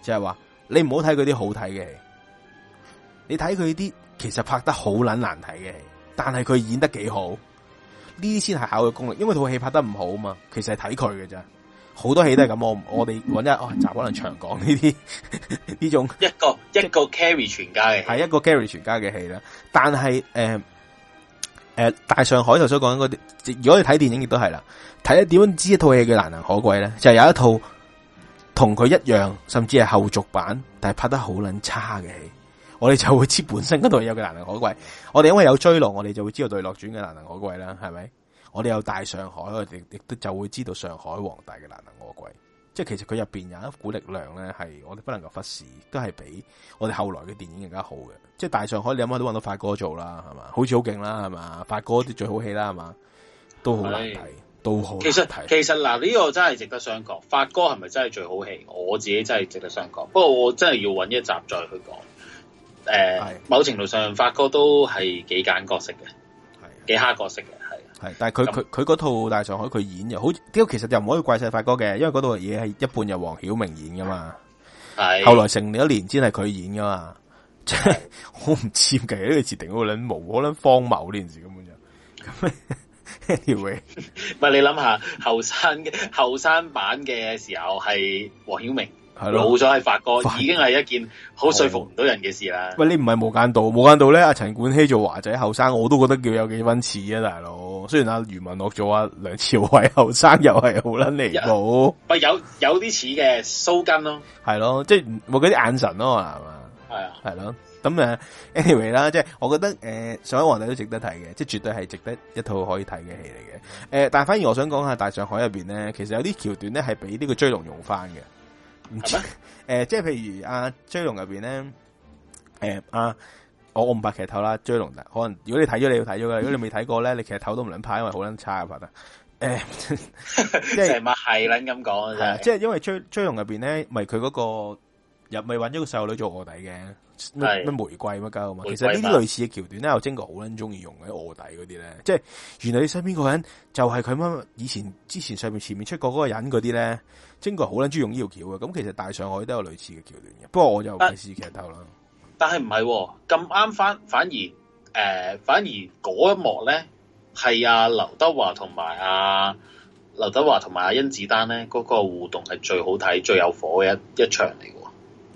就係、是、話你唔好睇佢啲好睇嘅戲，你睇佢啲其實拍得好撚難睇嘅，但係佢演得幾好，呢啲先係考佢功力。因為套戲拍得唔好嘛，其實係睇佢嘅咋。好多戲都係咁，我我哋講真哦，就可能長講呢啲呢種一個一個 carry 全家嘅，係一個 carry 全家嘅戲啦。但係誒誒，大上海就所講嗰啲，如果你睇電影亦都係啦，睇，點樣知一套戲嘅難能可貴咧？就係有一套同佢一樣，甚至係後續版，但係拍得好撚差嘅戲，我哋就會知本身嗰套有嘅難能可貴。我哋因為有追龍，我哋就會知道《雷洛傳》嘅難能可貴啦，係咪？我哋有大上海，我哋亦都就會知道上海皇帝嘅難能可貴。即係其實佢入邊有一股力量咧，係我哋不能夠忽視，都係比我哋後來嘅電影更加好嘅。即係大上海，你諗下都揾到發哥做啦，係嘛？好似好勁啦，係嘛？發哥啲最好戲啦，係嘛？都好難睇，都好其實其實嗱，呢、呢個真係值得商講。發哥係咪真係最好戲？我自己真係值得商講。不過我真係要揾一集再去講。誒、呃，某程度上發哥都係幾揀角色嘅，係幾蝦角色嘅。係，但係佢佢佢嗰套大上海佢演又好，屌其實又唔可以怪晒發哥嘅，因為嗰套嘢係一半由黃曉明演噶嘛，係後來成年一年先係佢演噶嘛，即係、這個、好唔謙奇呢個設定，嗰個撚冇可能，嗰個撚荒謬，呢件事根本就咁。Anyway，唔係你諗下後生嘅後生版嘅時候係黃曉明。係咯，老咗係發哥，法已經係一件好說服唔到人嘅事啦。喂，你唔係無間道，無間道咧，阿陳冠希做華仔後生，我都覺得叫有幾分似啊，大佬。雖然阿余文樂做阿梁朝偉後生，又係好捻離譜。喂，有有啲似嘅，蘇根咯，係咯，即係冇嗰啲眼神咯，係嘛，係啊，係咯。咁啊，anyway 啦，即係我覺得誒，上、呃、上海皇帝都值得睇嘅，即係絕對係值得一套可以睇嘅戲嚟嘅。誒、呃，但係反而我想講下大上海入邊咧，其實有啲橋段咧係俾呢個追龍用翻嘅。係誒，即係、呃、譬如阿追龍入邊咧，誒、呃，啊我我唔怕劇透啦。追龍可能如果你睇咗，你要睇咗㗎。如果你未睇過咧，你劇透都唔卵怕，因為好卵差嘅拍得。誒、呃，即係咪係卵咁講，即係因為追追龍入邊咧，咪佢嗰個又咪搵咗個細路女做臥底嘅？咩玫瑰乜鳩嘛？其實呢啲類似嘅橋段咧、啊，我真係好卵中意用嘅，啲臥底嗰啲咧，即、就、係、是、原來你身邊個個人就係佢乜以前之前上面前面出過嗰個人嗰啲咧，英國好捻中意用呢條橋嘅，咁其實大上海都有類似嘅橋段嘅。不過我就睇視劇透啦。但係唔係咁啱翻，反而誒、呃，反而嗰一幕咧係阿劉德華同埋阿劉德華同埋阿甄子丹咧嗰、那個互動係最好睇、最有火嘅一一場嚟嘅。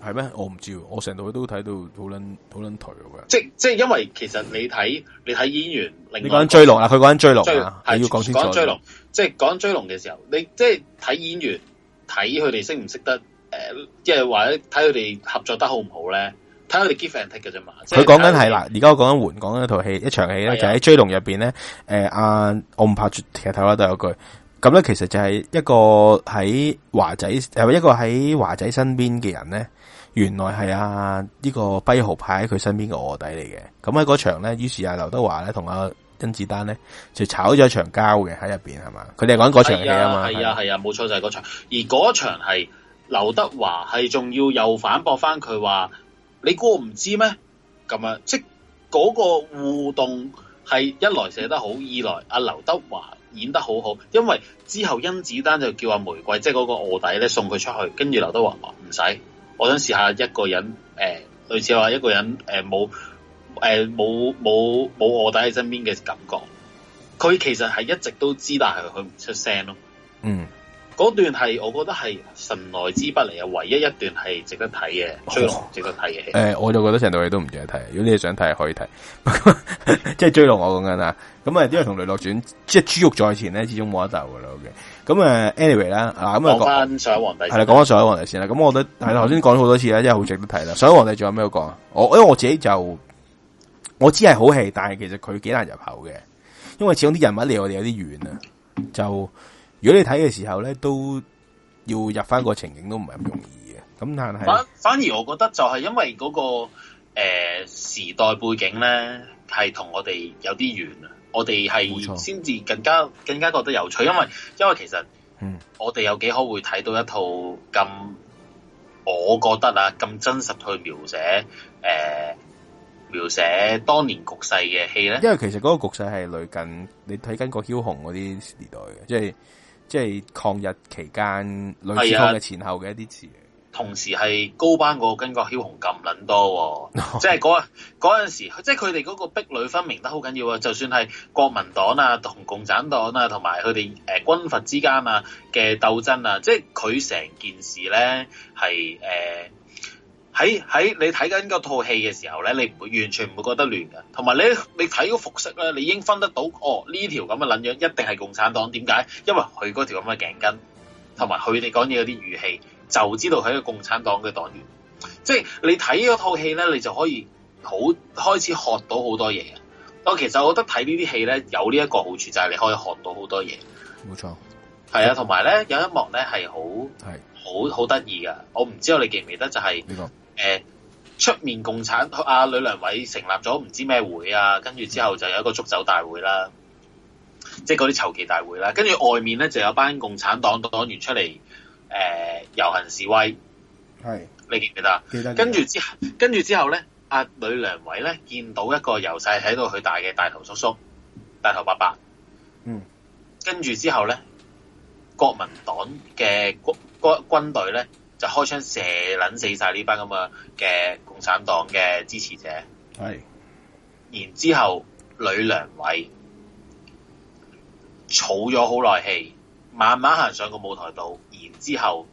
係咩？我唔知，我成套都睇到好捻好捻即即係，因為其實你睇你睇演員，你講緊追龍啊，佢講緊追龍，你要講清楚。追龍即係講追龍嘅時候，你即係睇演員。睇佢哋識唔識得誒，即係或者睇佢哋合作得好唔好咧？睇佢哋 give and take 嘅啫嘛。佢講緊係啦，而家我講緊換講緊一套戲，一場戲咧就喺《追龍》入邊咧。誒，我唔怕劇透啊，其實都有句。咁咧其實就係一個喺華仔，一個喺華仔身邊嘅人咧，原來係阿呢個跛豪派喺佢身邊嘅卧底嚟嘅。咁喺嗰場咧，於是阿、啊、劉德華咧同阿。甄子丹咧就炒咗場交嘅喺入邊係咪，佢哋講嗰場嘅戲，啊嘛，係啊係啊，冇、啊、錯就係、是、嗰場，而嗰場係劉德華係仲要又反駁翻佢話你估我唔知咩咁啊，即嗰、那個互動係一來寫得好，二來阿劉、啊、德華演得好好，因為之後甄子丹就叫阿玫瑰即嗰、就是、個臥底咧送佢出去，跟住劉德華話唔使，我想試一下一個人誒、呃，類似話一個人誒冇。呃誒、呃，冇冇冇臥底喺身邊嘅感覺，佢其實係一直都知，但係佢唔出聲咯。嗯，嗰段係我覺得係神來之筆嚟啊，唯一一段係值得睇嘅、哦，追龍值得睇嘅。誒、欸，我就覺得成套戲都唔值得睇，如果你想睇可以睇， (laughs) 即係追龍我講緊啊。咁啊，因為同雷洛傳即係珠玉在前咧，始終冇得鬥噶啦。好、okay、嘅，咁、anyway，啊，anyway 啦，啊咁講翻上海皇帝，係啦，講翻上海皇帝先啦。咁我覺得係啦，頭先講咗好多次啦，因為好值得睇啦。上海皇帝仲有咩講啊？我因為我自己就。我知係好戲，但係其實佢幾難入口嘅，因為始終啲人物離我哋有啲遠啊。就如果你睇嘅時候咧，都要入翻個情景都唔係咁容易嘅。咁但係反反而，我覺得就係因為嗰、那個誒、呃、時代背景咧，係同我哋有啲遠啊。我哋係先至更加更加覺得有趣，因為因為其實嗯，我哋有幾可會睇到一套咁，我覺得啊咁真實去描寫誒。呃描寫當年局勢嘅戲咧，因為其實嗰個局勢係類近你睇《巾幗梟雄》嗰啲時代嘅，即係即係抗日期間類似嘅前後嘅一啲詞、啊。同時係高班嗰個《巾幗梟雄》咁捻多，即係嗰嗰陣時，即係佢哋嗰個壁壘分明得好緊要啊，啊，、呃、啊，啊！就算係國民黨啊同共產黨啊，同埋佢哋誒軍閥之間啊嘅鬥爭啊，即係佢成件事咧係誒。是呃喺喺你睇緊嗰套戲嘅時候咧，你唔會完全唔會覺得亂嘅。同埋你你睇個服飾咧，你已經分得到哦，呢條咁嘅捻樣一定係共產黨。點解？因為佢嗰條咁嘅頸巾，同埋佢哋講嘢嗰啲語氣，就知道係一個共產黨嘅黨員。即係你睇嗰套戲咧，你就可以好開始學到好多嘢嘅。我其實我覺得睇呢啲戲咧，有呢一個好處就係你可以學到好多嘢。冇錯，係啊。同埋咧有一幕咧係好係好好得意噶。我唔知道你記唔記得就係呢個。誒、呃，出面共產阿呂、呃、良偉成立咗唔知咩會啊，跟住之後就有一個祝酒大會啦，即係嗰啲籌旗大會啦，跟住外面咧就有班共產黨黨員出嚟，誒，游行示威，係你記唔記得？記得。跟住之後呢，跟住之後咧，阿呂良偉咧見到一個由細睇到佢大嘅大頭叔叔、大頭伯伯，嗯，跟住之後咧，國民黨嘅國軍軍隊咧，就開槍射捻死晒呢班咁樣嘅共產黨嘅支持者，係，然之後呂良偉，儲咗好耐氣，慢慢行上個舞台度，然之後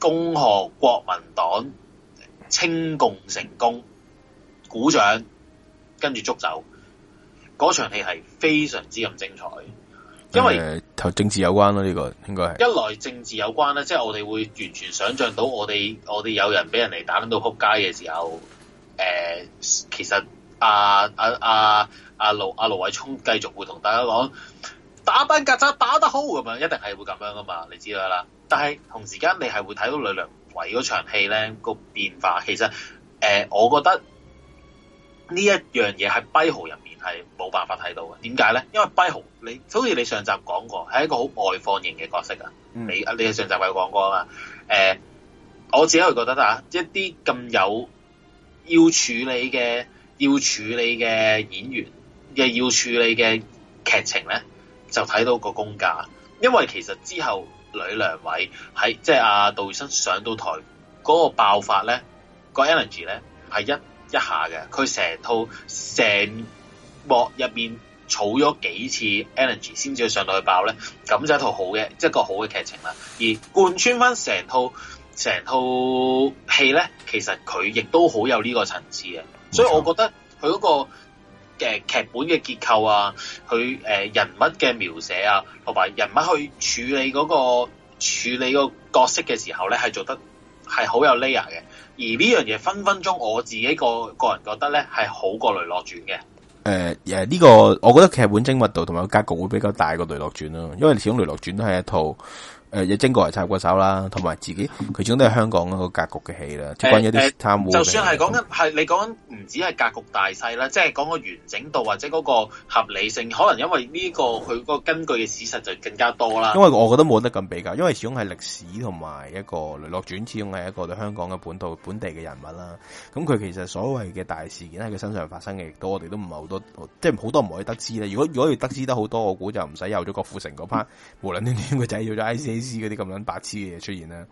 恭賀國民黨清共成功，鼓掌，跟住捉走，嗰場戲係非常之咁精彩。因為誒同政治有關咯，啊，呢，這個應該係一來政治有關咧，即係我哋會完全想象到我哋我哋有人俾人哋打到扑街嘅時候，誒、呃，其實阿阿阿阿盧阿盧偉聰繼續會同大家講打班曱甴打得好咁樣，一定係會咁樣噶嘛，你知道啦。但係同時間你係會睇到呂良偉嗰場戲咧，那個變化，其實誒、呃，我覺得呢一樣嘢係跛豪人。係冇辦法睇到嘅，點解咧？因為跛豪你好似你上集講過，係一個好外放型嘅角色啊、嗯。你啊，你上集咪講過啊嘛？誒、呃，我自己係覺得啊，一啲咁有要處理嘅，要處理嘅演員嘅，要處理嘅劇情咧，就睇到個功架。因為其實之後呂良偉喺即係阿杜生上到台嗰、那個爆發咧，個 energy 咧係一一下嘅，佢成套成。幕入面儲咗幾次 energy 先至要上到去爆咧，咁就一套好嘅，即係個好嘅劇情啦。而貫穿翻成套成套戲咧，其實佢亦都好有呢個層次嘅，所以我覺得佢嗰個嘅劇本嘅結構啊，佢誒人物嘅描寫啊，同埋人物去處理嗰個處理個角色嘅時候咧，係做得係好有 layer 嘅。而呢樣嘢分分鐘我自己個個人覺得咧，係好過雷洛傳嘅。誒、呃、誒、呢、這個我覺得劇本精密度同埋個格局會比較大過雷洛傳咯，因為始終雷洛傳都係一套。誒，亦蒸過嚟插過手啦，同埋自己佢始終都係香港嗰個格局嘅戲啦。誒，就算係講緊係你講唔止係格局大細啦，即係講個完整度或者嗰個合理性，可能因為呢、這個佢嗰個根據嘅事實就更加多啦。因為我覺得冇得咁比較，因為始終係歷史同埋一個雷洛傳，始終係一個對香港嘅本土本地嘅人物啦。咁佢其實所謂嘅大事件喺佢身上發生嘅，亦我都我哋都唔係好多，即係好多唔可以得知咧。如果如果佢得知得好多，我估就唔使有咗郭富城嗰 part， (laughs) 無論點點佢就要咗 ICAC 似嗰啲咁樣白痴嘅嘢出現啦，誒、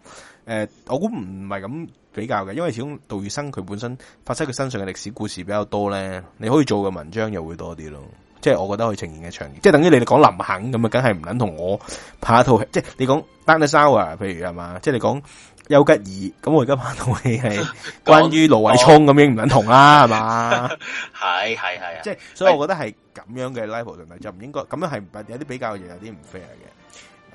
呃，我估唔係咁比較嘅，因為始終杜月笙佢本身發出佢身上嘅歷史故事比較多咧，你可以做嘅文章又會多啲咯，即係我覺得可以呈現嘅場景，即係等於你哋講林肯咁啊，梗係唔捻同我拍一套戲，即係你講 Daniel Shaw 啊，譬如係嘛，即係你講丘吉爾，咁我而家拍套戲係關於盧偉聰咁應唔捻同啦，係嘛，係係係，即係所以我覺得係咁樣嘅 level 就唔應該咁樣，係有啲比較嘅嘢有啲唔 fair 嘅。有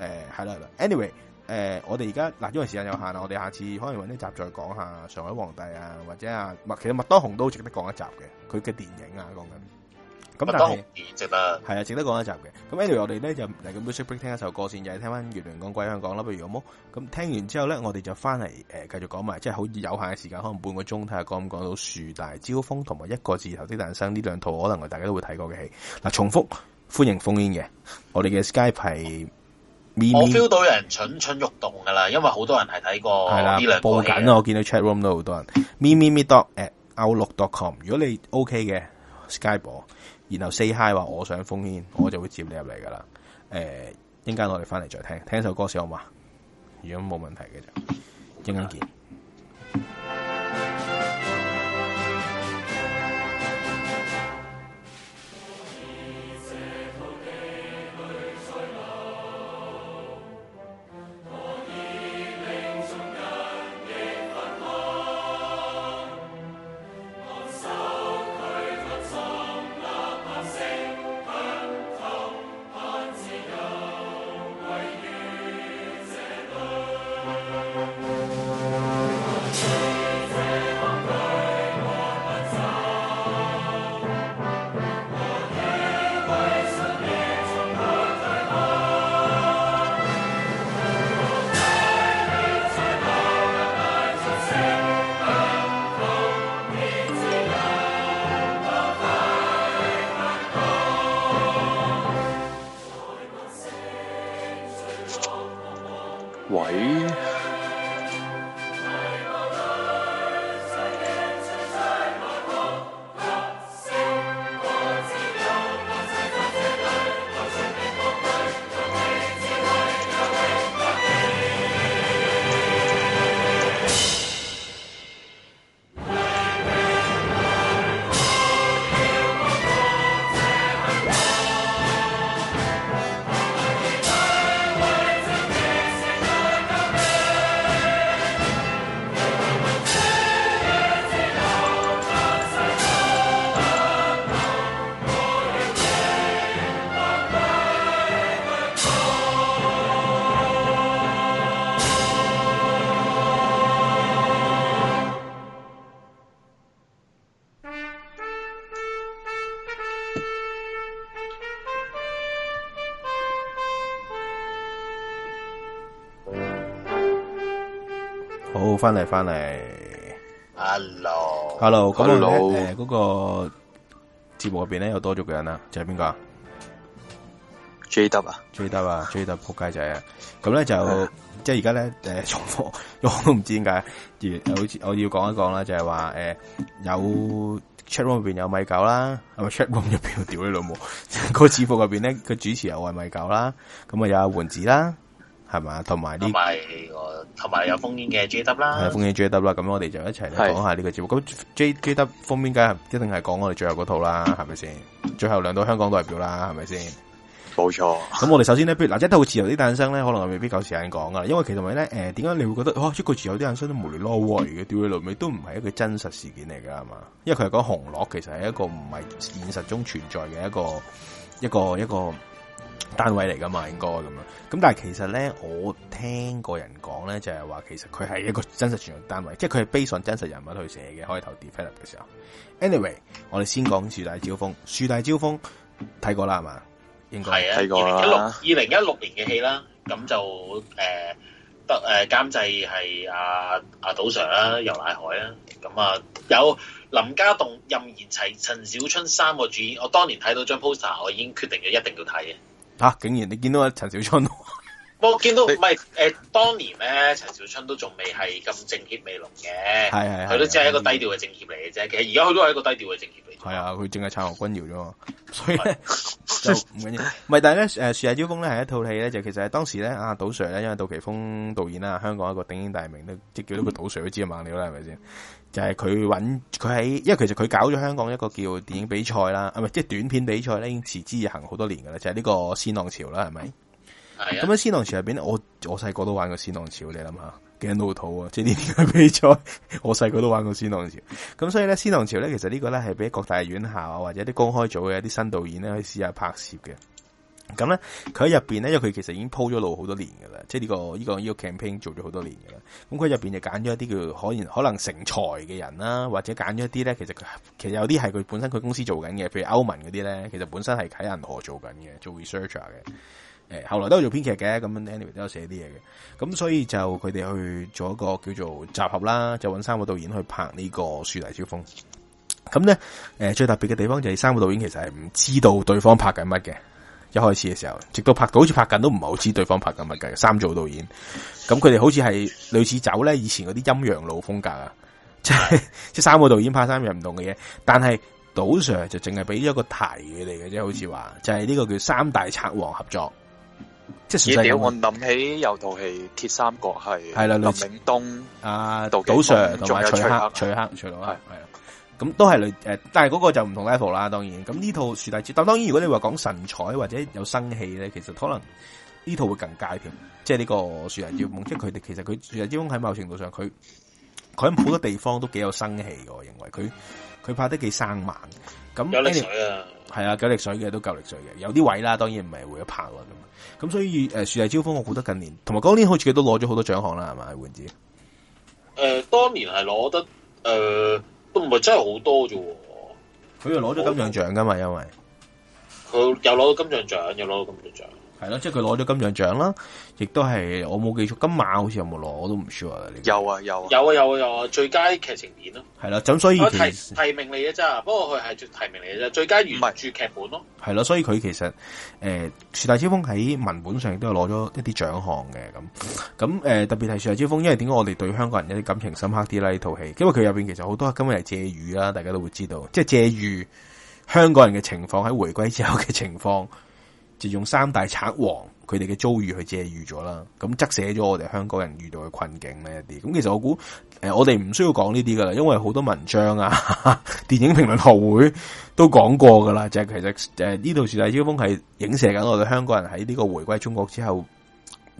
誒、呃，係啦，Anyway，誒、呃，我哋而家嗱，因為時間有限啊，我哋下次可能揾啲集再講下《上海皇帝》啊，或者啊，麥其實麥當雄都值得講一集嘅，佢嘅電影啊，講緊咁，麥當雄也值得係啊，值得講一集嘅。咁 Anyway，我哋咧就嚟個 music break，聽一首歌先首歌，就係聽翻《月亮講鬼》想講啦。不如咁，咁聽完之後咧，我哋就翻嚟誒，繼、呃、續講埋，即係好有限嘅時間，可能半個鐘睇下講唔講到《樹大招風》同埋《一個字頭的誕生》呢兩套，可能大家都會睇過嘅戲嗱。重複歡迎烽煙嘅我哋嘅 Skype 係。我 feel 到有人蠢蠢欲動噶啦，因為好多人係睇過呢兩部緊，我見到 chat room 都好多人。咪咪咪 dog at outlook dot com，如果你 OK 嘅 Skype，然後 say hi 話我想 phone in，我就會接你入嚟噶啦。誒、呃，一陣間我哋翻嚟再聽，聽首歌先好嘛？如果冇問題嘅就一陣間見。Okay. 翻嚟翻嚟，Hello，Hello，咁咧，誒，嗰個節目入邊咧又多咗個人啦，就係邊個啊？J 得啊，J 得啊，J 得撲街仔啊！咁咧就、uh, 即係而家咧，誒、欸，重複，我都唔知點解，好似我要講一講啦，就係話誒，有 chatroom 入邊有米狗啦，係咪 chatroom 入邊又屌你老母？個節目入邊咧個主持人係米狗啦？咁啊有阿丸子啦。係嘛，同埋呢？同同埋有封煙嘅 J W 啦，烽煙 J W 啦，咁我哋就一齊講下呢個節目。咁 J J W 烽煙梗係一定係講我哋最後嗰套啦，係咪先？最後兩到香港代表啦，係咪先？冇錯。咁我哋首先咧，比如嗱一套自由啲誕生咧，可能我未必夠時間講噶，因為其實咪咧，誒，點解你會覺得，哦、啊，一個自由啲誕生、啊、都無厘咯？胃嘅？屌你老味，都唔係一個真實事件嚟噶嘛？因為佢係講紅樂，其實係一個唔係現實中存在嘅一個，一個，一個。一個單位嚟噶嘛？應該咁樣咁，但係其實咧，我聽過人講咧，就係、是、話其實佢係一個真實傳記單位，即係佢係 base on 真實人物去寫嘅。開頭 develop 嘅時候，anyway，我哋先講《樹大招風》。《樹大招風》睇過啦，係嘛？應該係啊，二零一六二零一六年嘅戲啦。咁就誒得誒監製係阿阿杜 Sir 啦、啊，游乃海啦、啊。咁啊有林家棟、任賢齊、陳小春三個主演。我當年睇到張 poster，我已經決定咗一定要睇嘅。吓、啊！竟然你見到阿陳小春？我、嗯、見到唔係誒，當年咧陳小春都仲未係咁政協味濃嘅，係係，佢都只係一個低調嘅政協嚟嘅啫。其實而家佢都係一個低調嘅政協嚟。係啊，佢淨係撐何君堯啫。所以咧唔緊要，唔 (laughs) 係但係咧誒，《樹大招風》咧係一套戲咧，就其實係當時咧啊，杜 Sir 咧，因為杜琪峰導演啦、啊，香港一個鼎鼎大名都即叫到個杜 Sir 都知啊猛料啦，係咪先？是就係佢搵佢喺，因為其實佢搞咗香港一個叫電影比賽啦，係咪？即係短片比賽咧，已經持之以恆好多年噶啦，就係、是、呢個鮮浪潮啦，係咪？係咁喺《鮮浪潮入邊呢，我我細個都玩過鮮浪潮，你諗下，驚到肚啊！即係呢啲比賽，我細個都玩過鮮浪潮。咁所以咧，鮮浪潮咧，其實呢個咧係俾各大院校啊或者啲公開組嘅一啲新導演咧可以試下拍攝嘅。咁咧，佢喺入邊咧，因為佢其實已經鋪咗路好多年噶啦，即係、呢個、呢個呢、呢個呢、呢個 campaign 做咗好多年噶啦。咁佢入邊就揀咗一啲叫可能可能成才嘅人啦，或者揀咗一啲咧，其實其實有啲係佢本身佢公司做緊嘅，譬如歐文嗰啲咧，其實本身係喺銀河做緊嘅，做 researcher 嘅。誒、欸，後來都有做編劇嘅，咁 anyway 都有寫啲嘢。嘅。咁所以就佢哋去做一個叫做集合啦，就揾三個導演去拍個呢個樹大招風。咁咧，誒，最特別嘅地方就係三個導演其實係唔知道對方拍緊乜嘅。一開始嘅時候，直到拍到好似拍緊都唔係好知對方拍緊乜計。三組導演，咁佢哋好似係類似走咧以前嗰啲陰陽路風格啊，即係即係三個導演拍三樣唔同嘅嘢。但係杜 Sir 就淨係俾咗一個題嚟嘅啫，好似話就係、是、呢個叫三大賊王合作。即係點？就是、以我諗起有套戲《鐵三角》係係啦，林嶺東啊，杜 Sir 仲有徐克徐克徐、徐、徐老啊，係、嗯咁都係嚟誒，但係嗰個就唔同 level 啦，當然。咁呢套《樹大招風》，當然如果你話講神采或者有生氣咧，其實可能呢套會更加添。即係呢個《樹大招風》嗯，即係佢哋其實佢《樹大招風》喺某程度上，佢佢喺好多地方都幾有生氣嘅。我認為佢佢拍得幾生猛。咁有力水啊，係啊，有力水嘅都夠力水嘅，有啲位啦。當然唔係每一拍咯，咁。咁所以誒，《樹大招風》我估得近年，同埋嗰年好似都攞咗好多獎項啦，係咪？丸子。誒，當年係攞得誒。呃都唔係真係好多啫，佢又攞咗金像獎噶嘛，因為佢又攞到金像獎，又攞到金像獎。係咯，即係佢攞咗金像獎啦，亦都係我冇記錯今晚好似有冇攞，我都唔 sure。有啊有，啊，有啊，有啊，有，啊有啊，最佳劇情片咯。係啦，咁所以我提提名你嘅啫，不過佢係提名嚟嘅啫，最佳原著劇本咯。係咯，所以佢其實誒，樹、呃、大招風喺文本上亦都係攞咗一啲獎項嘅，咁咁誒，特別係樹大招風，因為點解我哋對香港人有啲感情深刻啲啦？呢套戲，因為佢入邊其實好多今日係借喻啦，大家都會知道，即、就、係、是、借喻香港人嘅情況喺回歸之後嘅情況。就用三大賊王佢哋嘅遭遇去借喻咗啦，咁則寫咗我哋香港人遇到嘅困境咧一啲。咁其實我估誒，我哋唔需要講呢啲噶啦，因為好多文章啊、電影評論學會都講過噶啦。就係其實誒呢度樹大招風係影射緊我哋香港人喺呢個回歸中國之後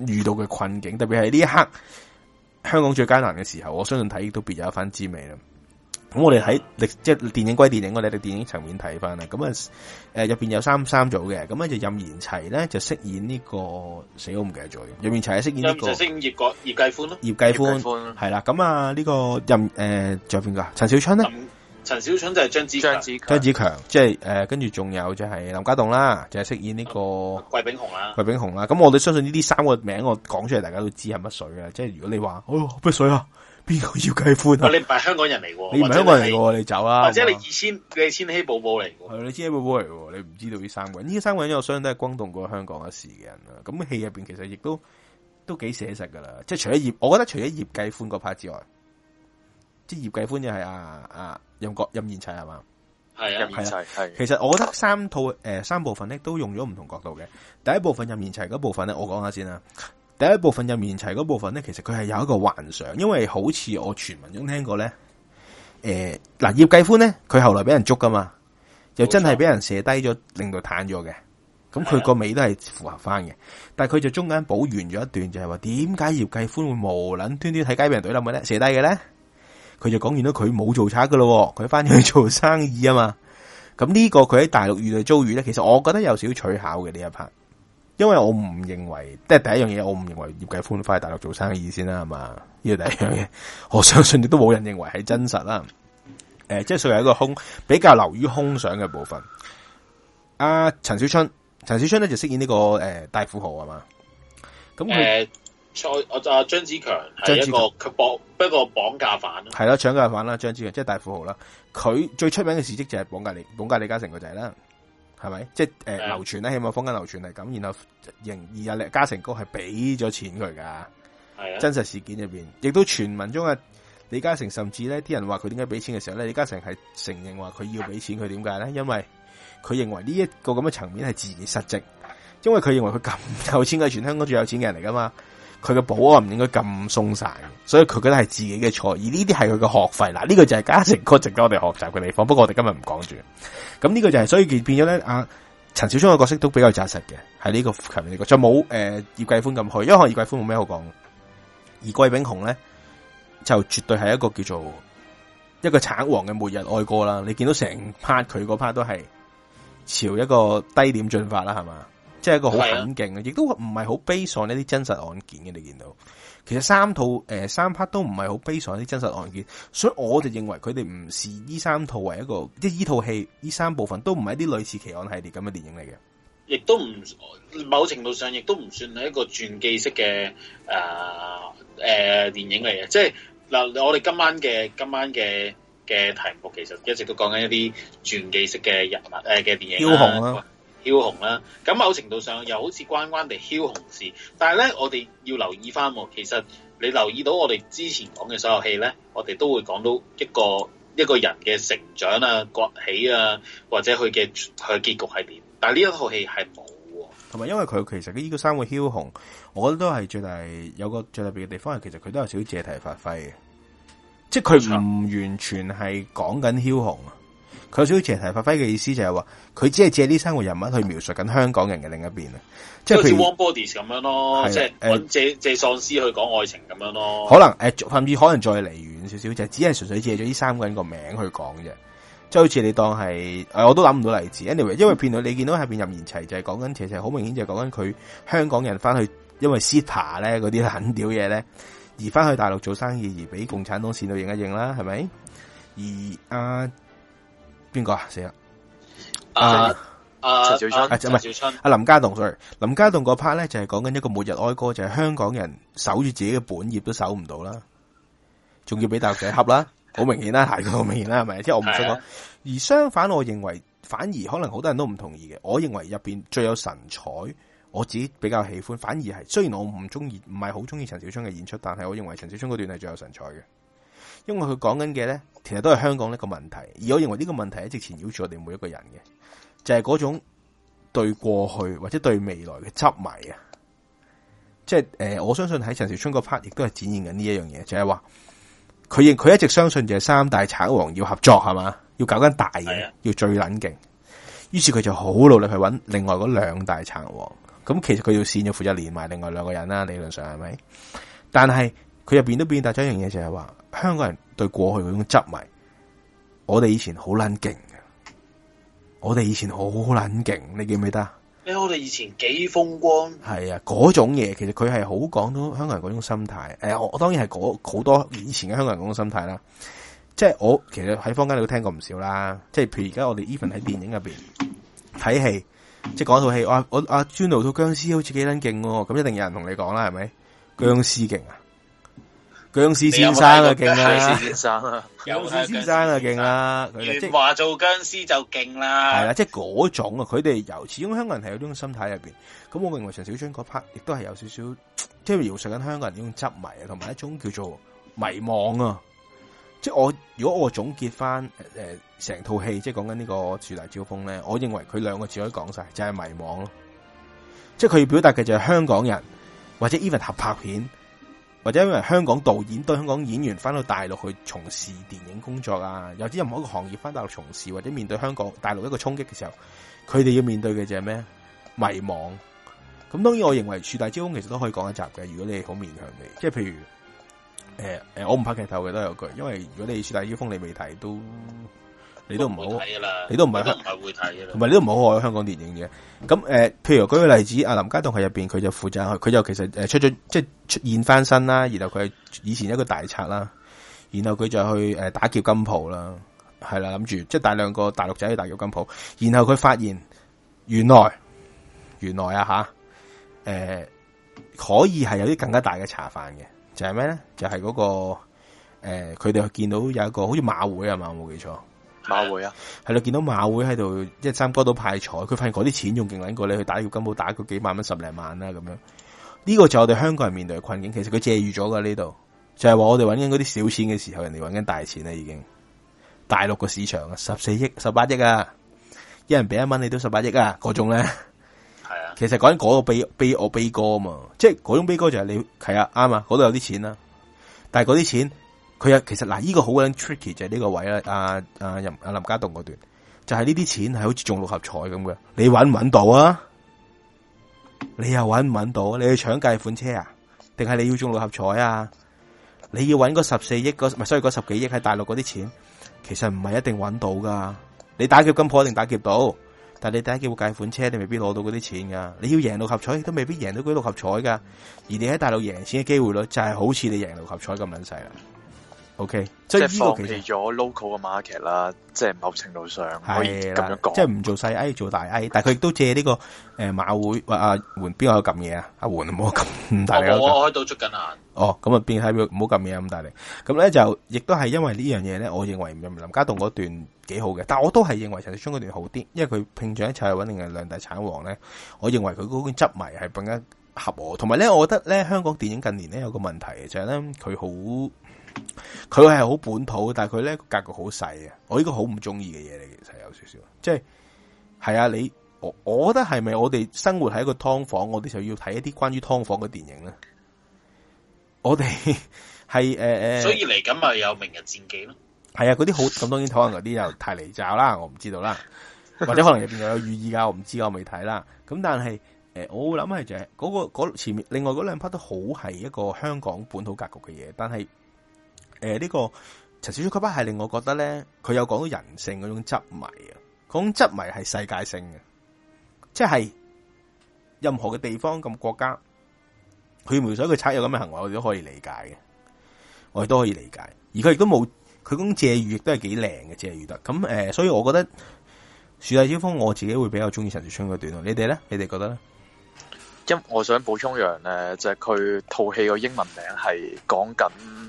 遇到嘅困境，特別係呢一刻香港最艱難嘅時候，我相信睇亦都別有一番滋味啦。咁我哋喺歷即係電影歸電影，我哋喺電影層面睇翻啦。咁啊，誒入邊有三三組嘅，咁咧就任賢齊咧就飾演呢、這個，死我唔記得咗任賢齊飾演呢、這個，就飾演葉葉繼歡咯，葉繼歡係啦。咁啊呢個任誒、呃、仲有邊個？陳小春咧，陳小春就係張子強，張子張子強，即係誒跟住仲有就係林家棟啦，就係、是、飾演呢、這個季炳雄啦、啊，季炳雄啦。咁我哋相信呢啲三個名我講出嚟，大家都知係乜水嘅。即係如果你話，哦、哎、乜水啊？邊個葉繼歡啊？你唔係香港人嚟,喎，你唔係香港人嚟喎，你走啊！或者你係二千、二千禧寶寶嚟嘅，你千禧寶寶嚟你唔知道呢三,三個人，呢三個人我相都係轟動過香港嘅事嘅人啦。咁戲入邊其實亦都都幾寫實噶啦，即係除咗葉，我覺得除咗葉繼歡嗰 part 之外，即係葉繼歡就係阿、啊啊、任國任賢齊係嘛？係、啊、任賢齊其實我覺得三套誒、呃、三部分咧都用咗唔同角度嘅。第一部分任賢齊嗰部分咧，我講下先啦。第一部分入面齊嗰部分咧，其實佢係有一個幻想，因為好似我傳聞中聽過咧，誒、呃，嗱葉繼歡咧，佢後來俾人捉噶嘛，又真係俾人射低咗，令到癱咗嘅，咁佢個尾都係符合翻嘅，但係佢就中間補完咗一段，就係話點解葉繼歡會無撚端端睇街俾人隊冧咪咧射低嘅咧？佢就講完咗，佢冇做賊噶咯，佢翻去做生意啊嘛，咁呢個佢喺大陸遇到遭遇咧，其實我覺得有少取巧嘅呢一 part。因為我唔認為，即係第一樣嘢，我唔認為葉繼歡返大陸做生意先啦，係嘛？呢個第一樣嘢，我相信亦都冇人認為係真實啦。誒、呃，即係屬於一個空，比較流於空想嘅部分。阿、啊、陳小春，陳小春咧就飾演呢、這個誒、呃、大富豪啊嘛。咁誒，就阿張子強係一個綁不過綁架犯，係咯，搶劫犯啦，張子強即係、就是、大富豪啦。佢最出名嘅事跡就係綁，綁架李綁架李嘉誠個仔啦。係咪？即係誒，呃 yeah. 流傳咧，起碼坊間流傳係咁，然後仍而阿李嘉誠哥係俾咗錢佢噶係啊，真實事件入邊，亦都傳聞中啊，李嘉誠甚至咧，啲人話佢點解俾錢嘅時候咧，李嘉誠係承認話佢要俾錢，佢點解咧？因為佢認為呢、這、一個咁嘅層面係自己失職，因為佢認為佢咁有錢嘅，全香港最有錢嘅人嚟噶嘛，佢嘅保安唔應該咁鬆散。所以佢覺得係自己嘅錯，而呢啲係佢嘅學費。嗱，呢、這個就係一直可值得我哋學習嘅地方。 (laughs) 不過我哋今日唔講住。咁呢個就係、是、所以變咗咧，阿、啊、陳小春嘅角色都比較紮實嘅，係呢、這個強人嚟就冇誒葉繼歡咁好。因為葉繼歡冇咩好講。而季炳雄咧就絕對係一個叫做一個橙黃嘅末日愛歌啦。你見到成 part 佢嗰 part 都係朝一個低點進發啦，係嘛？即、就、係、是、一個好狠勁，亦、啊、都唔係好悲壯呢啲真實案件嘅，你見到。其實三套誒、呃、三 part 都唔係好悲慘啲真實案件，所以我就認為佢哋唔視依三套為一個，即係依套戲依三部分都唔係啲類似奇案系列咁嘅電影嚟嘅，亦都唔某程度上亦都唔算係一個傳記式嘅誒誒電影嚟嘅，即係嗱、呃、我哋今晚嘅今晚嘅嘅題目其實一直都講緊一啲傳記式嘅人物誒嘅電影、梟雄啊，梟雄啦，咁某程度上又好似關關哋梟雄事，但係咧，我哋要留意翻，其實你留意到我哋之前講嘅所有戲咧，我哋都會講到一個一個人嘅成長啊、崛起啊，或者佢嘅佢結局係點，但係呢一套戲係冇，同埋因為佢其實呢個個三個梟雄，我覺得都係最大有個最特別嘅地方係，其實佢都有少少借題發揮嘅，即係佢唔完全係講緊梟雄。佢有少少斜題發揮嘅意思就係話，佢只係借呢三個人物去描述緊香港人嘅另一邊啊，即係好似 Warm Bodies 咁樣咯，即係借借喪屍去講愛情咁樣咯。可能誒、呃，甚至可能再離遠少少，就是、只係純粹借咗呢三個人個名去講啫，即係好似你當係誒、哎，我都諗唔到例子。Anyway，因為片你見到下邊任賢齊就係講緊其實，好明顯就係講緊佢香港人翻去，因為 s i t a 咧嗰啲很屌嘢咧，而翻去大陸做生意而俾共產黨閃到應一應啦，係咪？而阿。啊邊個啊？死啦！阿阿陳小春，唔係阿林家棟，sorry，林家棟嗰 part 咧就係講緊一個末日哀歌，就係、是、香港人守住自己嘅本業都守唔到啦，仲要俾大陸仔恰啦，好明顯啦，大陸好明顯啦，係 (laughs) 咪？即係我唔識講。而相反，我認為反而可能好多人都唔同意嘅。我認為入邊最有神采，我自己比較喜歡。反而係雖然我唔中意，唔係好中意陳小春嘅演出，但係我認為陳小春嗰段係最有神采嘅。因為佢講緊嘅，咧，其實都係香港呢個問題，而我認為呢個問題一直纏繞住我哋每一個人嘅，就係、是、嗰種對過去或者對未來嘅執迷啊！即係誒，我相信喺陳小春嗰 part 亦都係展現緊呢一樣嘢，就係話佢認佢一直相信就係三大賊王要合作係嘛，要搞緊大嘢，要最冷靜。於是佢就好努力去揾另外嗰兩大賊王。咁其實佢要先要負責連埋另外兩個人啦，理論上係咪？但係佢入邊都變大咗一樣嘢，就係、是、話。香港人對過去嗰種執迷，我哋以前好撚勁嘅，我哋以前好撚勁，你記唔記得啊？你、欸、我哋以前幾風光，係啊，嗰種嘢其實佢係好講到香港人嗰種心態。誒、呃，我我當然係好多以前嘅香港人嗰種心態啦。即係我其實喺坊間你都聽過唔少啦。即係譬如而家我哋 even 喺電影入邊睇戲，即係講套戲，我我阿 Juno 套僵屍好似幾撚勁，啊，咁一定有人同你講啦，係咪？僵屍勁啊！僵屍先，先生啊，勁啦！僵屍先生啊，僵屍先生啊，勁啦！而、就、話、是、做僵屍就勁啦，係啦，即係嗰種啊，佢哋由始終香港人係有呢種心態入邊。咁，我認為陳小春嗰 part 亦都係有少少，即、就、係、是、描述緊香港人呢種執迷啊，同埋一種叫做迷惘啊。即、就、係、是、我如果我總結翻誒成套戲，即係講緊呢個《樹大招風》咧，我認為佢兩個字可以講晒，就係、是、迷惘咯。即係佢要表達嘅就係香港人，或者 even 合拍片。或者因為香港導演對香港演員翻到大陸去從事電影工作啊，有啲任何一個行業翻大陸從事或者面對香港大陸一個衝擊嘅時候，佢哋要面對嘅就係咩？迷惘。咁當然我認為《樹大招風》其實都可以講一集嘅，如果你好勉強嘅，即係譬如誒誒、欸，我唔怕劇透嘅都有句，因為如果你《樹大招風》你未睇都。你都唔好，你都唔係，唔係會睇啦。同埋你都唔好愛香港電影嘅。咁誒、呃，譬如舉個例子，阿林家棟喺入邊，佢就負責佢就其實誒出咗即係出現翻身啦。然後佢以前一個大賊啦，然後佢就去誒打劫金鋪啦，係啦，諗住即係帶兩個大陸仔去打劫金鋪、就是。然後佢發現原來原來啊吓誒可以係有啲更加大嘅茶飯嘅，就係咩咧？就係、是、嗰、那個誒，佢、呃、哋見到有一個好似馬會啊嘛，冇記錯。馬會啊，係啦，見到馬會喺度即係爭多派彩，佢發現嗰啲錢仲勁搵過你去打搖金寶，打個幾萬蚊、十零萬啦咁樣。呢，這個就我哋香港人面對嘅困境。其實佢借喻咗噶呢度，就係、是、話我哋搵緊嗰啲小錢嘅時候，人哋搵緊大錢啦已經。大陸個市場啊，十四億、十八億啊，一人俾一蚊，你都十八億啊，嗰種咧。係啊，其實講緊嗰個悲悲我悲歌嘛，即係嗰種悲歌就係你係啊啱啊，嗰度有啲錢啊，但係嗰啲錢。佢又其實嗱，呢、這個好嘅 tricky 就係、是、呢個位啦，阿阿林阿林家棟嗰段，就係呢啲錢係好似中六合彩咁嘅，你搵唔搵到啊？你又搵唔搵到？你去搶解款車啊？定係你要中六合彩啊？你要搵嗰十四億，所以嗰十幾億喺大陸嗰啲錢，其實唔係一定搵到噶。你打劫金鋪一定打劫到，但係你打劫部解款車，你未必攞到嗰啲錢噶。你要贏六合彩，都未必贏到嗰啲六合彩噶。而你喺大陸贏錢嘅機會率，就係、是、好似你贏六合彩咁撚細啦。O K，即係呢個放棄咗 local 嘅 market 啦，即係某程度上可以咁樣講，即係唔做細 A 做大 A，但係佢亦都借呢個誒馬會，話阿換邊個撳嘢啊？阿換唔好咁大力，我開到捉緊眼。哦，咁啊變喺，要唔好撳嘢咁大力。咁咧就亦都係因為呢樣嘢咧，我認為林家棟嗰段幾好嘅，但我都係認為陳奕迅嗰段好啲，因為佢拼住一齊穩定嘅兩大產王咧，我認為佢嗰邊執迷係更加合和。同埋咧，我覺得咧香港電影近年咧有一個問題就係咧佢好。佢係好本土，但係佢咧個格局好細嘅。我呢個好唔中意嘅嘢嚟，其實有少少，即係係啊。你我我覺得係咪我哋生活喺個劏房，我哋就要睇一啲關於劏房嘅電影咧？我哋係誒誒，所以嚟緊咪有《明日戰記》咯？係啊，嗰啲好咁當然土啊，嗰啲又太離罩啦。我唔知道啦， (laughs) 或者可能入邊有寓意啊，我唔知我未睇啦。咁但係誒、呃，我諗係就係、是、嗰、嗰個前面另外嗰兩 part 都好係一個香港本土格局嘅嘢，但係。誒、呃、呢、這個陳小春嗰 part 係，係令我覺得咧，佢有講到人性嗰種執迷啊，嗰種執迷係世界性嘅，即係任何嘅地方咁國家，佢描寫佢賊有咁嘅行為，我哋都可以理解嘅，我哋都可以理解，而佢亦都冇，佢講借雨亦都係幾靚嘅借雨得，咁誒、呃，所以我覺得樹大招風，我自己會比較中意陳小春嗰段咯，你哋咧，你哋覺得咧？因我想補充一樣咧，就係佢套戲個英文名係講緊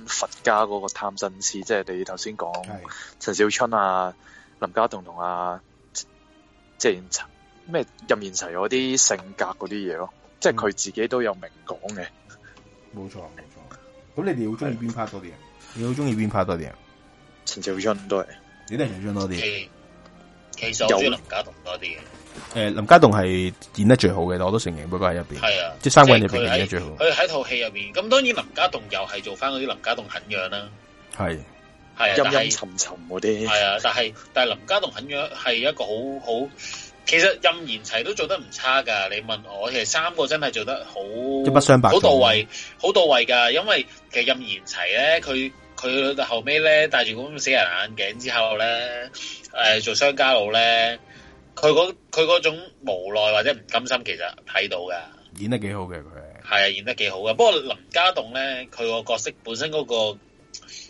佛家嗰個貪嗔癡，即係你頭先講陳小春啊、林家棟同啊，即係咩任賢齊嗰啲性格嗰啲嘢咯，即係佢自己都有明講嘅。冇錯，冇錯。咁你哋好中意邊 part 多啲啊？你好中意邊 part 多啲啊？陳小春多啲，你都係小春多啲。嗯。其實我中意林家棟多啲嘅，誒，林家棟係演得最好嘅，我都承認，不過喺入邊，係啊，即係三個人入邊演得最好。佢喺套戲入邊，咁當然林家棟又係做翻嗰啲林家棟狠樣啦，係，係啊，陰陰沉沉嗰啲，係啊，但係但係林家棟狠樣係一個好好，其實任賢齊都做得唔差噶，你問我其實三個真係做得好，一，不相伯仲，好到位，好到位噶，因為其實任賢齊咧佢。佢後尾咧戴住咁死人眼鏡之後咧，誒、呃、做商家佬咧，佢嗰佢嗰種無奈或者唔甘心，其實睇到㗎，演得幾好嘅，佢係啊，演得幾好嘅。不過林家棟咧，佢個角色本身嗰、那個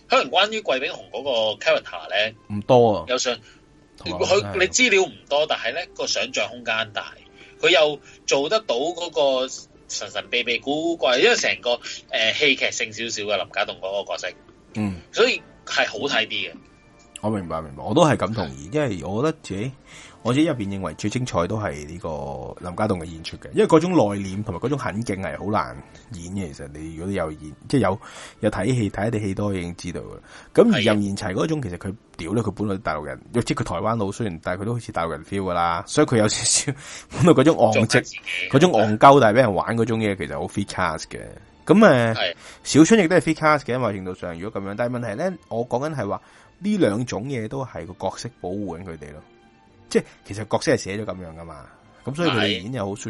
可能關於季炳雄嗰個 character 咧唔多啊，有上佢你資料唔多，但係咧個想象空間大，佢又做得到嗰個神神秘秘古怪，因為成個誒戲劇性少少嘅林家棟嗰個角色。嗯，所以係好睇啲嘅。我明白，明白，我都係咁同意，因為我覺得自己，我自己入邊認為最精彩都係呢個林家棟嘅演出嘅，因為嗰種內斂同埋嗰種狠勁係好難演嘅。其實你如果你有演，即係有有睇戲睇啲戲都已經知道嘅。咁而任賢齊嗰種，其實佢屌咧，佢本來大陸人，若即佢台灣佬，雖然但係佢都好似大陸人 feel 噶啦，所以佢有少少咁啊嗰種戇直、嗰種戇鳩，但係俾人玩嗰種嘢，其實好 free cast 嘅。咁誒，係，小春亦都係 free cast 嘅，某程度上如果咁樣，但係問題咧，我講緊係話呢兩種嘢都係個角色保護緊佢哋咯，即係其實角色係寫咗咁樣噶嘛，咁所以佢哋演又好出。